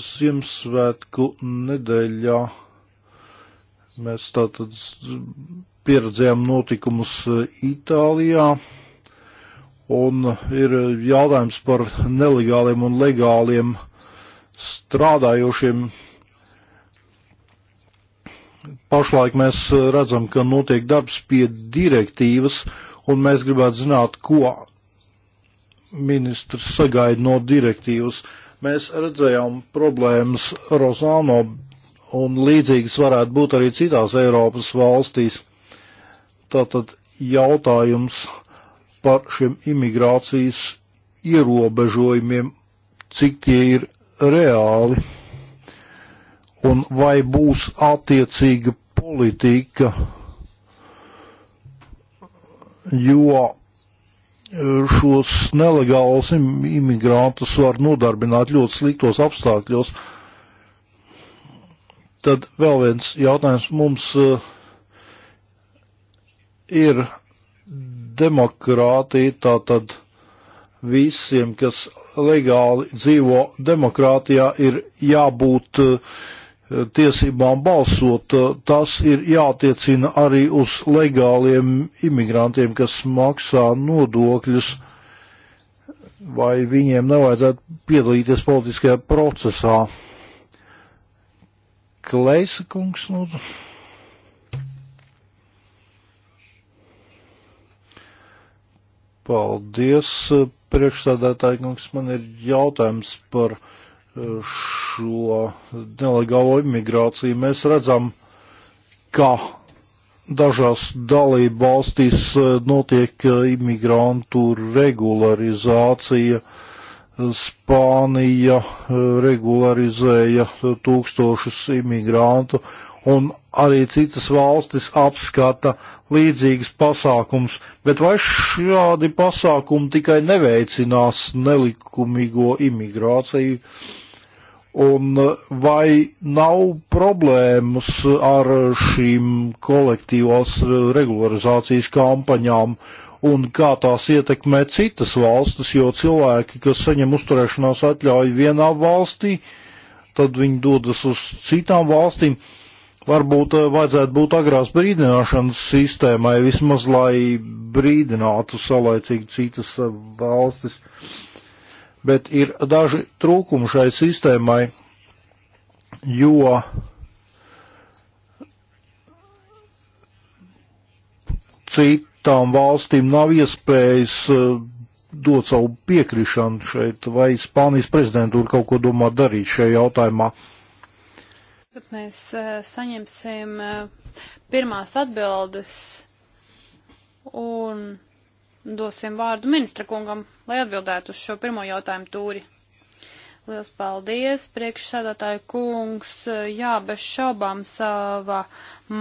Ziemassvētku nedēļā mēs tātad pieredzējām notikumus Itālijā. Un ir eh, jautājums par nelegāliem un legāliem strādājošiem. Pašlaik mēs eh, redzam, ka notiek darbs pie direktīvas, un mēs gribētu zināt, ko ministrs sagaida no direktīvas. Mēs redzējām problēmas Rozāno, un līdzīgas varētu būt arī citās Eiropas valstīs. Tātad jautājums par šiem imigrācijas ierobežojumiem, cik tie ir reāli un vai būs attiecīga politika, jo šos nelegālus imigrantus var nodarbināt ļoti sliktos apstākļos. Tad vēl viens jautājums mums eh, ir demokrātija, tātad visiem, kas legāli dzīvo demokrātijā, ir jābūt eh, tiesībām balsot. Tas ir jātiecina arī uz legāliem imigrantiem, kas maksā nodokļus, vai viņiem nevajadzētu piedalīties politiskajā procesā. Kleisa kungs, lūdzu. Nu... Paldies, priekšsādātāji, kungs, man ir jautājums par eh, šo nelegālo imigrāciju. Mēs redzam, ka dažās dalība valstīs eh, notiek eh, imigrantu regularizācija. Spānija regularizēja tūkstošus imigrantu, un arī citas valstis apskata līdzīgas pasākums, bet vai šādi pasākumi tikai neveicinās nelikumīgo imigrāciju? Un vai nav problēmas ar šīm kolektīvās regularizācijas kampaņām un kā tās ietekmē citas valstis, jo cilvēki, kas saņem uzturēšanās atļauju vienā valstī, tad viņi dodas uz citām valstīm. Uh, Varbūt eh, vajadzētu būt agrās brīdināšanas sistēmai, vismaz lai brīdinātu saulēcīgi citas eh, valstis. Bet ir daži trūkumi šai sistēmai, jo citām valstīm nav iespējas eh, dot savu piekrišanu šeit, vai Spānijas prezidentūra kaut ko domā darīt šajā jautājumā. Uh, Tad mēs e, saņemsim e, pirmās atbildes un dosim vārdu ministra kungam, lai atbildētu uz šo pirmo jautājumu tūri. Liels paldies, priekšsēdētāji kungs. E, jā, bez šaubām savā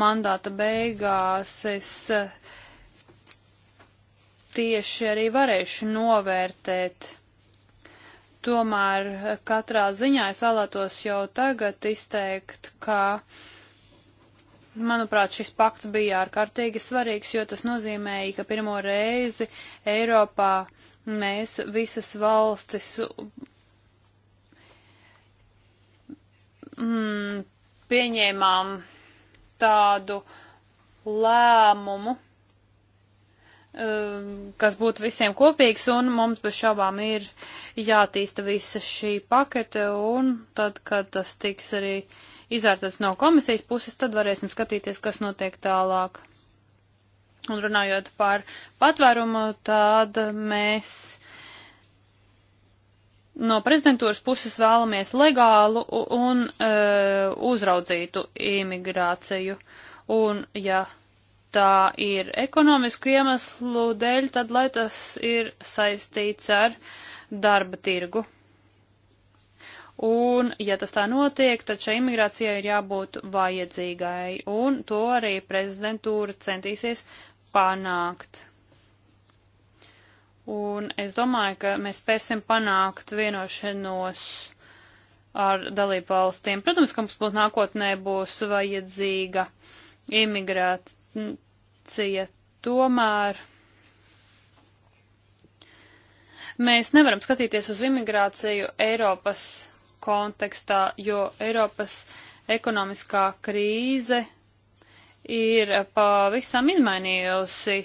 mandāta beigās es tieši arī varēšu novērtēt Tomēr eh, katrā ziņā es vēlētos jau tagad izteikt, ka, manuprāt, šis pakts bija ārkārtīgi svarīgs, jo tas nozīmēja, ka pirmo reizi Eiropā mēs visas valstis mm, pieņēmām tādu lēmumu, Um, kas būtu visiem kopīgs, un mums bez šābām ir jātīsta visa šī pakete, un tad, kad tas tiks arī izvērtēts no komisijas puses, tad varēsim skatīties, kas notiek tālāk. Un runājot par patvērumu, tad mēs no prezidentūras puses vēlamies legālu un uh, uzraudzītu imigrāciju. Un, ja tā ir ekonomisku iemeslu dēļ, tad lai tas ir saistīts ar darba tirgu. Un, ja tas tā notiek, tad šai imigrācijai ir jābūt vajadzīgai, un to arī prezidentūra centīsies panākt. Un es domāju, ka mēs spēsim panākt vienošanos ar dalību valstīm. Protams, ka mums būtu nākotnē būs vajadzīga imigrāt, Francija tomēr. Mēs nevaram skatīties uz imigrāciju Eiropas kontekstā, jo Eiropas ekonomiskā krīze ir pavisam izmainījusi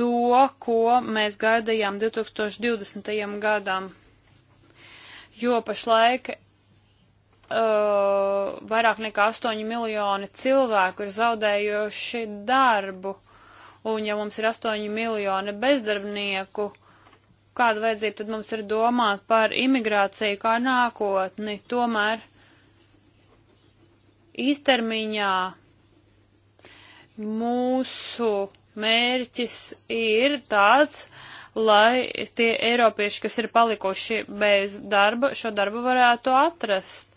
to, ko mēs gaidījām 2020. gadam, jo pašlaik uh, vairāk nekā 8 miljoni cilvēku ir zaudējuši darbu, un ja mums ir 8 miljoni bezdarbnieku, kāda vajadzība tad mums ir domāt par imigrāciju kā nākotni, tomēr īstermiņā mūsu mērķis ir tāds, lai tie eiropieši, kas ir palikuši bez darba, šo darbu varētu atrast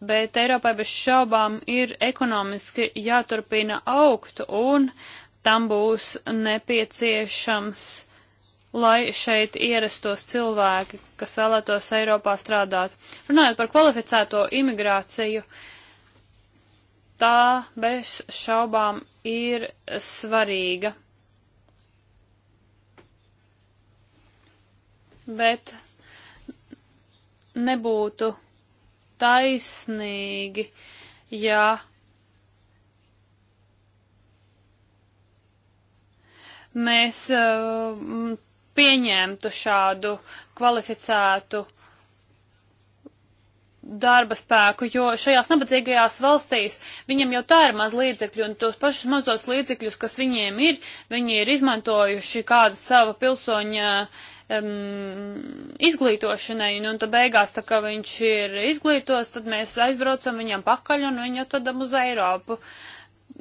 bet Eiropai bez šaubām ir ekonomiski jāturpina augt, un tam būs nepieciešams, lai šeit ierastos cilvēki, kas vēlētos Eiropā strādāt. Runājot par kvalificēto imigrāciju, tā bez šaubām ir svarīga. Bet nebūtu taisnīgi, ja mēs uh, pieņemtu šādu kvalificētu darba spēku, jo šajās nabadzīgajās valstīs viņiem jau tā ir maz līdzekļu, un tos pašus mazos līdzekļus, kas viņiem ir, viņi ir izmantojuši kādu sava pilsoņa uh, um, izglītošanai, un, nu, un tad beigās, tā kā viņš ir izglītos, tad mēs aizbraucam viņam pakaļ un viņu atvedam uz Eiropu.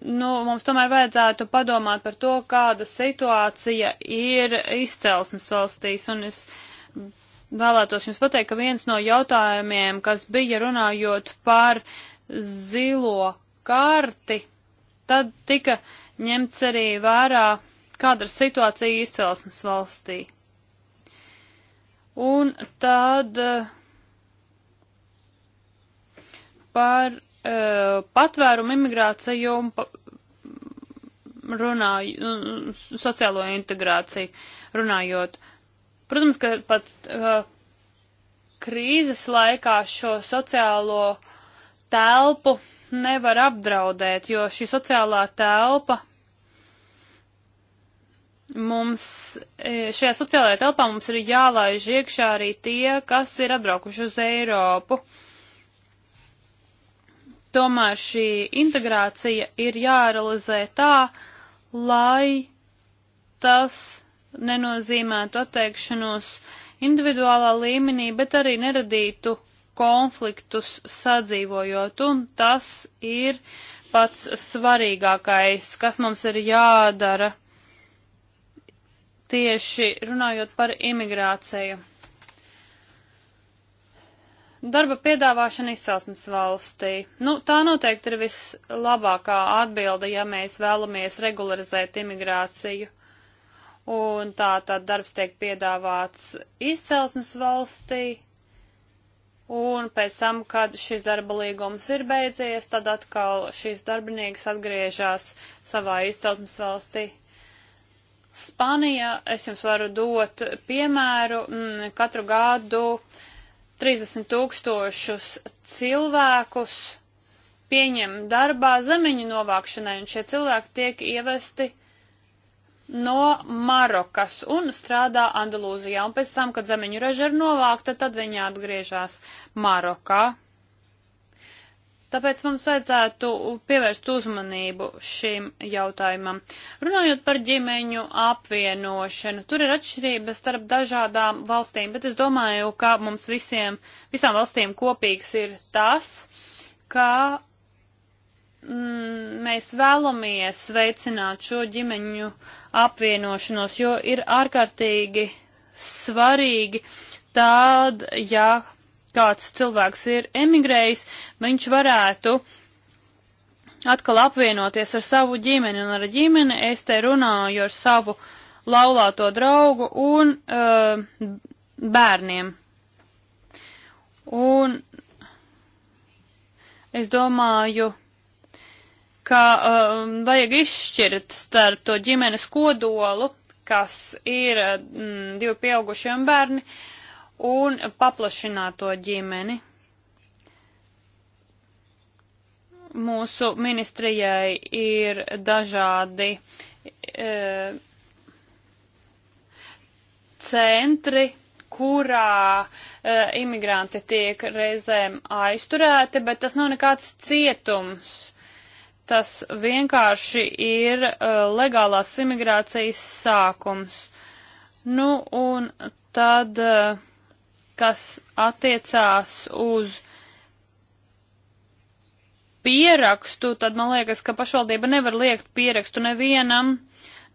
Nu, mums tomēr vajadzētu padomāt par to, kāda situācija ir izcelsmes valstīs, un es vēlētos jums pateikt, ka viens no jautājumiem, kas bija runājot par zilo karti, tad tika ņemts arī vērā, kāda ir situācija izcelsmes valstī. Un tad eh, par uh, patvērumu imigrāciju un pa, runāju, sociālo integrāciju runājot. Protams, ka pat uh, krīzes laikā šo sociālo telpu nevar apdraudēt, jo šī sociālā telpa mums e, šajā sociālajā telpā mums ir jālaiž iekšā arī tie, kas ir atbraukuši uz Eiropu. Tomēr šī integrācija ir jārealizē tā, lai tas nenozīmētu atteikšanos individuālā līmenī, bet arī neradītu konfliktus sadzīvojot, un tas ir pats svarīgākais, kas mums ir jādara tieši runājot par imigrāciju. Darba piedāvāšana izcelsmes valstī. Nu, tā noteikti ir vislabākā atbilde, ja mēs vēlamies regularizēt imigrāciju. Un tā tad darbs tiek piedāvāts izcelsmes valstī. Un pēc tam, kad šis darba līgums ir beidzies, tad atkal šīs darbinieks atgriežas savā izcelsmes valstī. Spānijā es jums varu dot piemēru mm, katru gadu 30 tūkstošus cilvēkus pieņem darbā zemiņu novākšanai, un šie cilvēki tiek ievesti no Marokas un strādā Andalūzijā, un pēc tam, kad zemiņu raža ir novākta, tad viņi atgriežas Marokā. Tāpēc mums vajadzētu pievērst uzmanību šim jautājumam. Runājot par ģimeņu apvienošanu, tur ir atšķirības starp dažādām valstīm, bet es domāju, ka mums visiem, visām valstīm kopīgs ir tas, ka mm, mēs vēlamies veicināt šo ģimeņu apvienošanos, jo ir ārkārtīgi svarīgi tād, ja kāds cilvēks ir emigrējis, viņš varētu atkal apvienoties ar savu ģimeni, un ar ģimeni es te runāju ar savu laulāto draugu un uh, bērniem. Un es domāju, ka um, vajag izšķirt starp to ģimenes kodolu, kas ir mm, divi pieaugušie un bērni, uh, un paplašināto ģimeni. Mūsu ministrijai ir dažādi e, centri, kurā e, imigranti tiek reizēm aizturēti, bet tas nav nekāds cietums. Tas vienkārši ir e, legālās imigrācijas sākums. Nu, un tad. E, kas attiecās uz pierakstu, tad man liekas, ka pašvaldība nevar liekt pierakstu nevienam,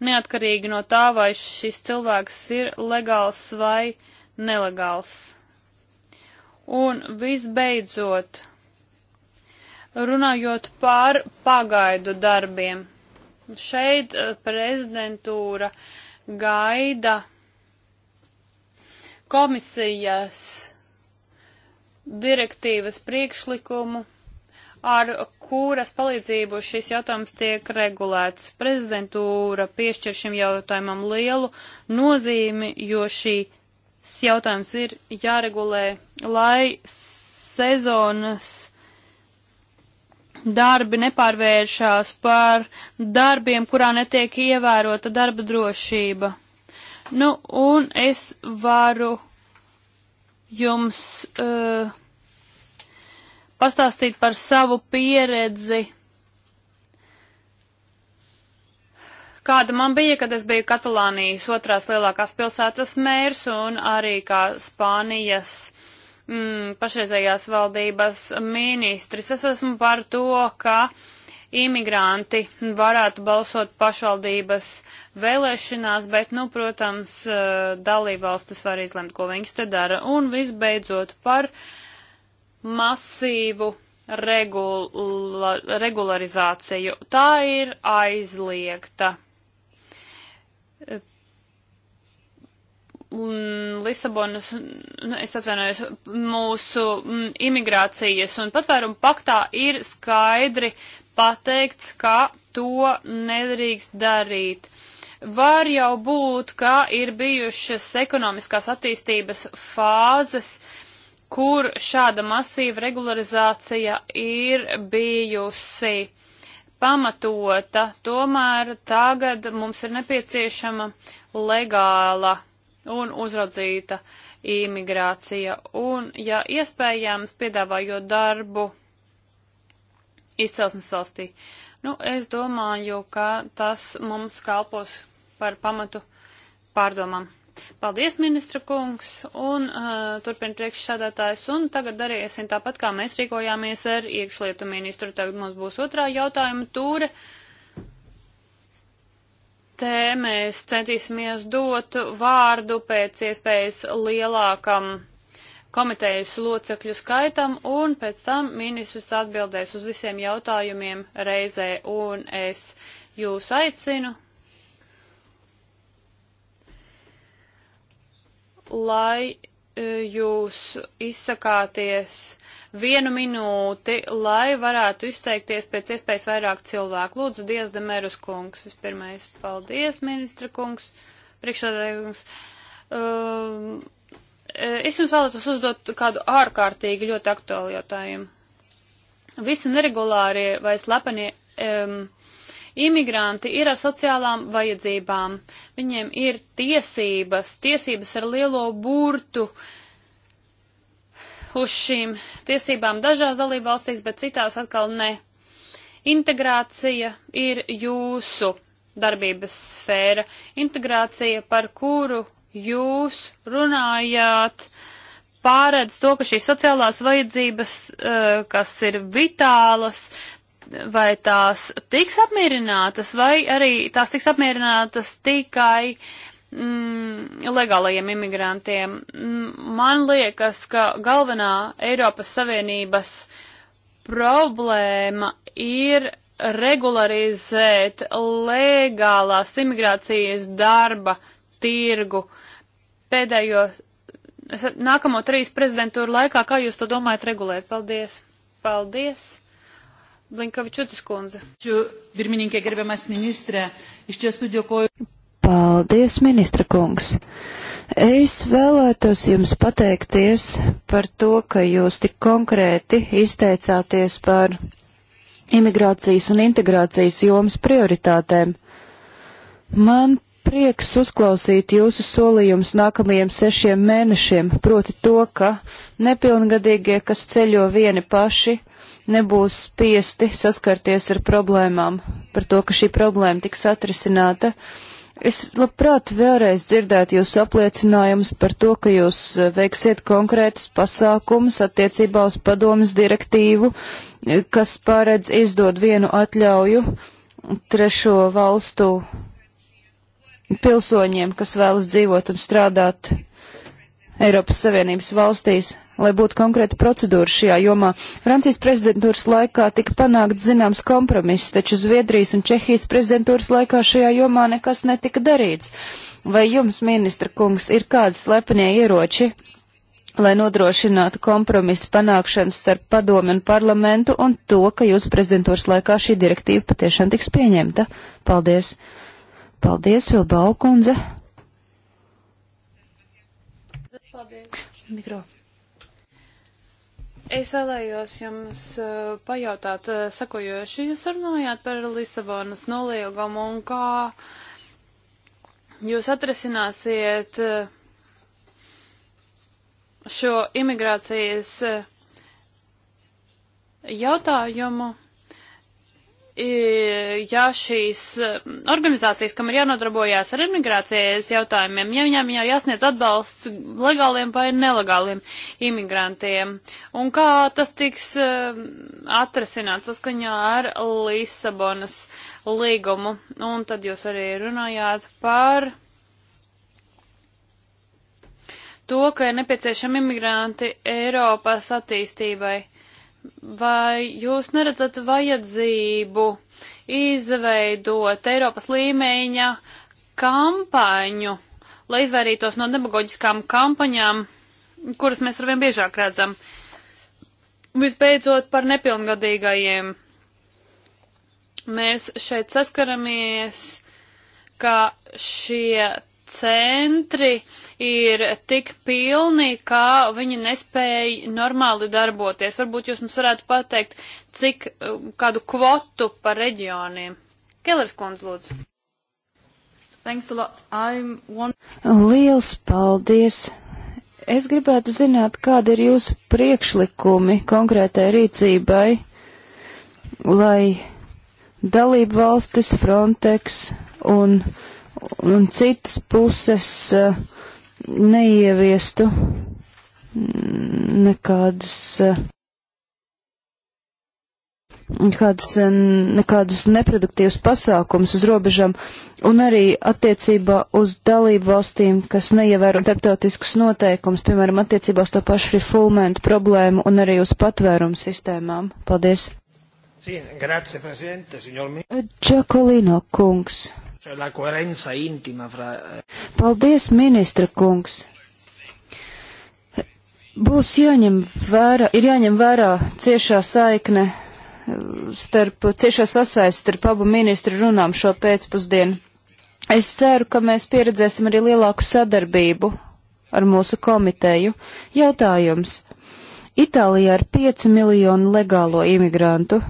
neatkarīgi no tā, vai šis cilvēks ir legāls vai nelegāls. Un visbeidzot, runājot par pagaidu darbiem, šeit eh, prezidentūra gaida komisijas direktīvas priekšlikumu, ar kuras palīdzību šis jautājums tiek regulēts. Prezidentūra piešķir šim jautājumam lielu nozīmi, jo šīs jautājums ir jāregulē, lai sezonas darbi nepārvēršās par darbiem, kurā netiek ievērota darba drošība. Nu, un es varu jums uh, pastāstīt par savu pieredzi, kāda man bija, kad es biju Katalānijas otrās lielākās pilsētas mērs un arī kā Spānijas mm, pašreizējās valdības ministrs. Es esmu par to, ka uh, imigranti varētu balsot pašvaldības vēlēšanās, bet, nu, protams, eh, dalībvalstis var izlemt, ko viņas te dara. Un visbeidzot par masīvu regula, regularizāciju. Tā ir aizliegta. Lisabonas, nu, es atvainojos, mūsu mm, imigrācijas un patvērumu paktā ir skaidri pateikts, ka to nedrīkst darīt. Var jau būt, ka ir bijušas ekonomiskās attīstības fāzes, kur šāda masīva regularizācija ir bijusi pamatota, tomēr tagad mums ir nepieciešama legāla un uzraudzīta imigrācija, un, ja iespējams, piedāvājot darbu izcelsmes valstī. Nu, es domāju, ka tas mums kalpos par pamatu pārdomām. Paldies, ministra kungs, un uh, turpina priekšsādātājs, un tagad darīsim tāpat, kā mēs rīkojāmies ar iekšlietu ministru. Tagad mums būs otrā jautājuma tūre. Te mēs centīsimies dot vārdu pēc iespējas lielākam komitejas locekļu skaitam, un pēc tam ministrs atbildēs uz visiem jautājumiem reizē, un es jūs aicinu, lai e, jūs izsakāties vienu minūti, lai varētu izteikties pēc iespējas vairāk cilvēku. Lūdzu, Dievs, Demerus kungs, vispirmais, paldies, ministra kungs, priekšsādājums. Um, ehm, uh, Es jums vēlētos uzdot kādu ārkārtīgi ļoti aktuālu jautājumu. Visi neregulārie vai slepenie um, imigranti ir ar sociālām vajadzībām. Viņiem ir tiesības, tiesības ar lielo burtu uz šīm tiesībām dažās dalībvalstīs, bet citās atkal ne. Integrācija ir jūsu darbības sfēra. Integrācija, par kuru jūs runājāt pārēdz to, ka šīs sociālās vajadzības, eh, kas ir vitālas, vai tās tiks apmierinātas, vai arī tās tiks apmierinātas tikai mm, legālajiem imigrantiem. Mm, man liekas, ka galvenā Eiropas Savienības problēma ir regularizēt legālās imigrācijas darba tirgu. Uh, pēdējo, es, nākamo trīs prezidentūru laikā, kā jūs to domājat regulēt? Paldies! Paldies! Blinkavičutis kundze. Pirmininkė, gerbiamas ministrė, iš tiesų dėkoju. Paldies, ministra kungs. Es vēlētos jums pateikties par to, ka jūs tik konkrēti izteicāties par imigrācijas un integrācijas jomas prioritātēm. Man prieks uzklausīt jūsu solījumus nākamajiem sešiem mēnešiem, proti to, ka nepilngadīgie, kas ceļo vieni paši, nebūs spiesti saskarties ar problēmām, par to, ka šī problēma tiks atrisināta. Es labprāt vēlreiz dzirdētu jūsu apliecinājumus par to, ka jūs eh, veiksiet konkrētus pasākumus attiecībā uz padomas direktīvu, eh, kas pārēdz izdod vienu atļauju trešo valstu pilsoņiem, kas vēlas dzīvot un strādāt Eiropas Savienības valstīs, lai būtu konkrēta procedūra šajā jomā. Francijas prezidentūras laikā tika panākts zināms kompromiss, taču Zviedrijas un Čehijas prezidentūras laikā šajā jomā nekas netika darīts. Vai jums, ministra kungs, ir kādi slepenie ieroči, lai nodrošinātu kompromisu panākšanu starp padomi un parlamentu un to, ka jūsu prezidentūras laikā šī direktīva patiešām tiks pieņemta? Paldies! Paldies, Vilbau kundze. Mikro. Es vēlējos jums eh, pajautāt, eh, sakojoši, jūs runājāt par Lisabonas noliegumu un kā jūs atrisināsiet eh, šo imigrācijas jautājumu ja šīs um, organizācijas, kam ir jānodarbojās ar imigrācijas jautājumiem, ja viņām jau jāsniedz atbalsts legāliem vai nelegāliem imigrantiem, un kā tas tiks um, atrasināts saskaņā ar Lisabonas līgumu. Un tad jūs arī runājāt par to, ka ir nepieciešami imigranti Eiropas attīstībai. Vai jūs neredzat vajadzību izveidot Eiropas līmeņa kampaņu, lai izvairītos no demagoģiskām kampaņām, kuras mēs arvien biežāk redzam? Visbeidzot, par nepilngadīgajiem. Mēs šeit saskaramies, ka šie centri ir tik pilni, ka viņi nespēja normāli darboties. Varbūt jūs mums varētu pateikt, cik um, kādu kvotu par reģioniem. Kellers kundze, lūdzu. One... Liels paldies! Es gribētu zināt, kāda ir jūsu priekšlikumi konkrētai rīcībai, lai dalību valstis Frontex un un citas puses eh, neieviestu nekādas, eh, nekādas, eh, nekādas neproduktīvas pasākums uz robežām, un arī attiecībā uz dalību valstīm, kas neievēro starptautiskus noteikumus, piemēram, attiecībā uz to pašu refulmentu problēmu un arī uz patvērumu sistēmām. Paldies! Čakolino kungs. Eh, Paldies, ministra kungs! Būs jāņem vērā, ir jāņem vērā ciešā saikne eh, starp, ciešā sasaist starp abu ministru runām šo pēcpusdienu. Es ceru, ka mēs pieredzēsim arī lielāku sadarbību ar mūsu komiteju. Jautājums. Itālijā ir 5 miljoni legālo imigrantu.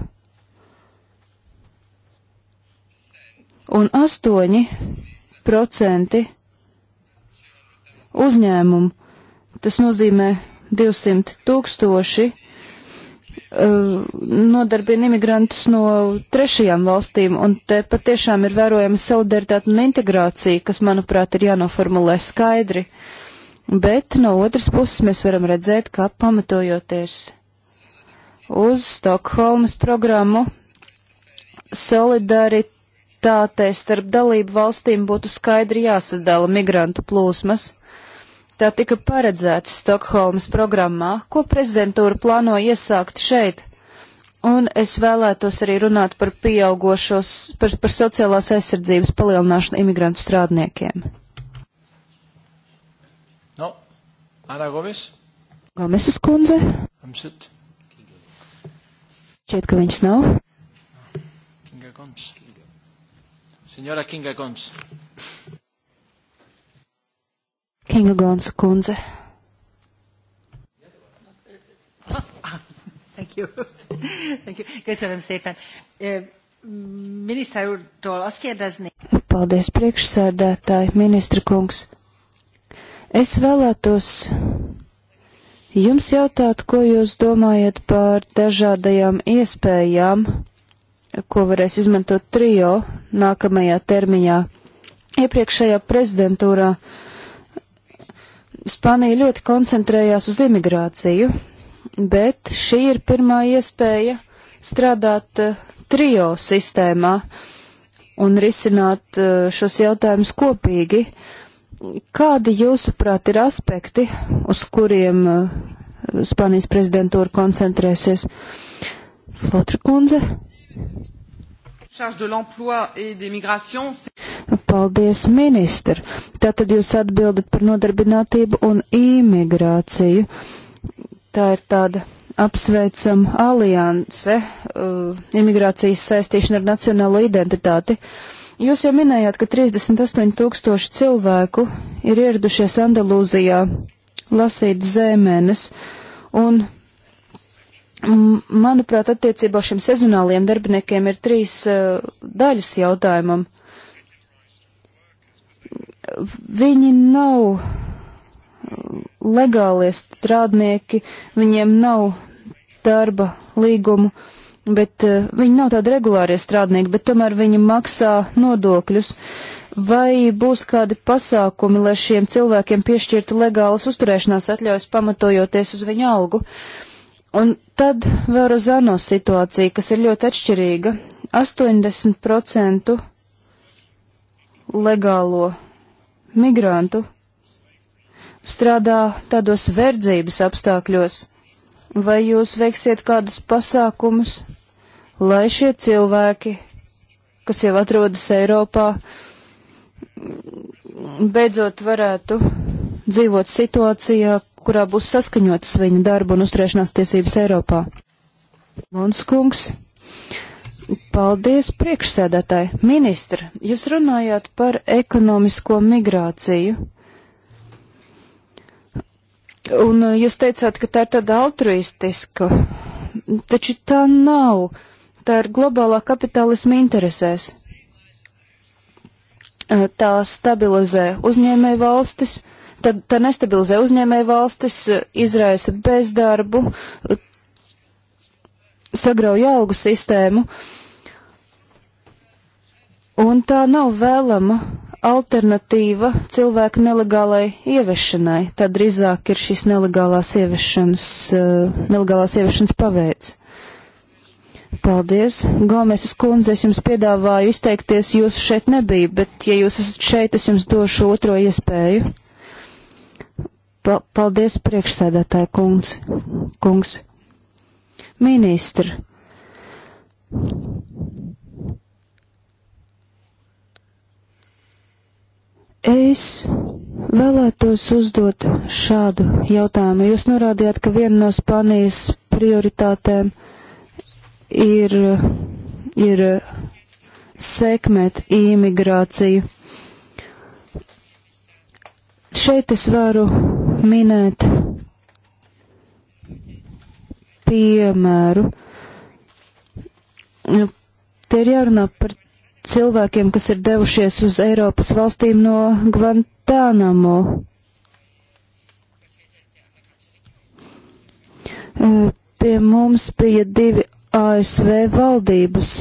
un 8% uzņēmumu. Tas nozīmē 200 tūkstoši eh, nodarbina imigrantus no trešajām valstīm, un te patiešām ir vērojama solidaritāte un integrācija, kas, manuprāt, ir jānoformulē skaidri. Bet no otras puses mēs varam redzēt, ka pamatojoties uz Stokholmas programmu, solidaritāte solidaritātei starp dalību valstīm būtu skaidri jāsadala migrantu plūsmas. Tā tika paredzēts Stokholmas programmā, ko prezidentūra plāno iesākt šeit. Un es vēlētos arī runāt par pieaugošos, par, par sociālās aizsardzības palielināšanu imigrantu strādniekiem. No, Ana Gomes. Gomesas kundze. Šķiet, ka viņas nav. Kinga Gomes. Senjora Kinga Gons. Kinga Gons kundze. Thank you. Thank you. Köszönöm szépen. Miniszter úrtól azt kérdezni. Paldies, priekšsēdētāji, ministra kungs. Es vēlētos jums jautāt, ko jūs domājat par dažādajām iespējām ko varēs izmantot trijo nākamajā termiņā. Iepriekšējā prezidentūrā Spānija ļoti koncentrējās uz imigrāciju, bet šī ir pirmā iespēja strādāt eh, trijo sistēmā un risināt eh, šos jautājumus kopīgi. Kādi, jūsuprāt, ir aspekti, uz kuriem eh, Spānijas prezidentūra koncentrēsies? Flotra kundze? Paldies, ministri! Tātad jūs atbildat par nodarbinātību un imigrāciju. Tā ir tāda apsveicama alianse, uh, imigrācijas saistīšana ar nacionālo identitāti. Jūs jau minējāt, ka 38 tūkstoši cilvēku ir ieradušies Andalūzijā lasīt zēmenes, un Manuprāt, attiecībā šiem sezonāliem darbiniekiem ir trīs uh, daļas jautājumam. Viņi nav eh, legālie strādnieki, viņiem nav darba līgumu, bet uh, viņi nav tādi regulārie strādnieki, bet tomēr viņi maksā nodokļus. Vai būs kādi pasākumi, lai šiem cilvēkiem piešķirtu legālas uzturēšanās atļaujas pamatojoties uz viņu algu? Uh, Un tad vēl Rozano situācija, kas ir ļoti atšķirīga. 80% legālo migrantu strādā tādos verdzības apstākļos. Vai jūs veiksiet kādus pasākumus, lai šie cilvēki, kas jau atrodas Eiropā, beidzot varētu dzīvot situācijā, kurā būs saskaņotas viņu darba un uzturēšanās tiesības Eiropā. Lonskungs, paldies priekšsēdētāji. Ministra, jūs runājāt par ekonomisko migrāciju. Un jūs teicāt, ka tā ir tāda altruistiska, taču tā nav. Tā ir globālā kapitālisma interesēs. Tā stabilizē uzņēmēju valstis tad tā nestabilizē uzņēmēju valstis, izraisa bezdarbu, sagrauj algu sistēmu, un tā nav vēlama alternatīva cilvēku nelegālai ieviešanai. Tā drīzāk ir šis nelegālās ieviešanas, eh, nelegālās ieviešanas paveids. Paldies, Gomeses kundze, es jums piedāvāju izteikties, jūs šeit nebija, bet ja jūs esat šeit, es jums došu otro iespēju. Pa, paldies priekšsēdētāji kungs. kungs. Ministri. Es vēlētos uzdot šādu jautājumu. Jūs norādījāt, ka viena no Spānijas prioritātēm ir, ir sekmēt imigrāciju. Šeit es varu minēt piemēru. Te ir jārunā par cilvēkiem, kas ir devušies uz Eiropas valstīm no Guantānamo. E, pie mums bija divi ASV valdības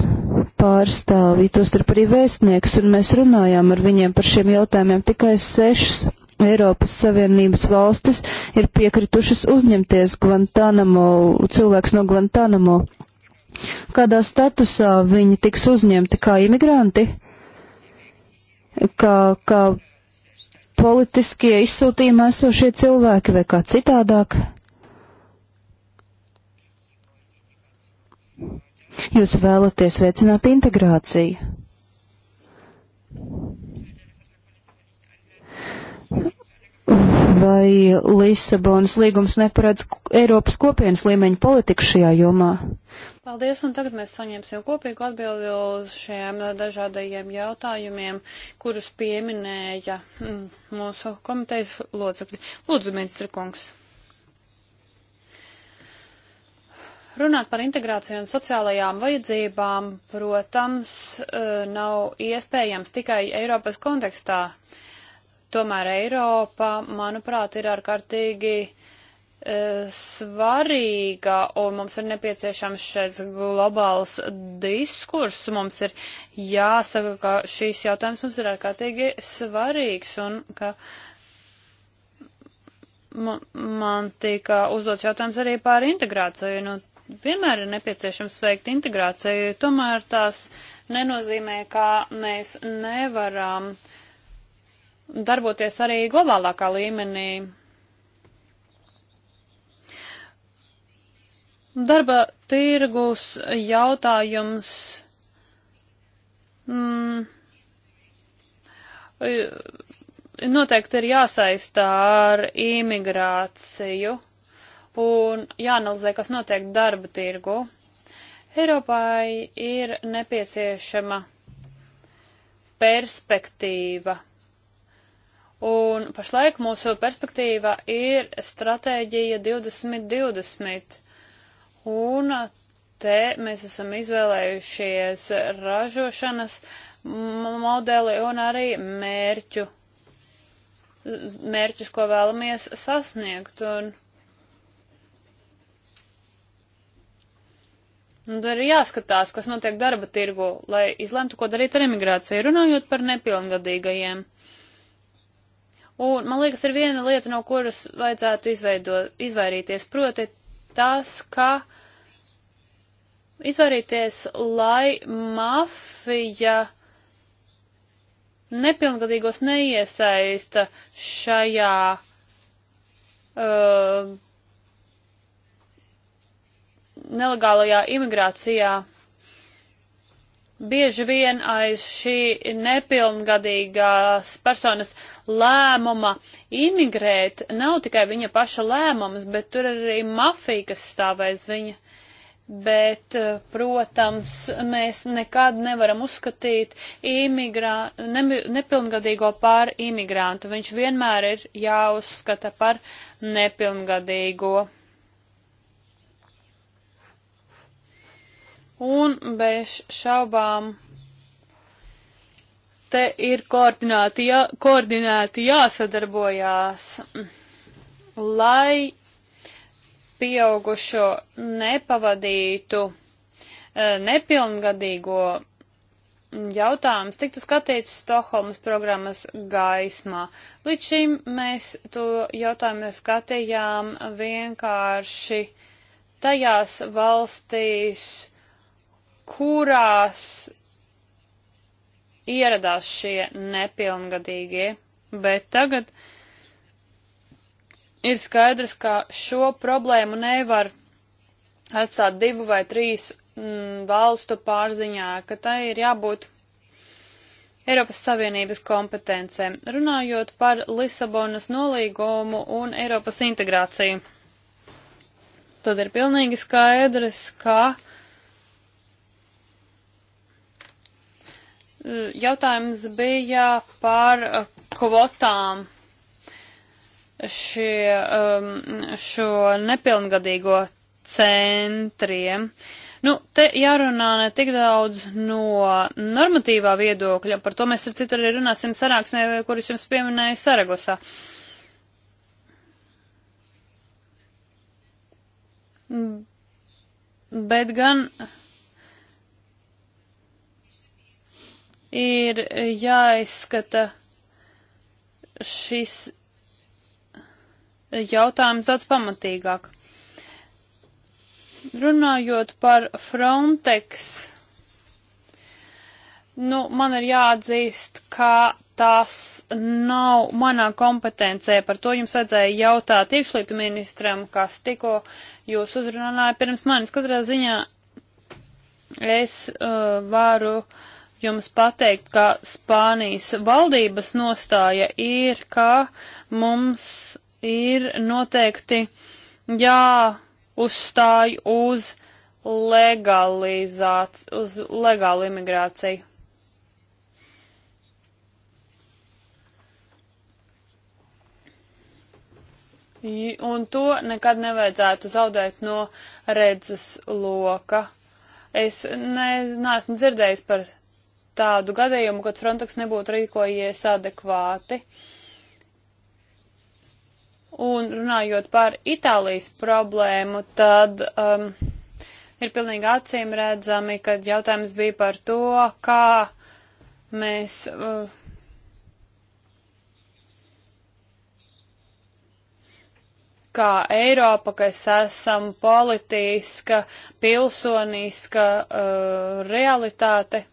pārstāvji, tostarp arī vēstnieks, un mēs runājām ar viņiem par šiem jautājumiem tikai sešas Eiropas Savienības valstis ir piekritušas uzņemties Guantanamo, cilvēks no Guantanamo. Kādā statusā viņi tiks uzņemti kā imigranti? Kā, kā politiskie izsūtījumā esošie cilvēki vai kā citādāk? Jūs vēlaties veicināt integrāciju. vai Lisabonas līgums neparedz Eiropas kopienas līmeņa politiku šajā jomā? Paldies, un tagad mēs saņemsim kopīgu atbildi uz šiem dažādajiem jautājumiem, kurus pieminēja mm, mūsu komitejas locekļi. Lūdzu, ministra kungs. Runāt par integrāciju un sociālajām vajadzībām, protams, eh, nav iespējams tikai Eiropas kontekstā. Uh, Tomēr Eiropa, manuprāt, ir ārkārtīgi e, svarīga, un mums ir nepieciešams šeit globāls diskurs. Mums ir jāsaka, ka šīs jautājums mums ir ārkārtīgi svarīgs, un ka man tika uzdots jautājums arī par integrāciju. Nu, vienmēr ir nepieciešams veikt integrāciju, tomēr tās nenozīmē, ka mēs nevaram uh, darboties arī globālākā līmenī. Darba tirgus jautājums. Mm, noteikti ir jāsaistā ar imigrāciju un jāanalizē, kas notiek darba tirgu. Eiropai ir nepieciešama perspektīva Un pašlaik mūsu perspektīva ir stratēģija 2020. Un te mēs esam izvēlējušies ražošanas modeli un arī mērķu, mērķus, ko vēlamies sasniegt. Un, un tur ir jāskatās, kas notiek darba tirgu, lai izlemtu, ko darīt ar imigrāciju, runājot par nepilngadīgajiem. Un, man liekas, ir viena lieta, no kuras vajadzētu izveidot, izvairīties, proti tas, ka izvairīties, lai mafija nepilngadīgos neiesaista šajā uh, nelegālajā imigrācijā Bieži vien aiz šī nepilngadīgās personas lēmuma imigrēt nav tikai viņa paša lēmums, bet tur arī mafija, kas stāv aiz viņa. Bet, eh, protams, mēs nekad nevaram uzskatīt imigrā, ne, nepilngadīgo par imigrantu. Viņš vienmēr ir jāuzskata par nepilngadīgo. un bez šaubām te ir koordināti, jā, koordināti jāsadarbojās, lai pieaugušo nepavadītu e, nepilngadīgo jautājums tiktu skatīts Stokholmas programmas gaismā. Līdz šim mēs to jautājumu skatījām vienkārši tajās valstīs, kurās ieradās šie nepilngadīgie, bet tagad ir skaidrs, ka šo problēmu nevar atstāt divu vai trīs mm, valstu pārziņā, ka tai ir jābūt Eiropas Savienības kompetencēm, runājot par Lisabonas nolīgumu un Eiropas integrāciju. Tad ir pilnīgi skaidrs, ka uh, jautājums bija par uh, kvotām šie, um, šo nepilngadīgo centriem. Nu, te jārunā ne tik daudz no normatīvā viedokļa, par to mēs ar citu arī runāsim sarāksnē, kuras jums pieminēju Saragosā. Bet gan ir jāizskata šis jautājums daudz pamatīgāk. Runājot par Frontex, nu, man ir jāatzīst, ka tas nav manā kompetencē. Par to jums vajadzēja jautāt iekšlietu ministram, kas tikko jūs uzrunāja pirms manis. Katrā ziņā es uh, varu uh, jums pateikt, ka Spānijas valdības nostāja ir, ka mums ir noteikti jāuzstāj uz legalizāciju, uz legālu imigrāciju. Un to nekad nevajadzētu zaudēt no redzes loka. Es ne, neesmu dzirdējis par tādu gadījumu, kad Frontex nebūtu rīkojies adekvāti. Un runājot par Itālijas problēmu, tad um, ir pilnīgi acīm redzami, kad jautājums bija par to, kā mēs. Uh, kā Eiropa, kas esam politiska, pilsoniska uh, realitāte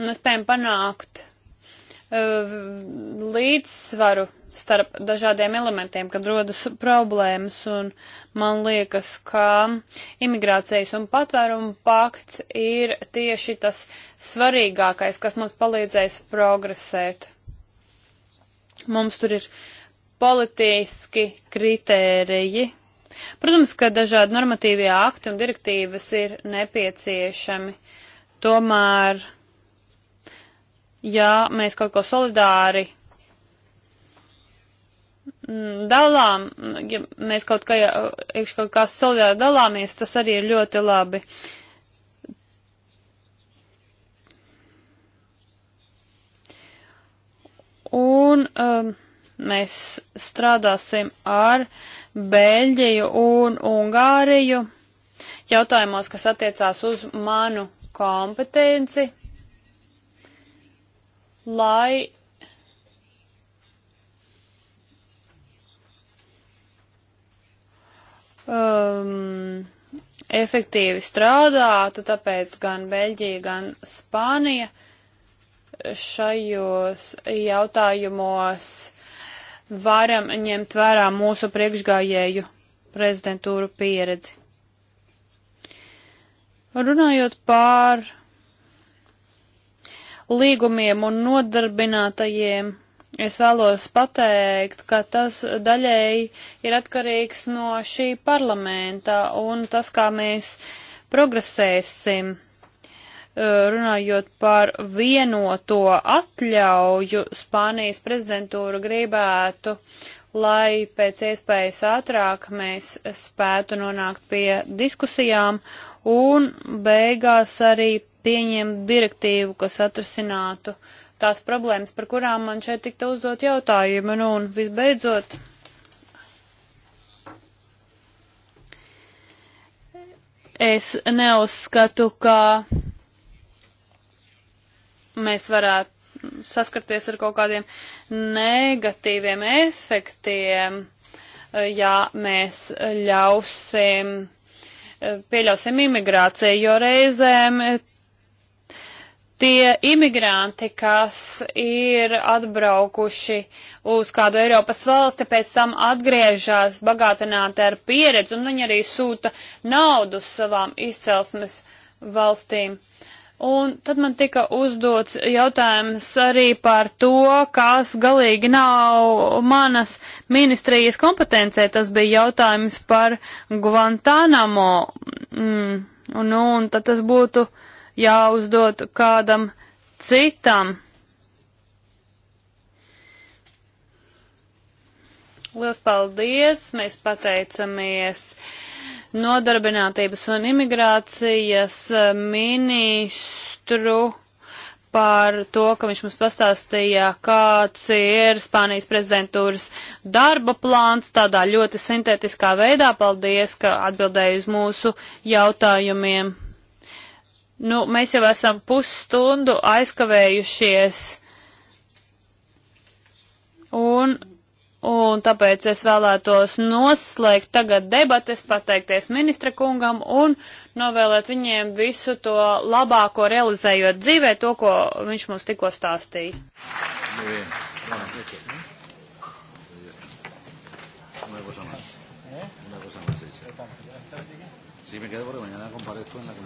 mēs spējam panākt uh, līdzsvaru starp dažādiem elementiem, kad rodas problēmas, un man liekas, ka imigrācijas un patvērumu pakts ir tieši tas svarīgākais, kas mums palīdzēs progresēt. Mums tur ir politiski kritēriji. Protams, ka dažādi normatīvie akti un direktīvas ir nepieciešami. Tomēr ja mēs kaut ko solidāri mm, dalām, ja mēs kaut kā, iekš kaut kā solidāri dalāmies, tas arī ir ļoti labi. Un um, mēs strādāsim ar Beļģiju un Ungāriju jautājumos, kas attiecās uz manu kompetenci lai um, efektīvi strādātu, tāpēc gan Beļģija, gan Spānija šajos jautājumos varam ņemt vērā mūsu priekšgājēju prezidentūru pieredzi. Runājot par līgumiem un nodarbinātajiem, es vēlos pateikt, ka tas daļēji ir atkarīgs no šī parlamenta un tas, kā mēs progresēsim, eh, runājot par vienoto atļauju, Spānijas prezidentūra gribētu, lai pēc iespējas ātrāk mēs spētu nonākt pie diskusijām un beigās arī pieņemt direktīvu, kas atrasinātu tās problēmas, par kurām man šeit tikta uzdot jautājumi. Nu, un visbeidzot, es neuzskatu, ka mēs varētu saskarties ar kaut kādiem negatīviem efektiem, ja mēs ļausim pieļausim imigrāciju, jo reizēm eh, tie imigranti, kas ir atbraukuši uz kādu Eiropas valsti, pēc tam atgriežas bagātināti ar pieredzi, un viņi arī sūta naudu savām izcelsmes valstīm. Uh, Un tad man tika uzdots jautājums arī par to, kas galīgi nav manas ministrijas kompetencē. Tas bija jautājums par Guantanamo. Mm, un, nu, un tad tas būtu jāuzdot kādam citam. Lielas paldies! Mēs pateicamies nodarbinātības un imigrācijas eh, ministru par to, ka viņš mums pastāstīja, kāds ir Spānijas prezidentūras darba plāns tādā ļoti sintētiskā veidā. Paldies, ka atbildēju uz mūsu jautājumiem. Nu, mēs jau esam pusstundu aizkavējušies. Un Un tāpēc es vēlētos noslēgt tagad debates, pateikties ministra kungam un novēlēt viņiem visu to labāko realizējot dzīvē, to, ko viņš mums tikko stāstīja. Sí, me quedo porque mañana comparezco en la comisión.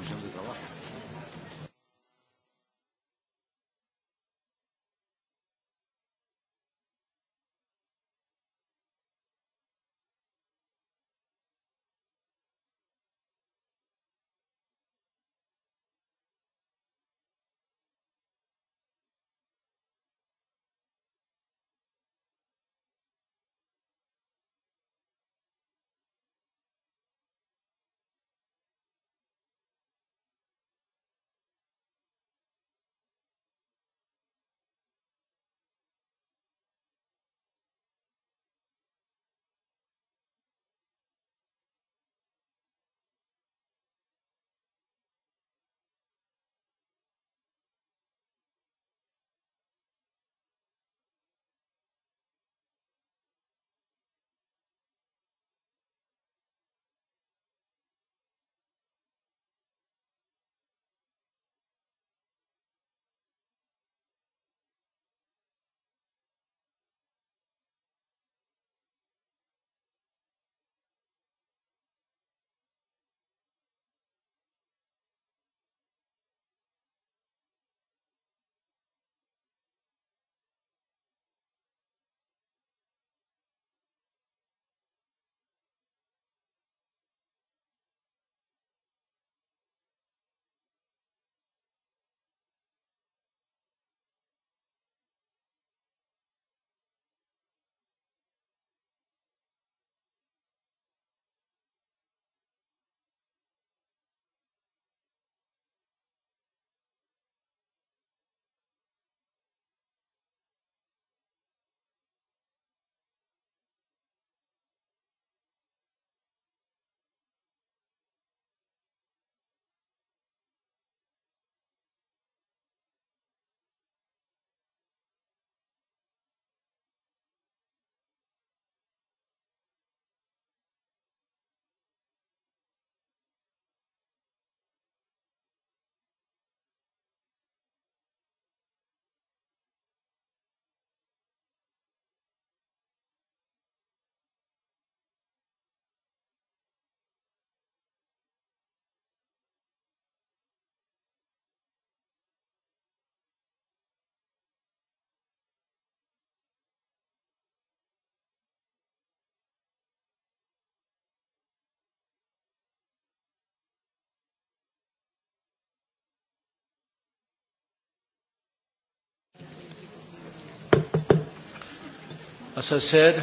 Said,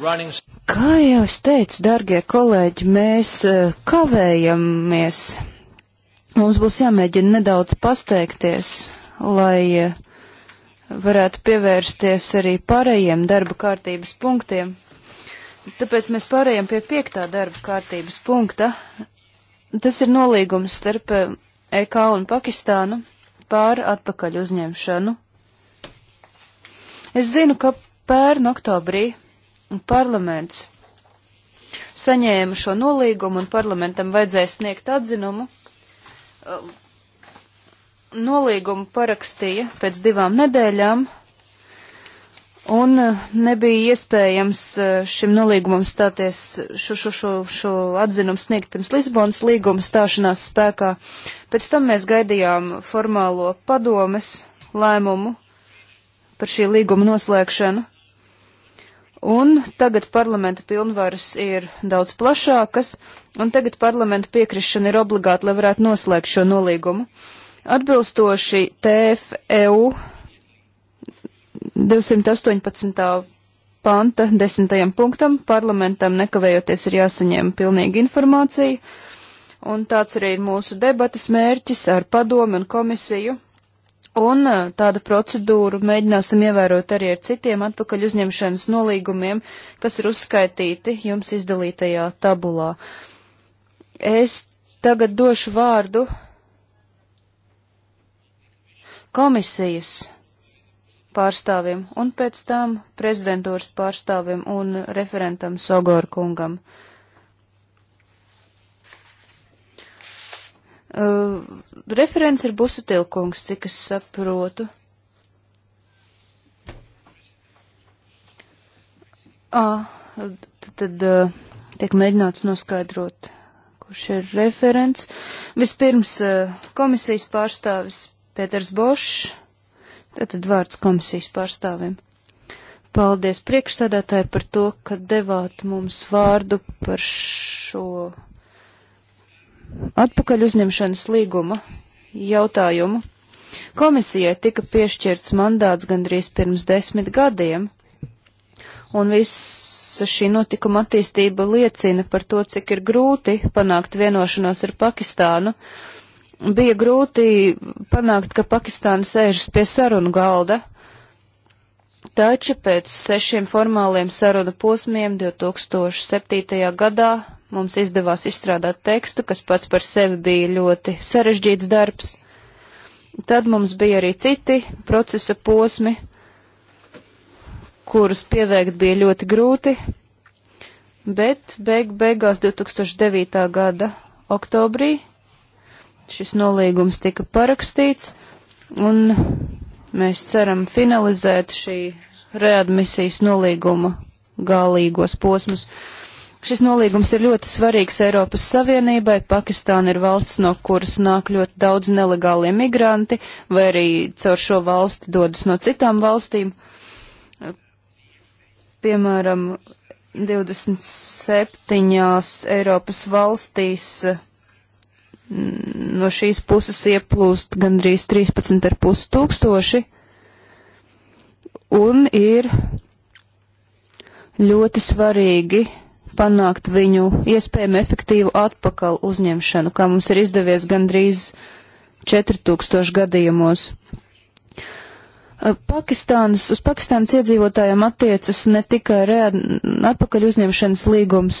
running... Kā jau es teicu, darbie kolēģi, mēs eh, kavējamies. Mums būs jāmēģina nedaudz pasteikties, lai eh, varētu pievērsties arī pārējiem darba kārtības punktiem. Tāpēc mēs pārējām pie piektā darba kārtības punkta. Tas ir nolīgums starp EK eh, e un Pakistānu pār atpakaļ uzņemšanu Es zinu, ka pērn oktobrī parlaments saņēma šo nolīgumu un parlamentam vajadzēja sniegt atzinumu. Um, nolīgumu parakstīja pēc divām nedēļām un uh, nebija iespējams uh, šim nolīgumam stāties šo, šo, šo, šo atzinumu sniegt pirms Lisbonas līguma stāšanās spēkā. Pēc tam mēs gaidījām formālo padomes lēmumu par šī līguma noslēgšanu. Un tagad parlamenta pilnvaras ir daudz plašākas, un tagad parlamenta piekrišana ir obligāta, lai varētu noslēgt šo nolīgumu. Atbilstoši TFEU 218 panta desmitajam punktam parlamentam nekavējoties ir jāsaņem pilnīga informācija, un tāds arī ir mūsu debatas mērķis ar padomu un komisiju. Un eh, tādu procedūru mēģināsim ievērot arī ar citiem atpakaļ uzņemšanas nolīgumiem, kas ir uzskaitīti jums izdalītajā tabulā. Es tagad došu vārdu komisijas pārstāvim un pēc tam prezidentūras pārstāvim un referentam Sogor kungam. Uh, referents ir Busutilkungs, cik es saprotu. À, tad, tad tiek mēģināts noskaidrot, kurš ir referents. Vispirms komisijas pārstāvis Pēters Bošs, tātad vārds komisijas pārstāvim. Paldies priekšsēdētāji par to, ka devāt mums vārdu par šo atpakaļ uzņemšanas līguma jautājumu. Komisijai tika piešķirts mandāts gandrīz pirms desmit gadiem, un visa šī notikuma attīstība liecina par to, cik ir grūti panākt vienošanos ar Pakistānu. Bija grūti panākt, ka Pakistāna sēžas pie sarunu galda, taču pēc sešiem formāliem sarunu posmiem 2007. gadā mums izdevās izstrādāt tekstu, kas pats par sevi bija ļoti sarežģīts darbs. Tad mums bija arī citi procesa posmi, kurus pieveikt bija ļoti grūti, bet beig beigās 2009. gada oktobrī šis nolīgums tika parakstīts, un mēs ceram finalizēt šī readmisijas nolīguma galīgos posmus. Šis nolīgums ir ļoti svarīgs Eiropas Savienībai. Pakistāna ir valsts, no kuras nāk ļoti daudz nelegālie migranti, vai arī caur šo valsti dodas no citām valstīm. Piemēram, 27. Eiropas valstīs mm, no šīs puses ieplūst gandrīz 13,5 tūkstoši, un ir ļoti svarīgi panākt viņu iespējami efektīvu atpakaļ uzņemšanu, kā mums ir izdevies gandrīz 4000 gadījumos. Pakistānas, uz Pakistānas iedzīvotājiem attiecas ne tikai reāli atpakaļ uzņemšanas līgums,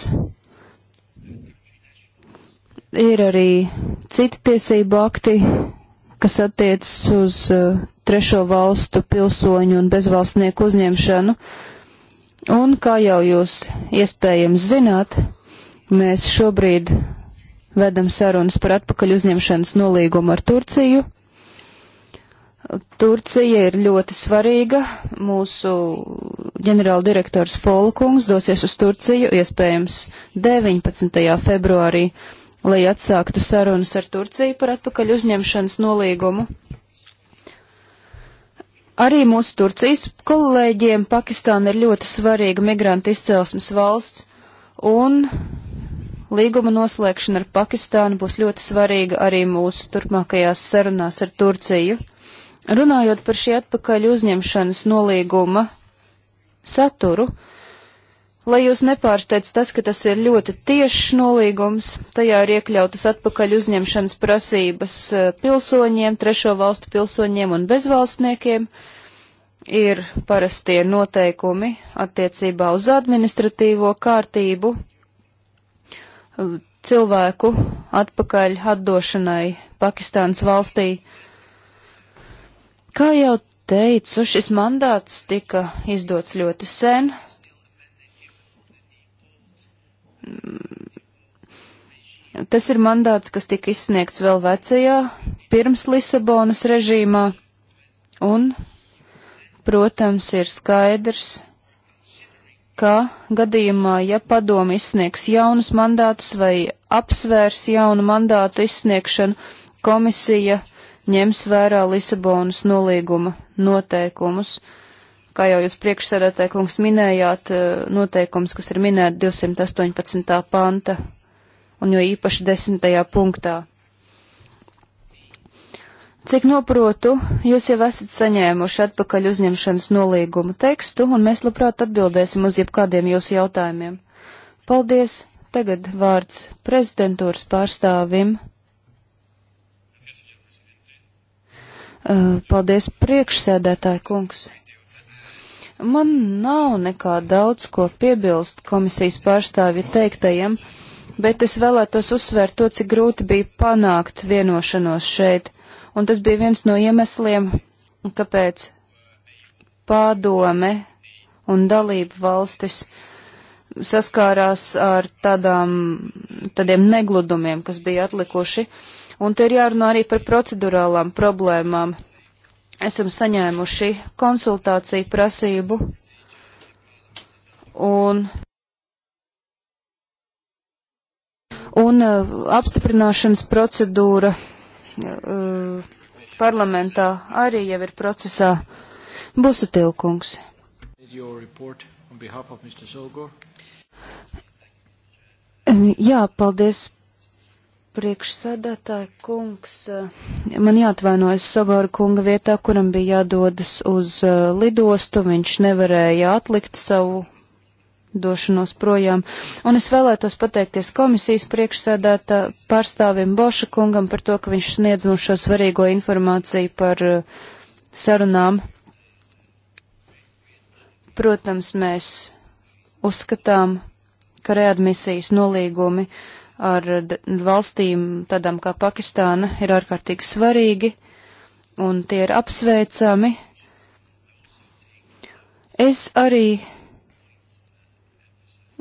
ir arī citi tiesību akti, kas attiecas uz trešo valstu pilsoņu un bezvalstnieku uzņemšanu. Uh, Un, kā jau jūs iespējams zināt, mēs šobrīd vedam sarunas par atpakaļ uzņemšanas nolīgumu ar Turciju. Turcija ir ļoti svarīga. Mūsu ģenerāldirektors Folkungs dosies uz Turciju iespējams 19. februārī, lai atsāktu sarunas ar Turciju par atpakaļ uzņemšanas nolīgumu. Arī mūsu Turcijas kolēģiem Pakistāna ir ļoti svarīga migrantu izcelsmes valsts, un līguma noslēgšana ar Pakistānu būs ļoti svarīga arī mūsu turpmākajās sarunās ar Turciju. Runājot par šī atpakaļ uzņemšanas nolīguma saturu, Lai jūs nepārsteidz tas, ka tas ir ļoti tiešs nolīgums, tajā ir iekļautas atpakaļ uzņemšanas prasības e, pilsoņiem, trešo valstu pilsoņiem un bezvalstniekiem, ir parastie noteikumi attiecībā uz administratīvo kārtību e, cilvēku atpakaļ atdošanai Pakistānas valstī. Kā jau teicu, šis mandāts tika izdots ļoti sen, Mm. Tas ir mandāts, kas tika izsniegts vēl vecajā, pirms Lisabonas režīmā, un, protams, ir skaidrs, ka gadījumā, ja padomi izsniegs jaunus mandātus vai apsvērs jaunu mandātu izsniegšanu, komisija ņems vērā Lisabonas nolīguma noteikumus. Kā jau jūs priekšsēdētāji kungs minējāt, e, noteikums, kas ir minēta 218. panta un jo īpaši 10. punktā. Cik noprotu, jūs jau esat saņēmuši atpakaļ uzņemšanas nolīguma tekstu, un mēs labprāt atbildēsim uz jebkādiem jūsu jautājumiem. Paldies! Tagad vārds prezidentūras pārstāvim. E, paldies, priekšsēdētāji kungs! Man nav nekā daudz ko piebilst komisijas pārstāvja teiktajiem, bet es vēlētos uzsvērt to, cik grūti bija panākt vienošanos šeit, un tas bija viens no iemesliem, kāpēc pārdome un dalību valstis saskārās ar tādām, tādiem negludumiem, kas bija atlikuši, un te ir jārunā arī par procedurālām problēmām esam saņēmuši konsultāciju prasību un, un uh, apstiprināšanas procedūra uh, parlamentā arī jau ir procesā. Būsu tilkungs. Um, jā, paldies Priekšsēdētāji kungs, man jāatvainojas Sagāra kunga vietā, kuram bija jādodas uz uh, lidostu, viņš nevarēja atlikt savu došanos projām, un es vēlētos pateikties komisijas priekšsēdētā pārstāvim Boša kungam par to, ka viņš sniedz mums šo svarīgo informāciju par uh, sarunām. Protams, mēs uzskatām, ka readmisijas nolīgumi uh, ar valstīm tādām kā Pakistāna ir ārkārtīgi svarīgi, un tie ir apsveicami. Es arī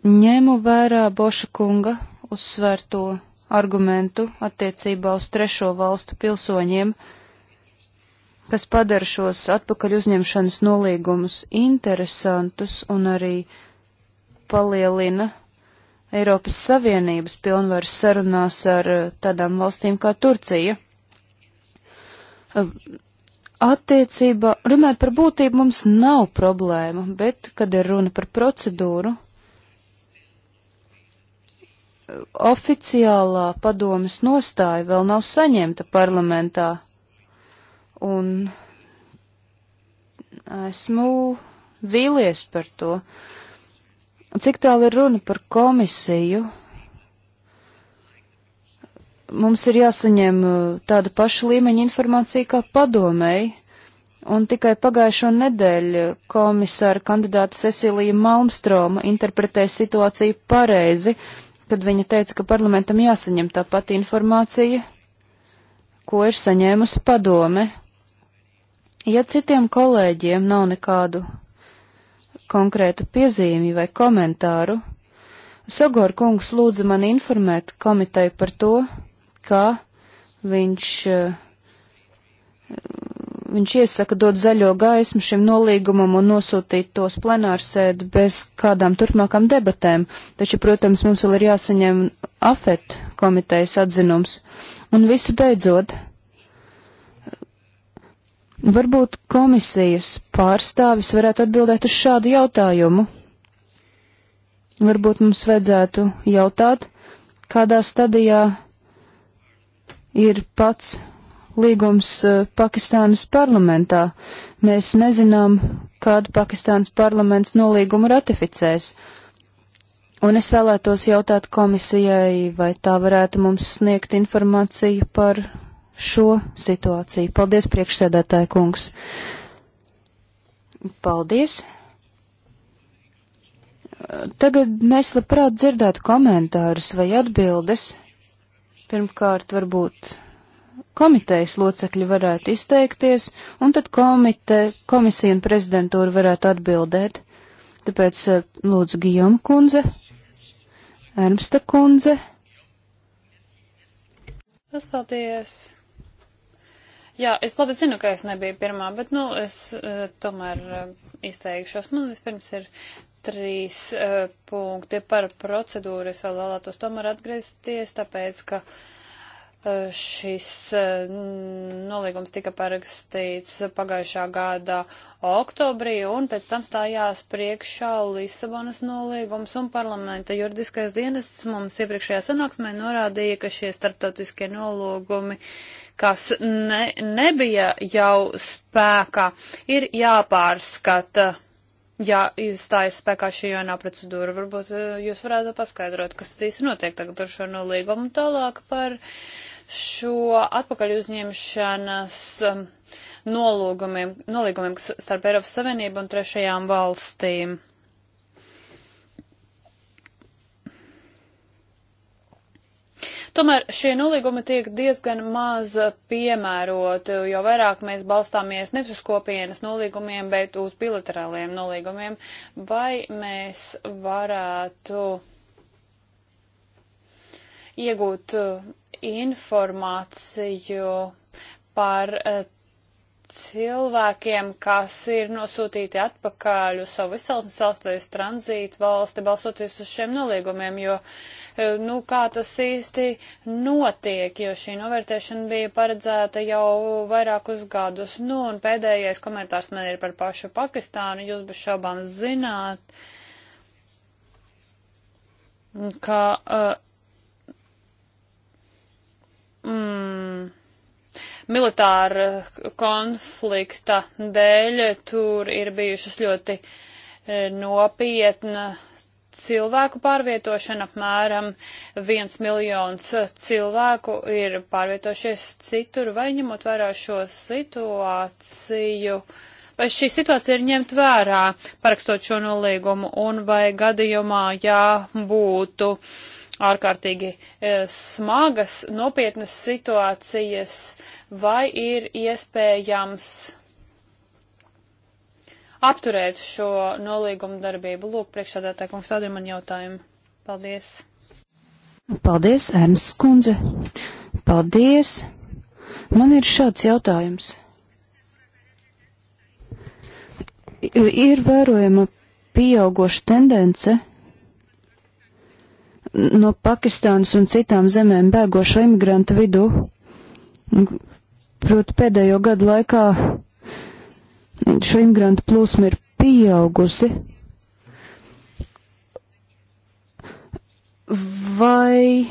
ņēmu vērā Boša kunga uzsvērto argumentu attiecībā uz trešo valstu pilsoņiem, kas padara šos atpakaļ uzņemšanas nolīgumus interesantus un arī palielina Eiropas Savienības pilnvaras sarunās ar eh, tādām valstīm kā Turcija. Attiecība, runāt par būtību mums nav problēma, bet, kad ir runa par procedūru, oficiālā padomas nostāja vēl nav saņemta parlamentā, un esmu vīlies par to. Uh, Cik tālu ir runa par komisiju? Mums ir jāsaņem uh, tāda paša līmeņa informācija kā padomēji, un tikai pagājušo nedēļu komisāra kandidāta Cecilija Malmstroma interpretēja situāciju pareizi, kad viņa teica, ka parlamentam jāsaņem tā pati informācija, ko ir saņēmusi padome. Ja citiem kolēģiem nav nekādu konkrētu piezīmi vai komentāru. Sogor kungs lūdza man informēt komiteju par to, ka viņš, eh, viņš iesaka dot zaļo gaismu šim nolīgumam un nosūtīt tos plenārsēdi bez kādām turpmākām debatēm, taču, protams, mums vēl ir jāsaņem afet komitejas atzinums. Un visu beidzot, Varbūt komisijas pārstāvis varētu atbildēt uz šādu jautājumu. Varbūt mums vajadzētu jautāt, kādā stadijā ir pats līgums eh, Pakistānas parlamentā. Mēs nezinām, kādu Pakistānas parlaments nolīgumu ratificēs. Un es vēlētos jautāt komisijai, vai tā varētu mums sniegt informāciju par šo situāciju. Paldies, priekšsēdētāja kungs. Paldies. Tagad mēs labprāt dzirdētu komentārus vai atbildes. Pirmkārt, varbūt komitejas locekļi varētu izteikties, un tad komite, komisija un prezidentūra varētu atbildēt. Tāpēc eh, lūdzu Gijoma kundze, Ernsta kundze. Paldies! Jā, es labi zinu, ka es nebiju pirmā, bet, nu, es uh, tomēr uh, izteikšos. Man vispirms ir trīs uh, punkti par procedūru. Es vēl vēlētos tomēr atgriezties, tāpēc, ka uh, Eh, šis eh, nolīgums tika parakstīts pagājušā gada oktobrī, un pēc tam stājās priekšā Lisabonas nolīgums, un parlamenta juridiskais dienests mums iepriekšējā sanāksmē norādīja, ka šie starptautiskie nolūgumi, kas ne, nebija jau spēkā, ir jāpārskata Jā, stājas spēkā šī jaunā procedūra. Varbūt eh, jūs varētu paskaidrot, kas tad īsti notiek tagad ar šo nolīgumu tālāk par šo atpakaļ uzņemšanas um, nolūgumiem, nolīgumiem starp Eiropas Savienību un trešajām valstīm. Tomēr šie nolīgumi tiek diezgan maz piemēroti, jo vairāk mēs balstāmies nevis uz kopienas nolīgumiem, bet uz bilaterāliem nolīgumiem. Vai mēs varētu iegūt uh, informāciju par uh, cilvēkiem, kas ir nosūtīti atpakaļ uz savu izcelsmes valsti vai uz tranzītu valsti, balsoties uz šiem nolīgumiem, jo, e, nu, kā tas īsti notiek, jo šī novērtēšana bija paredzēta jau vairākus gadus. Nu, un pēdējais komentārs man ir par pašu Pakistānu, jūs bez šaubām zināt, ka. Uh, mm, militāra konflikta dēļ tur ir bijušas ļoti e, nopietna cilvēku pārvietošana, apmēram viens miljons cilvēku ir pārvietojušies citur, vai ņemot vērā šo situāciju, vai šī situācija ir ņemt vērā, parakstot šo nolīgumu, un vai gadījumā jābūtu ārkārtīgi e, smagas, nopietnas situācijas, vai ir iespējams apturēt šo nolīgumu darbību. Lūk, priekšsādātāja kungs, tādi ir man jautājumi. Paldies. Paldies, Ernsts kundze. Paldies. Man ir šāds jautājums. Ir vērojama pieaugoša tendence no Pakistānas un citām zemēm bēgošo imigrantu vidū, Proti pēdējo gadu laikā šo imigrantu plūsma ir pieaugusi. Vai,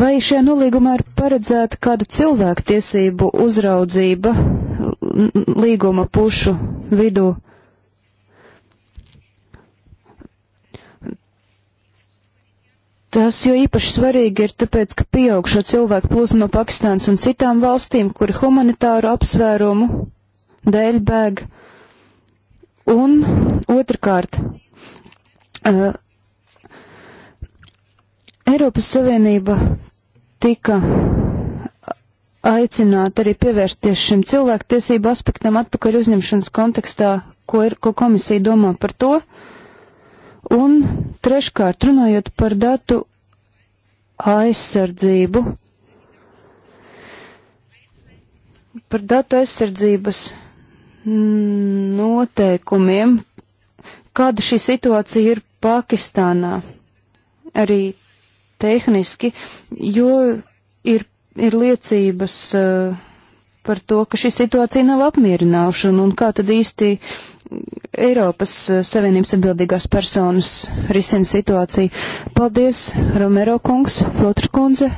vai šajā nolīgumā ir paredzēta kāda cilvēktiesību uzraudzība līguma pušu vidū? Tas jo īpaši svarīgi ir tāpēc, ka pieaug šo cilvēku plūsma no Pakistānas un citām valstīm, kuri humanitāru apsvērumu dēļ bēg. Un otrkārt, uh, Eiropas Savienība tika aicināt arī pievērsties šim cilvēktiesību aspektam atpakaļ uzņemšanas kontekstā, ko, ir, ko komisija domā par to. Uh, Un treškārt, runājot par datu aizsardzību, par datu aizsardzības noteikumiem, kāda šī situācija ir Pakistānā, arī tehniski, jo ir, ir liecības uh, par to, ka šī situācija nav apmierināšana un kā tad īsti Eiropas eh, Savienības atbildīgās personas risina situāciju. Paldies, Romero kungs, Flotra kundze.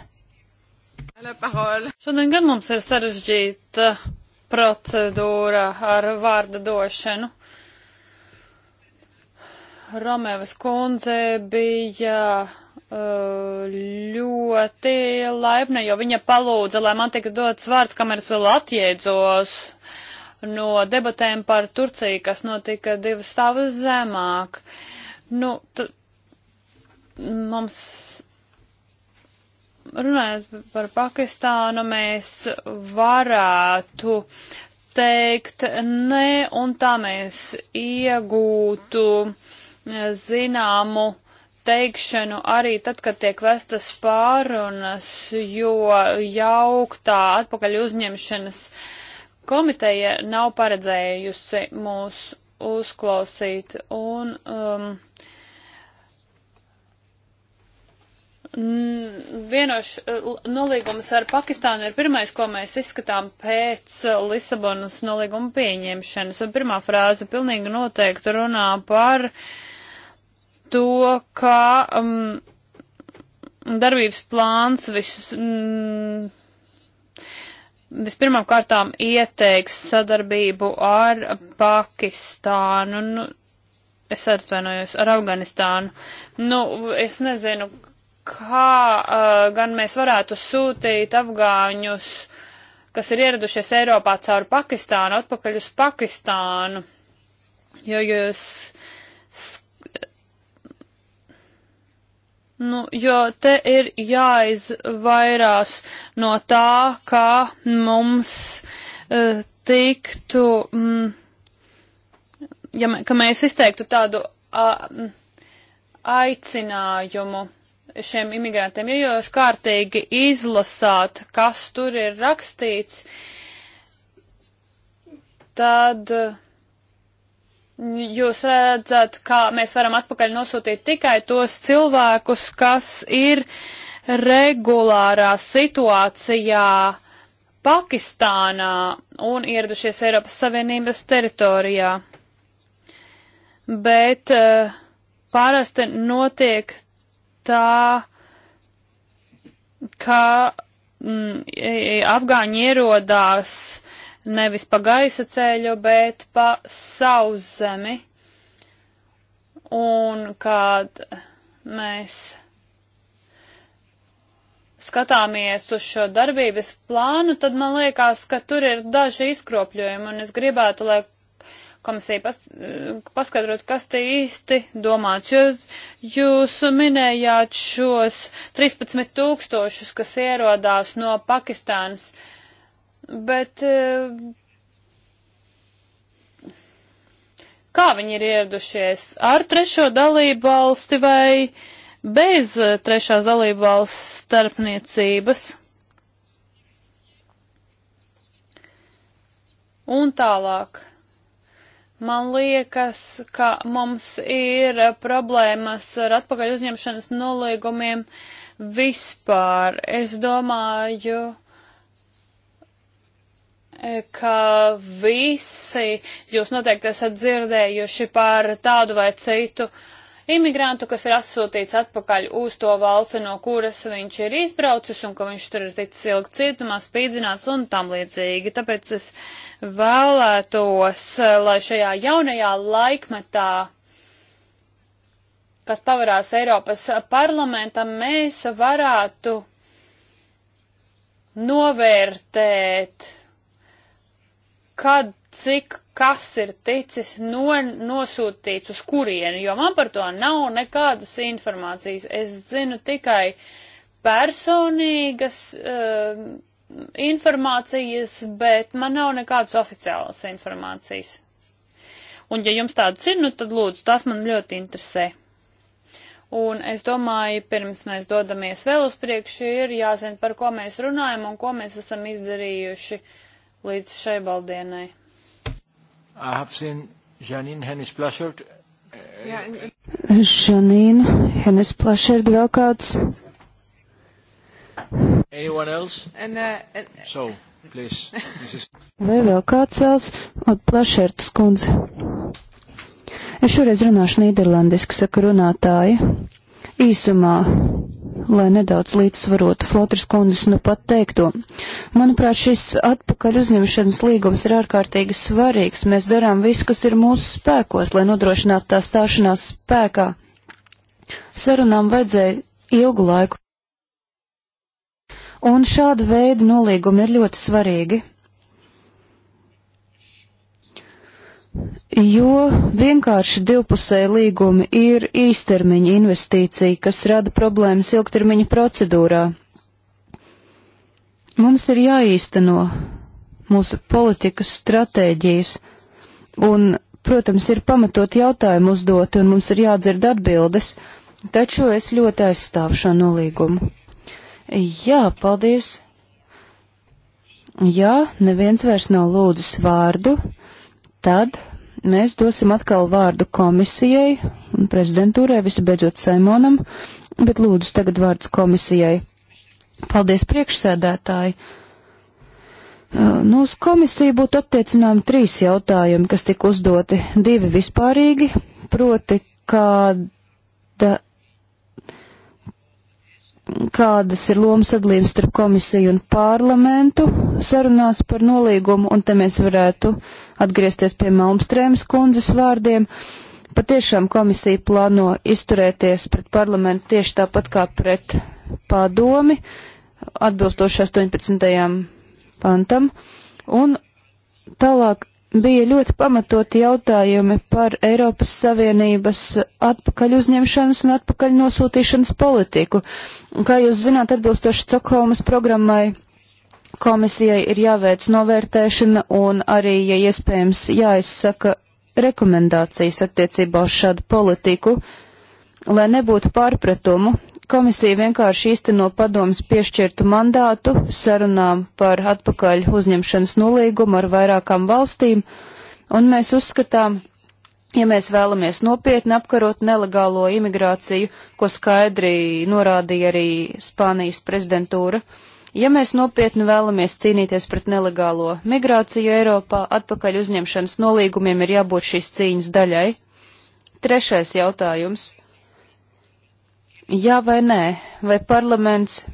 Šodien gan mums ir sarežģīta procedūra ar vārdu došanu. Romevas kundze bija Eh, ļoti laipna, jo viņa palūdza, lai man tika dots vārds, kamēr es vēl atjēdzos no debatēm par Turciju, kas notika divas stāvas zemāk. Nu, mums runājot par Pakistānu, mēs varētu teikt nē, un tā mēs iegūtu zināmu teikšanu arī tad, kad tiek vestas pārunas, jo jauktā atpakaļ uzņemšanas komiteja nav paredzējusi mūs uzklausīt. Un, um, vienoš, nolīgums ar Pakistānu ir pirmais, ko mēs izskatām pēc Lisabonas nolīguma pieņemšanas. Un pirmā frāze pilnīgi noteikti runā par uh, to, kā um, darbības plāns vis, mm, vispirmām kārtām ieteiks sadarbību ar Pakistānu, nu, es atvainojos, ar Afganistānu. Nu, es nezinu, kā uh, gan mēs varētu sūtīt afgāņus, kas ir ieradušies Eiropā caur Pakistānu, atpakaļ uz Pakistānu, jo jūs Nu, jo te ir jāizvairās no tā, kā mums uh, tiktu, mm, ja, ka mēs izteiktu tādu uh, aicinājumu šiem imigrantiem, ja jūs kārtīgi izlasāt, kas tur ir rakstīts, tad. Uh, jūs redzat, kā mēs varam atpakaļ nosūtīt tikai tos cilvēkus, kas ir regulārā situācijā Pakistānā un ieradušies Eiropas Savienības teritorijā. Bet uh, parasti notiek tā, ka mm, afgāņi ierodās uh, nevis pa gaisa ceļu, bet pa savu zemi. Un kad mēs skatāmies uz šo darbības plānu, tad man liekas, ka tur ir daži izkropļojumi, un es gribētu, lai komisija pas, paskaidrot, kas te īsti domāts, jo jūs minējāt šos 13 tūkstošus, kas ierodās no Pakistānas. Uh, bet eh, kā viņi ir ieradušies? Ar trešo dalību valsti vai bez eh, trešās dalību valsts starpniecības? Un tālāk. Man liekas, ka mums ir eh, problēmas ar atpakaļ uzņemšanas nolīgumiem vispār. Es domāju, ka visi jūs noteikti esat dzirdējuši par tādu vai citu imigrantu, kas ir atsūtīts atpakaļ uz to valsti, no kuras viņš ir izbraucis un ka viņš tur ir ticis ilgi cietumā, spīdzināts un tam līdzīgi. Tāpēc es vēlētos, lai šajā jaunajā laikmetā kas pavarās Eiropas parlamentam, mēs varētu novērtēt kad, cik, kas ir ticis no, nosūtīts uz kurieni, jo man par to nav nekādas informācijas. Es zinu tikai personīgas uh, informācijas, bet man nav nekādas oficiālas informācijas. Un ja jums tāds ir, nu tad lūdzu, tas man ļoti interesē. Un es domāju, pirms mēs dodamies vēl uz priekšu, ir jāzina, par ko mēs runājam un ko mēs esam izdarījuši uh, līdz šai baldienai. Žanīna Henis Plašert. Žanīna eh, Henis Plašert vēl kāds. Anyone else? And, uh, and, so, please, Mrs. Vai vēl kāds vēlas? Plašerts kundze. Es šoreiz runāšu nīderlandiski, saka runātāji. Īsumā lai nedaudz līdzsvarotu Flotras kundzes nu pat teikto. Manuprāt, šis atpakaļ uzņemšanas līgums ir ārkārtīgi svarīgs. Mēs darām visu, kas ir mūsu spēkos, lai nodrošinātu tā stāšanās spēkā. Sarunām vajadzēja ilgu laiku. Un šādu veidu nolīgumi ir ļoti svarīgi. jo vienkārši divpusēji līgumi ir īstermiņa investīcija, kas rada problēmas ilgtermiņa procedūrā. Mums ir jāīsteno mūsu politikas stratēģijas, un, protams, ir pamatot jautājumu uzdot, un mums ir jādzird atbildes, taču es ļoti aizstāvu šo nolīgumu. Jā, paldies. Jā, neviens vairs nav lūdzis vārdu tad mēs dosim atkal vārdu komisijai un prezidentūrai, visbeidzot Saimonam, bet lūdzu tagad vārds komisijai. Paldies priekšsēdētāji! Nu, uz komisiju būtu attiecinām trīs jautājumi, kas tika uzdoti. Divi vispārīgi, proti, kāda kādas ir lomas sadalījums starp komisiju un parlamentu sarunās par nolīgumu, un te mēs varētu atgriezties pie Malmstrēmas kundzes vārdiem. Patiešām komisija plāno izturēties pret parlamentu tieši tāpat kā pret padomi, atbilstoši 18. pantam, un tālāk bija ļoti pamatoti jautājumi par Eiropas Savienības atpakaļ uzņemšanas un atpakaļ nosūtīšanas politiku. Un, kā jūs zināt, atbilstoši Stokholmas programmai komisijai ir jāveic novērtēšana un arī, ja iespējams, jāizsaka rekomendācijas attiecībā uz šādu politiku, lai nebūtu pārpratumu, Komisija vienkārši īsteno padomas piešķirtu mandātu sarunām par atpakaļ uzņemšanas nolīgumu ar vairākām valstīm, un mēs uzskatām, ja mēs vēlamies nopietni apkarot nelegālo imigrāciju, ko skaidri norādīja arī Spānijas prezidentūra, ja mēs nopietni vēlamies cīnīties pret nelegālo migrāciju Eiropā, atpakaļ uzņemšanas nolīgumiem ir jābūt šīs cīņas daļai. Trešais jautājums Jā vai nē? Vai parlaments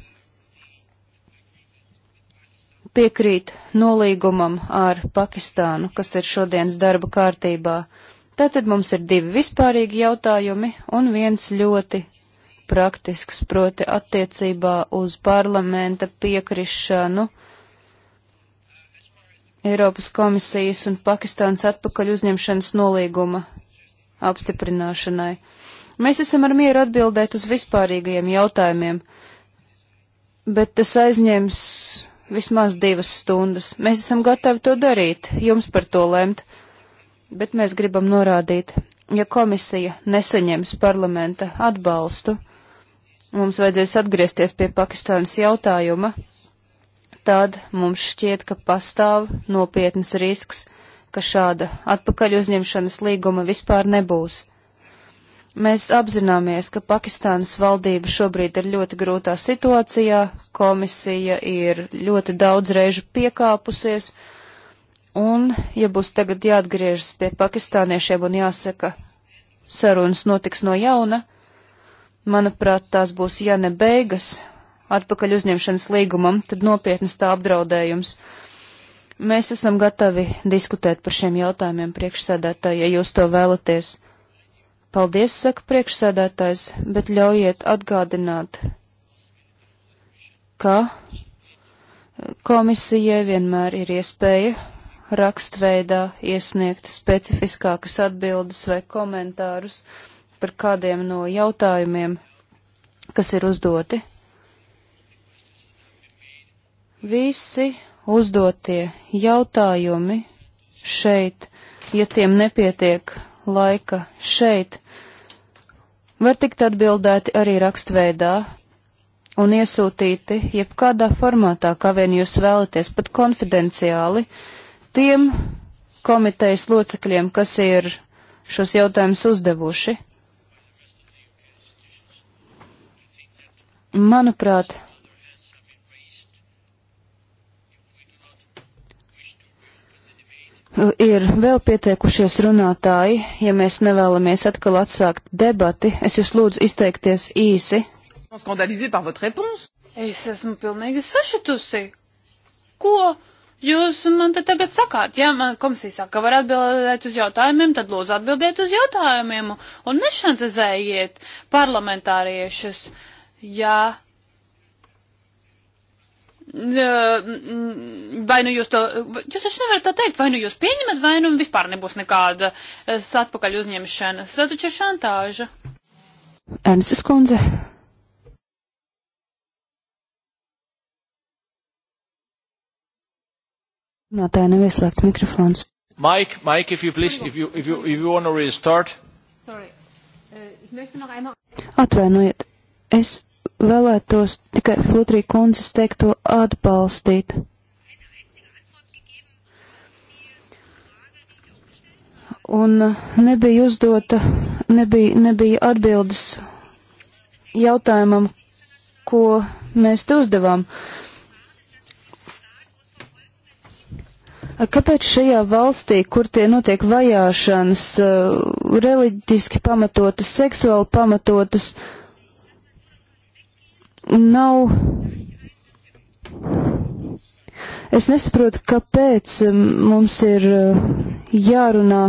piekrīt nolīgumam ar Pakistānu, kas ir šodienas darba kārtībā? Tātad mums ir divi vispārīgi jautājumi un viens ļoti praktisks, proti attiecībā uz parlamenta piekrišanu Eiropas komisijas un Pakistānas atpakaļ uzņemšanas nolīguma apstiprināšanai. Mēs esam ar mieru atbildēt uz vispārīgajiem jautājumiem, bet tas aizņems vismaz divas stundas. Mēs esam gatavi to darīt, jums par to lemt, bet mēs gribam norādīt, ja komisija nesaņems parlamenta atbalstu, mums vajadzēs atgriezties pie Pakistānas jautājuma, tad mums šķiet, ka pastāv nopietnas risks, ka šāda atpakaļ uzņemšanas līguma vispār nebūs. Mēs apzināmies, ka Pakistānas valdība šobrīd ir ļoti grūtā situācijā, komisija ir ļoti daudz reižu piekāpusies, un, ja būs tagad jāatgriežas pie pakistāniešiem un jāsaka, sarunas notiks no jauna, manuprāt, tās būs, ja ne beigas, atpakaļ uzņemšanas līgumam, tad nopietnas tā apdraudējums. Mēs esam gatavi diskutēt par šiem jautājumiem priekšsēdētāji, ja jūs to vēlaties. Paldies, saka priekšsēdētājs, bet ļaujiet atgādināt, ka komisijai vienmēr ir iespēja rakstveidā iesniegt specifiskākas atbildes vai komentārus par kādiem no jautājumiem, kas ir uzdoti. Visi uzdotie jautājumi šeit, ja tiem nepietiek laika šeit, var tikt atbildēti arī rakstveidā un iesūtīti jebkādā formātā, kā vien jūs vēlaties, pat konfidenciāli, tiem komitejas locekļiem, kas ir šos jautājumus uzdevuši. Manuprāt, Ir vēl pieteikušies runātāji, ja mēs nevēlamies atkal atsākt debati, es jūs lūdzu izteikties īsi. Es esmu pilnīgi sašutusi. Ko jūs man te tagad sakāt? Ja man komisija saka, ka var atbildēt uz jautājumiem, tad lūdzu atbildēt uz jautājumiem un nešancezējiet parlamentāriešus. Jā, ja vai nu jūs to, jūs taču nevarat tā teikt, vai nu jūs pieņemat, vai nu vispār nebūs nekāda atpakaļ uzņemšanas. Tā taču ir šantāža. Ernsts Kundze. No tā nav ieslēgts mikrofons. Mike, Mike, if you please, if you, if you, if you want to restart. Sorry. Äh, Atvainojiet, es vēlētos tikai Flutrī kundzes teikto atbalstīt. Un nebija uzdota, nebija, nebija atbildes jautājumam, ko mēs te uzdevām. Kāpēc šajā valstī, kur tie notiek vajāšanas, eh, reliģiski pamatotas, seksuāli pamatotas, uh, nav. Es nesaprotu, kāpēc um, mums ir uh, jārunā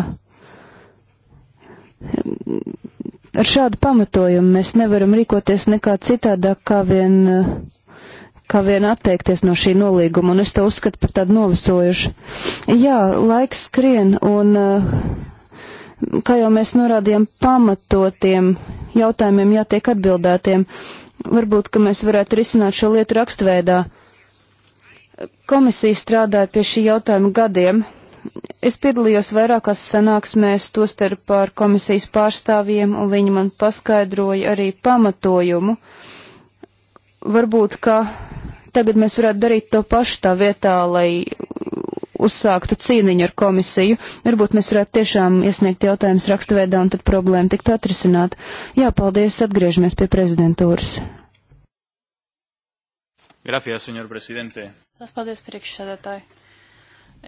ar šādu pamatojumu. Mēs nevaram rīkoties nekā citādāk, kā vien, uh, kā vien atteikties no šī nolīguma, un es to uzskatu par tādu novecojušu. Jā, laiks skrien, un uh, kā jau mēs norādījām, pamatotiem jautājumiem jātiek atbildētiem. Varbūt, ka mēs varētu risināt šo lietu rakstveidā. Komisija strādāja pie šī jautājuma gadiem. Es piedalījos vairākās sanāksmēs, tostarp ar komisijas pārstāvjiem, un viņi man paskaidroja arī pamatojumu. Varbūt, ka tagad mēs varētu darīt to pašu tā vietā, lai uzsāktu cīniņu ar komisiju. Varbūt mēs varētu tiešām iesniegt jautājumus rakstveidā un tad problēma tiktu atrisināt. Jā, paldies, atgriežamies pie prezidentūras. Gracias, senor presidente. Tas paldies priekšsēdētāji.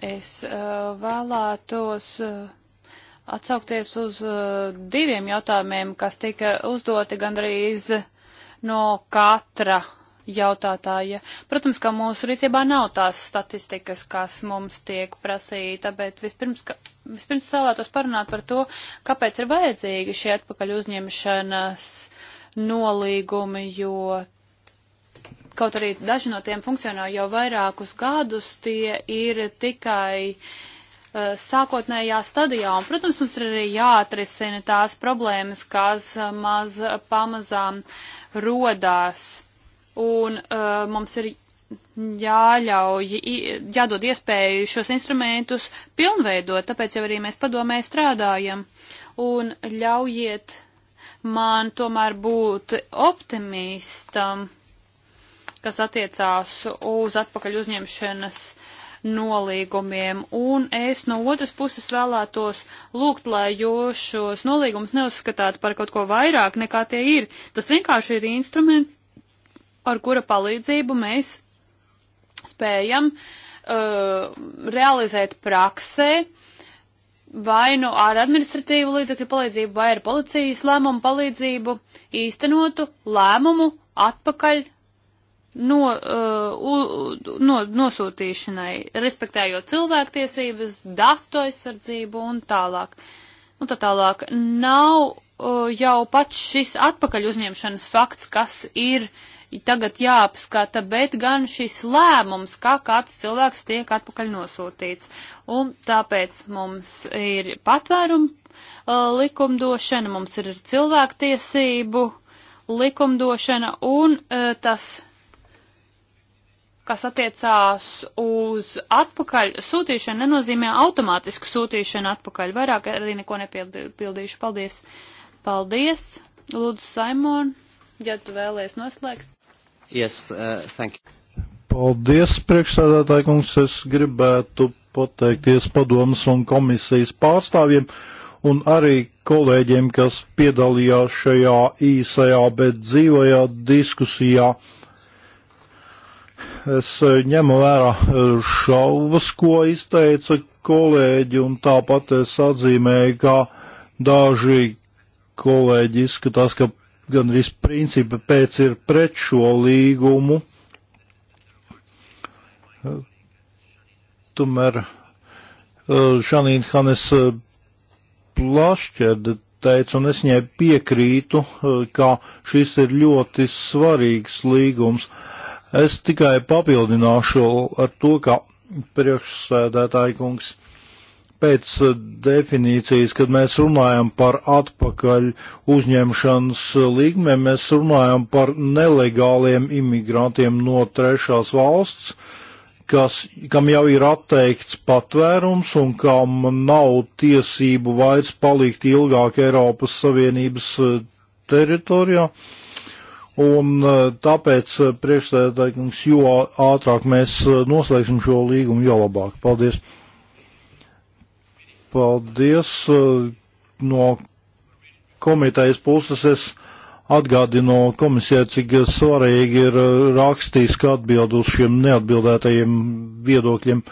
Es uh, vēlētos. Uh, atsaukties uz uh, diviem jautājumiem, kas tika uzdoti gandrīz no katra jautātāja. Protams, ka mūsu rīcībā nav tās statistikas, kas mums tiek prasīta, bet vispirms, ka, vispirms vēlētos parunāt par to, kāpēc ir vajadzīgi šie atpakaļ uzņemšanas nolīgumi, jo kaut arī daži no tiem funkcionē jau vairākus gadus, tie ir tikai uh, sākotnējā stadijā, un, protams, mums ir arī jāatrisina tās problēmas, kas eh, maz pamazām rodās un uh, mums ir jāļauj, jādod iespēju šos instrumentus pilnveidot, tāpēc jau arī mēs padomē strādājam. Un ļaujiet man tomēr būt optimistam, kas attiecās uz atpakaļ uzņemšanas nolīgumiem. Un es no otras puses vēlētos lūgt, lai jūs šos nolīgumus neuzskatāt par kaut ko vairāk nekā tie ir. Tas vienkārši ir instruments ar kura palīdzību mēs spējam uh, realizēt praksē vai nu ar administratīvu līdzekļu palīdzību, vai ar policijas lēmumu palīdzību īstenotu lēmumu atpakaļ no, uh, no, nosūtīšanai, respektējot cilvēktiesības, datu aizsardzību un tālāk. Un nu, tā tālāk nav uh, jau pats šis atpakaļ uzņemšanas fakts, kas ir uh, tagad jāapskata, bet gan šis lēmums, kā kāds cilvēks tiek atpakaļ nosūtīts. Un tāpēc mums ir patvērumu uh, likumdošana, mums ir cilvēktiesību likumdošana un uh, tas, kas attiecās uz atpakaļ sūtīšanu, nenozīmē automātisku sūtīšanu atpakaļ. Vairāk arī neko nepildīšu. Paldies! Paldies! Lūdzu, Saimon, ja tu vēlies noslēgt. Yes, uh, thank you. Paldies, priekšsēdētāji kungs. Es gribētu pateikties padomas un komisijas pārstāvjiem un arī kolēģiem, kas piedalījās šajā īsajā, bet dzīvajā diskusijā. Es ņemu vērā e, šaubas, ko izteica kolēģi, un tāpat es atzīmēju, ka daži kolēģi izskatās, ka gan arī principa pēc ir pret šo līgumu. Tomēr eh, Žanīna Hanes eh, plašķerda teica, un es viņai piekrītu, eh, ka šis ir ļoti svarīgs līgums. Es tikai papildināšu ar to, ka priekšsēdētāji kungs pēc eh, definīcijas, kad mēs runājam par atpakaļ uzņemšanas eh, līgumiem, mēs runājam par nelegāliem imigrantiem no trešās valsts, kas, kam jau ir atteikts patvērums un kam nav tiesību vairs palikt ilgāk Eiropas Savienības eh, teritorijā. Un tāpēc priekšsēdētājums, jo ātrāk mēs noslēgsim šo līgumu, jo labāk. Paldies! Paldies. No komitejas puses es atgādinu komisijai, cik svarīgi ir rakstiski atbild uz šiem neatbildētajiem viedokļiem.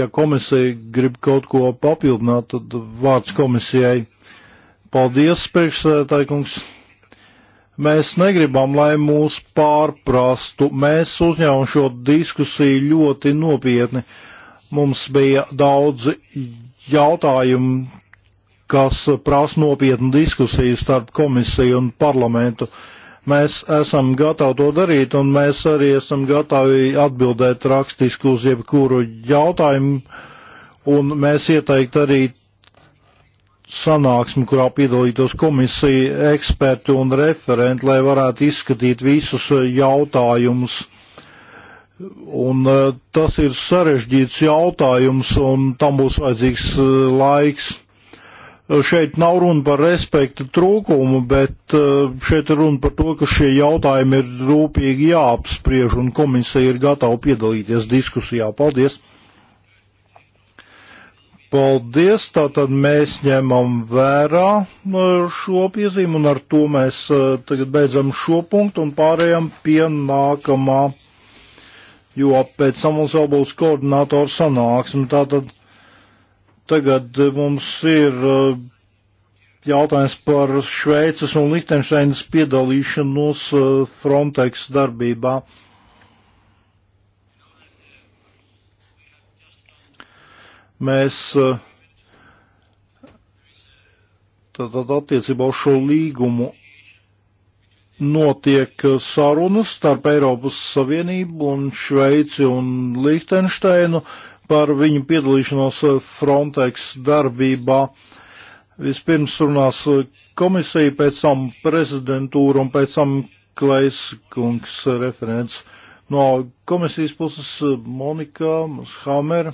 Ja komisija grib kaut ko papildināt, tad vārds komisijai. Paldies, priekšsēdētāji kungs. Mēs negribam, lai mūs pārprastu. Mēs uzņēmām šo diskusiju ļoti nopietni. Uh, Mums bija daudz jautājumu, kas prasa nopietnu diskusiju starp komisiju un parlamentu. Mēs esam gatavi to darīt, un mēs arī esam gatavi atbildēt rakstiski uz jebkuru jautājumu, un mēs ieteikt arī sanāksmi, kurā piedalītos komisija, eksperti un referenti, lai varētu izskatīt visus jautājumus Un e, tas ir sarežģīts jautājums, un tam būs vajadzīgs e, laiks. E, šeit nav runa par respektu trūkumu, bet šeit ir runa par to, ka šie jautājumi ir rūpīgi jāapspriež, un komisija ir gatava piedalīties diskusijā. Paldies! Paldies! Tātad mēs ņemam vērā šo piezīmu, un ar to mēs tagad beidzam šo punktu un pārējām pie nākamā jo pēc tam mums vēl būs koordinātoru sanāksme. Tātad tagad eh, mums ir eh, jautājums par Šveices un Lichtensteinas piedalīšanos eh, Frontex darbībā. Mēs tātad attiecībā uz šo līgumu notiek eh, sarunas starp Eiropas Savienību un Šveici un Lihtensteinu par viņu piedalīšanos eh, Frontex darbībā. Vispirms runās eh, komisija, pēc tam prezidentūra un pēc tam Klais kungs referents. No komisijas puses Monika Hammer.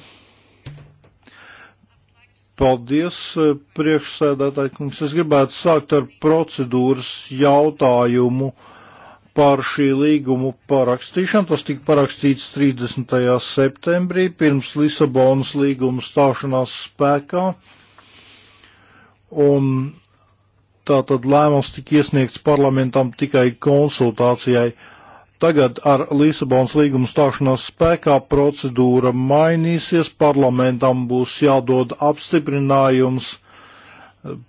Paldies, eh, priekšsēdētāji kungs. Es gribētu sākt ar procedūras jautājumu par šī līgumu parakstīšanu. Tas tika parakstīts 30. septembrī pirms Lisabonas līguma stāšanās spēkā. Un tātad lēmums tika iesniegts parlamentam tikai konsultācijai. Uh, Tagad ar Lisabonas līgumu stāšanos spēkā procedūra mainīsies, parlamentam būs jādod apstiprinājums.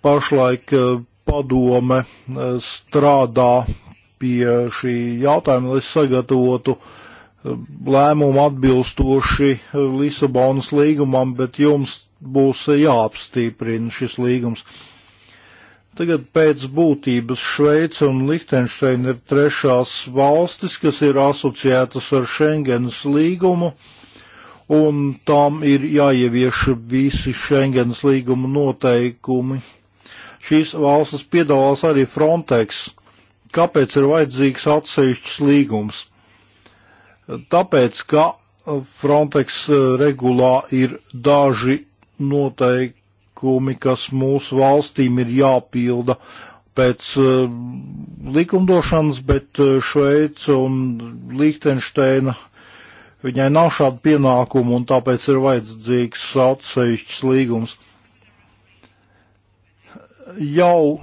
Pašlaik eh, padome eh, strādā pie šī jautājuma, lai sagatavotu eh, lēmumu atbilstoši Lisabonas līgumam, bet jums būs jāapstiprina šis līgums. Tagad pēc būtības Šveica un Lihtenšteina ir trešās valstis, kas ir asociētas ar Schengenas līgumu, un tām ir jāievieš visi Schengenas līguma noteikumi. Šīs valstis piedalās arī Frontex. Kāpēc ir vajadzīgs atsevišķs līgums? Tāpēc, ka Frontex eh, regulā ir daži noteikti noteikumi, kas mūsu valstīm ir jāpilda pēc uh, likumdošanas, bet uh, Šveica un Liechtensteina viņai nav šādu pienākumu un tāpēc ir vajadzīgs atsevišķs līgums. Jau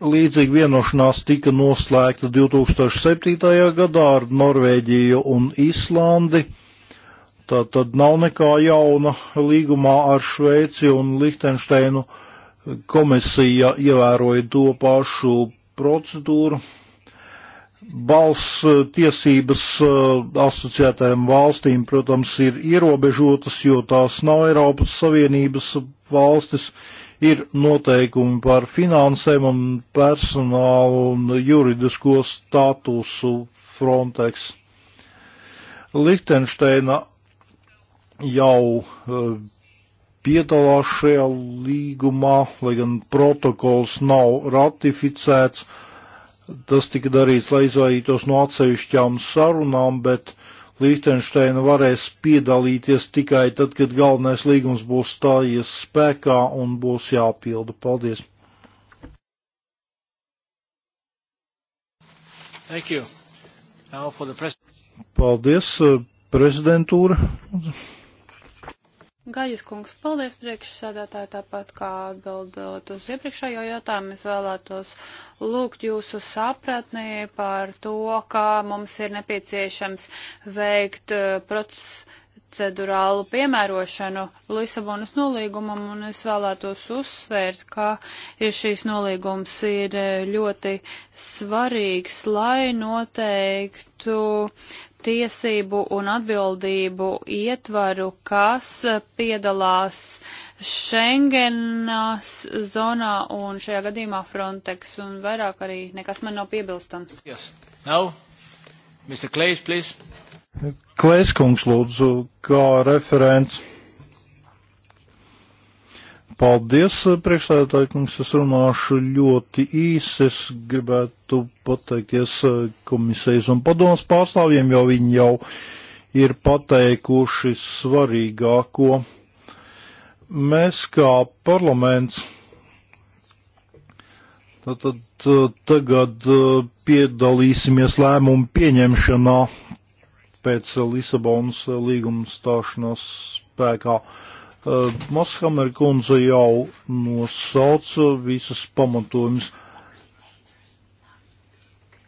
līdzīga vienošanās tika noslēgta 2007. gadā ar Norvēģiju un Islandi. Uh, Tā tad nav nekā jauna līgumā ar Šveici un Lihtensteinu. Komisija ievēroja to pašu procedūru. Balss eh, tiesības eh, asociētajām valstīm, protams, ir ierobežotas, jo tās nav Eiropas Savienības valstis, ir noteikumi par finansēm un personālu un juridisko statusu Frontex. Lichtensteina jau e, piedalās šajā līgumā, lai gan protokols nav ratificēts. Tas tika darīts, lai izvairītos no atsevišķām sarunām, bet Liechtensteina varēs piedalīties tikai tad, kad galvenais līgums būs stājies spēkā un būs jāpilda. Paldies! Paldies, e, prezidentūra. Gaļas kungs, paldies priekšsēdētāji, tāpat kā atbildot uz iepriekšējo jautājumu, es vēlētos lūgt jūsu sapratnī par to, kā mums ir nepieciešams veikt eh, procedurālu piemērošanu Lisabonas nolīgumam, un es vēlētos uzsvērt, ka ja šīs nolīgums ir eh, ļoti svarīgs, lai noteiktu tiesību un atbildību ietvaru, kas piedalās Schengenas zonā un šajā gadījumā Frontex un vairāk arī nekas man nav piebilstams. Yes. Now, Mr. Klais, please. Klais kungs lūdzu, kā referents. Paldies, eh, priekšstādātāji, kungs, es runāšu ļoti īsi. Es gribētu pateikties eh, komisijas un padomas pārstāvjiem, jo viņi jau ir pateikuši svarīgāko. Mēs kā parlaments tātad eh, tagad piedalīsimies lēmumu pieņemšanā pēc Lisabonas līguma stāšanās spēkā. Uh, Eh, Moshamer kundze jau nosauca visas pamatojumus,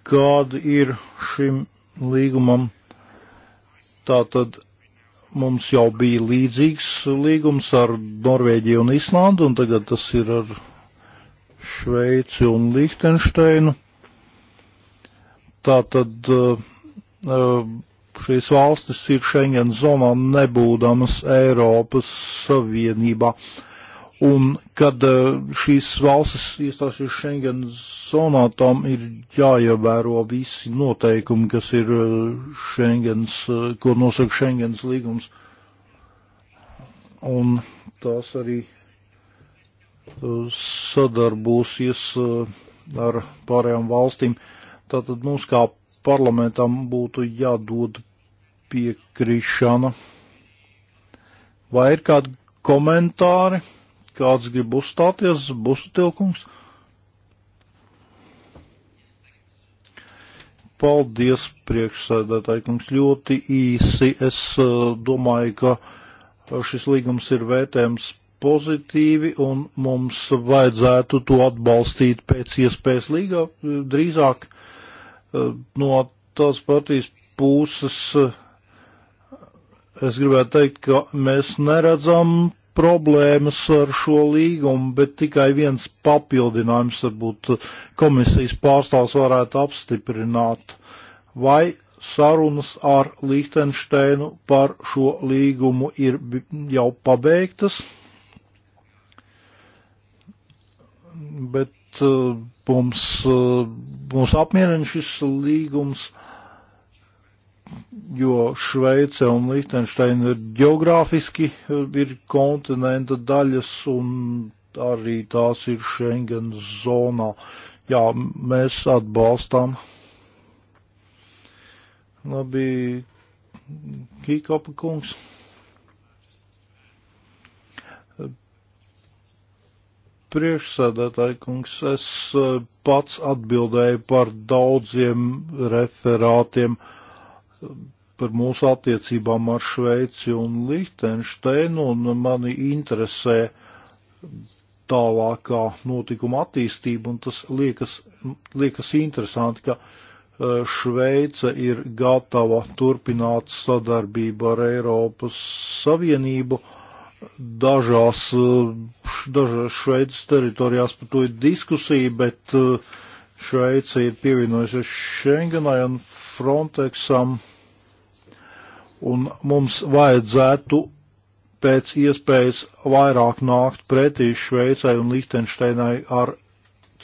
kāda ir šim līgumam. Tātad mums jau bija līdzīgs līgums ar Norvēģiju un Islandu, un tagad tas ir ar Šveici un Lihtensteinu. Tātad uh, šīs valstis ir Schengen zonā nebūdamas Eiropas Savienībā. Un kad e, šīs valstis iestāsies Schengen zonā, tam ir jāievēro visi noteikumi, kas ir e, Schengens, e, ko nosaka Schengens līgums. Un tās arī sadarbosies ar pārējām valstīm. Tātad mums kā parlamentam būtu jādod piekrišana. Vai ir kādi komentāri? Kāds grib uzstāties? Busu tilkums? Paldies, priekšsēdētāji, kungs, ļoti īsi. Es eh, domāju, ka šis līgums ir vērtējams pozitīvi un mums vajadzētu to atbalstīt pēc iespējas līgā, eh, drīzāk eh, no tās partijas puses Es gribētu teikt, ka mēs neredzam problēmas ar šo līgumu, bet tikai viens papildinājums varbūt komisijas pārstāvs varētu apstiprināt. Vai sarunas ar Lihtensteinu par šo līgumu ir jau pabeigtas, bet uh, mums, uh, eh, mums apmierina šis līgums jo Šveice un Lihtenšteina geogrāfiski eh, ir kontinenta daļas un arī tās ir Schengen zonā. Jā, mēs atbalstām. Labi, Kīkapa kungs. priekšsēdētāji kungs, es eh, pats atbildēju par daudziem referātiem par mūsu attiecībām ar Šveici un Lihtenšteinu, un mani interesē tālākā notikuma attīstība, un tas liekas, liekas interesanti, ka e, Šveice ir gatava turpināt sadarbību ar Eiropas Savienību. Dažās, e, dažās Šveices teritorijās par to ir diskusija, bet e, Šveice ir pievienojusies Schengenai un Frontexam un mums vajadzētu pēc iespējas vairāk nākt pretī Šveicai un Lihtenšteinai ar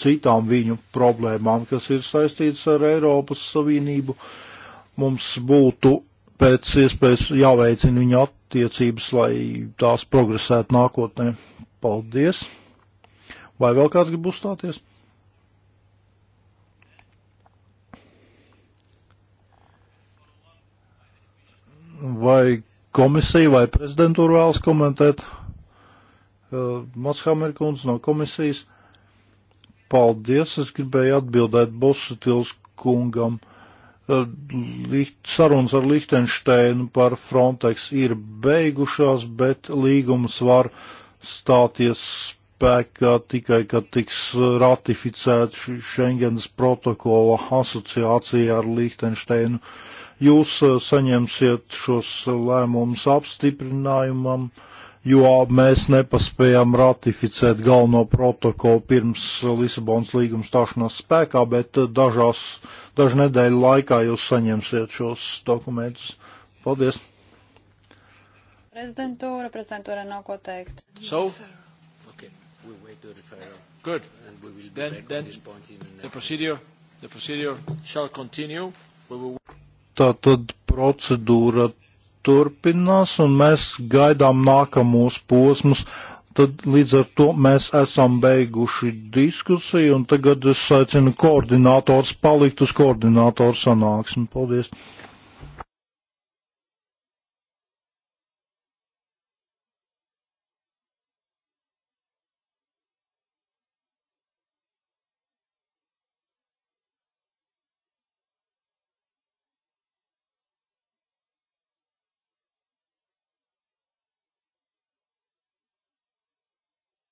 citām viņu problēmām, kas ir saistītas ar Eiropas Savienību. Mums būtu pēc iespējas jāveicina viņa attiecības, lai tās progresētu nākotnē. Paldies! Vai vēl kāds grib uzstāties? Vai komisija vai prezidentūra vēlas komentēt? Mashammer kundze no komisijas. Paldies, es gribēju atbildēt Bosutils kungam. Sarunas ar Lihtensteinu par Frontex ir beigušās, bet līgums var stāties spēkā tikai, kad tiks ratificēts Schengens protokola asociācija ar Lihtensteinu. Uh, jūs eh, saņemsiet šos lēmumus apstiprinājumam, jo mēs nepaspējām ratificēt galveno protokolu pirms Lisabonas līguma stāšanās spēkā, bet eh, dažās, dažu nedēļu laikā jūs saņemsiet šos dokumentus. Paldies! Prezidentūra, prezidentūra nav ko teikt. So, okay, we wait to refer. Good. And we will be then, back then on this point in the next. The procedure, the procedure shall continue. We will Tā tad procedūra turpinās, un mēs gaidām nākamos posmus. Tad līdz ar to mēs esam beiguši diskusiju, un tagad es aicinu koordinātors palikt uz koordinātoru sanāksmi. Paldies!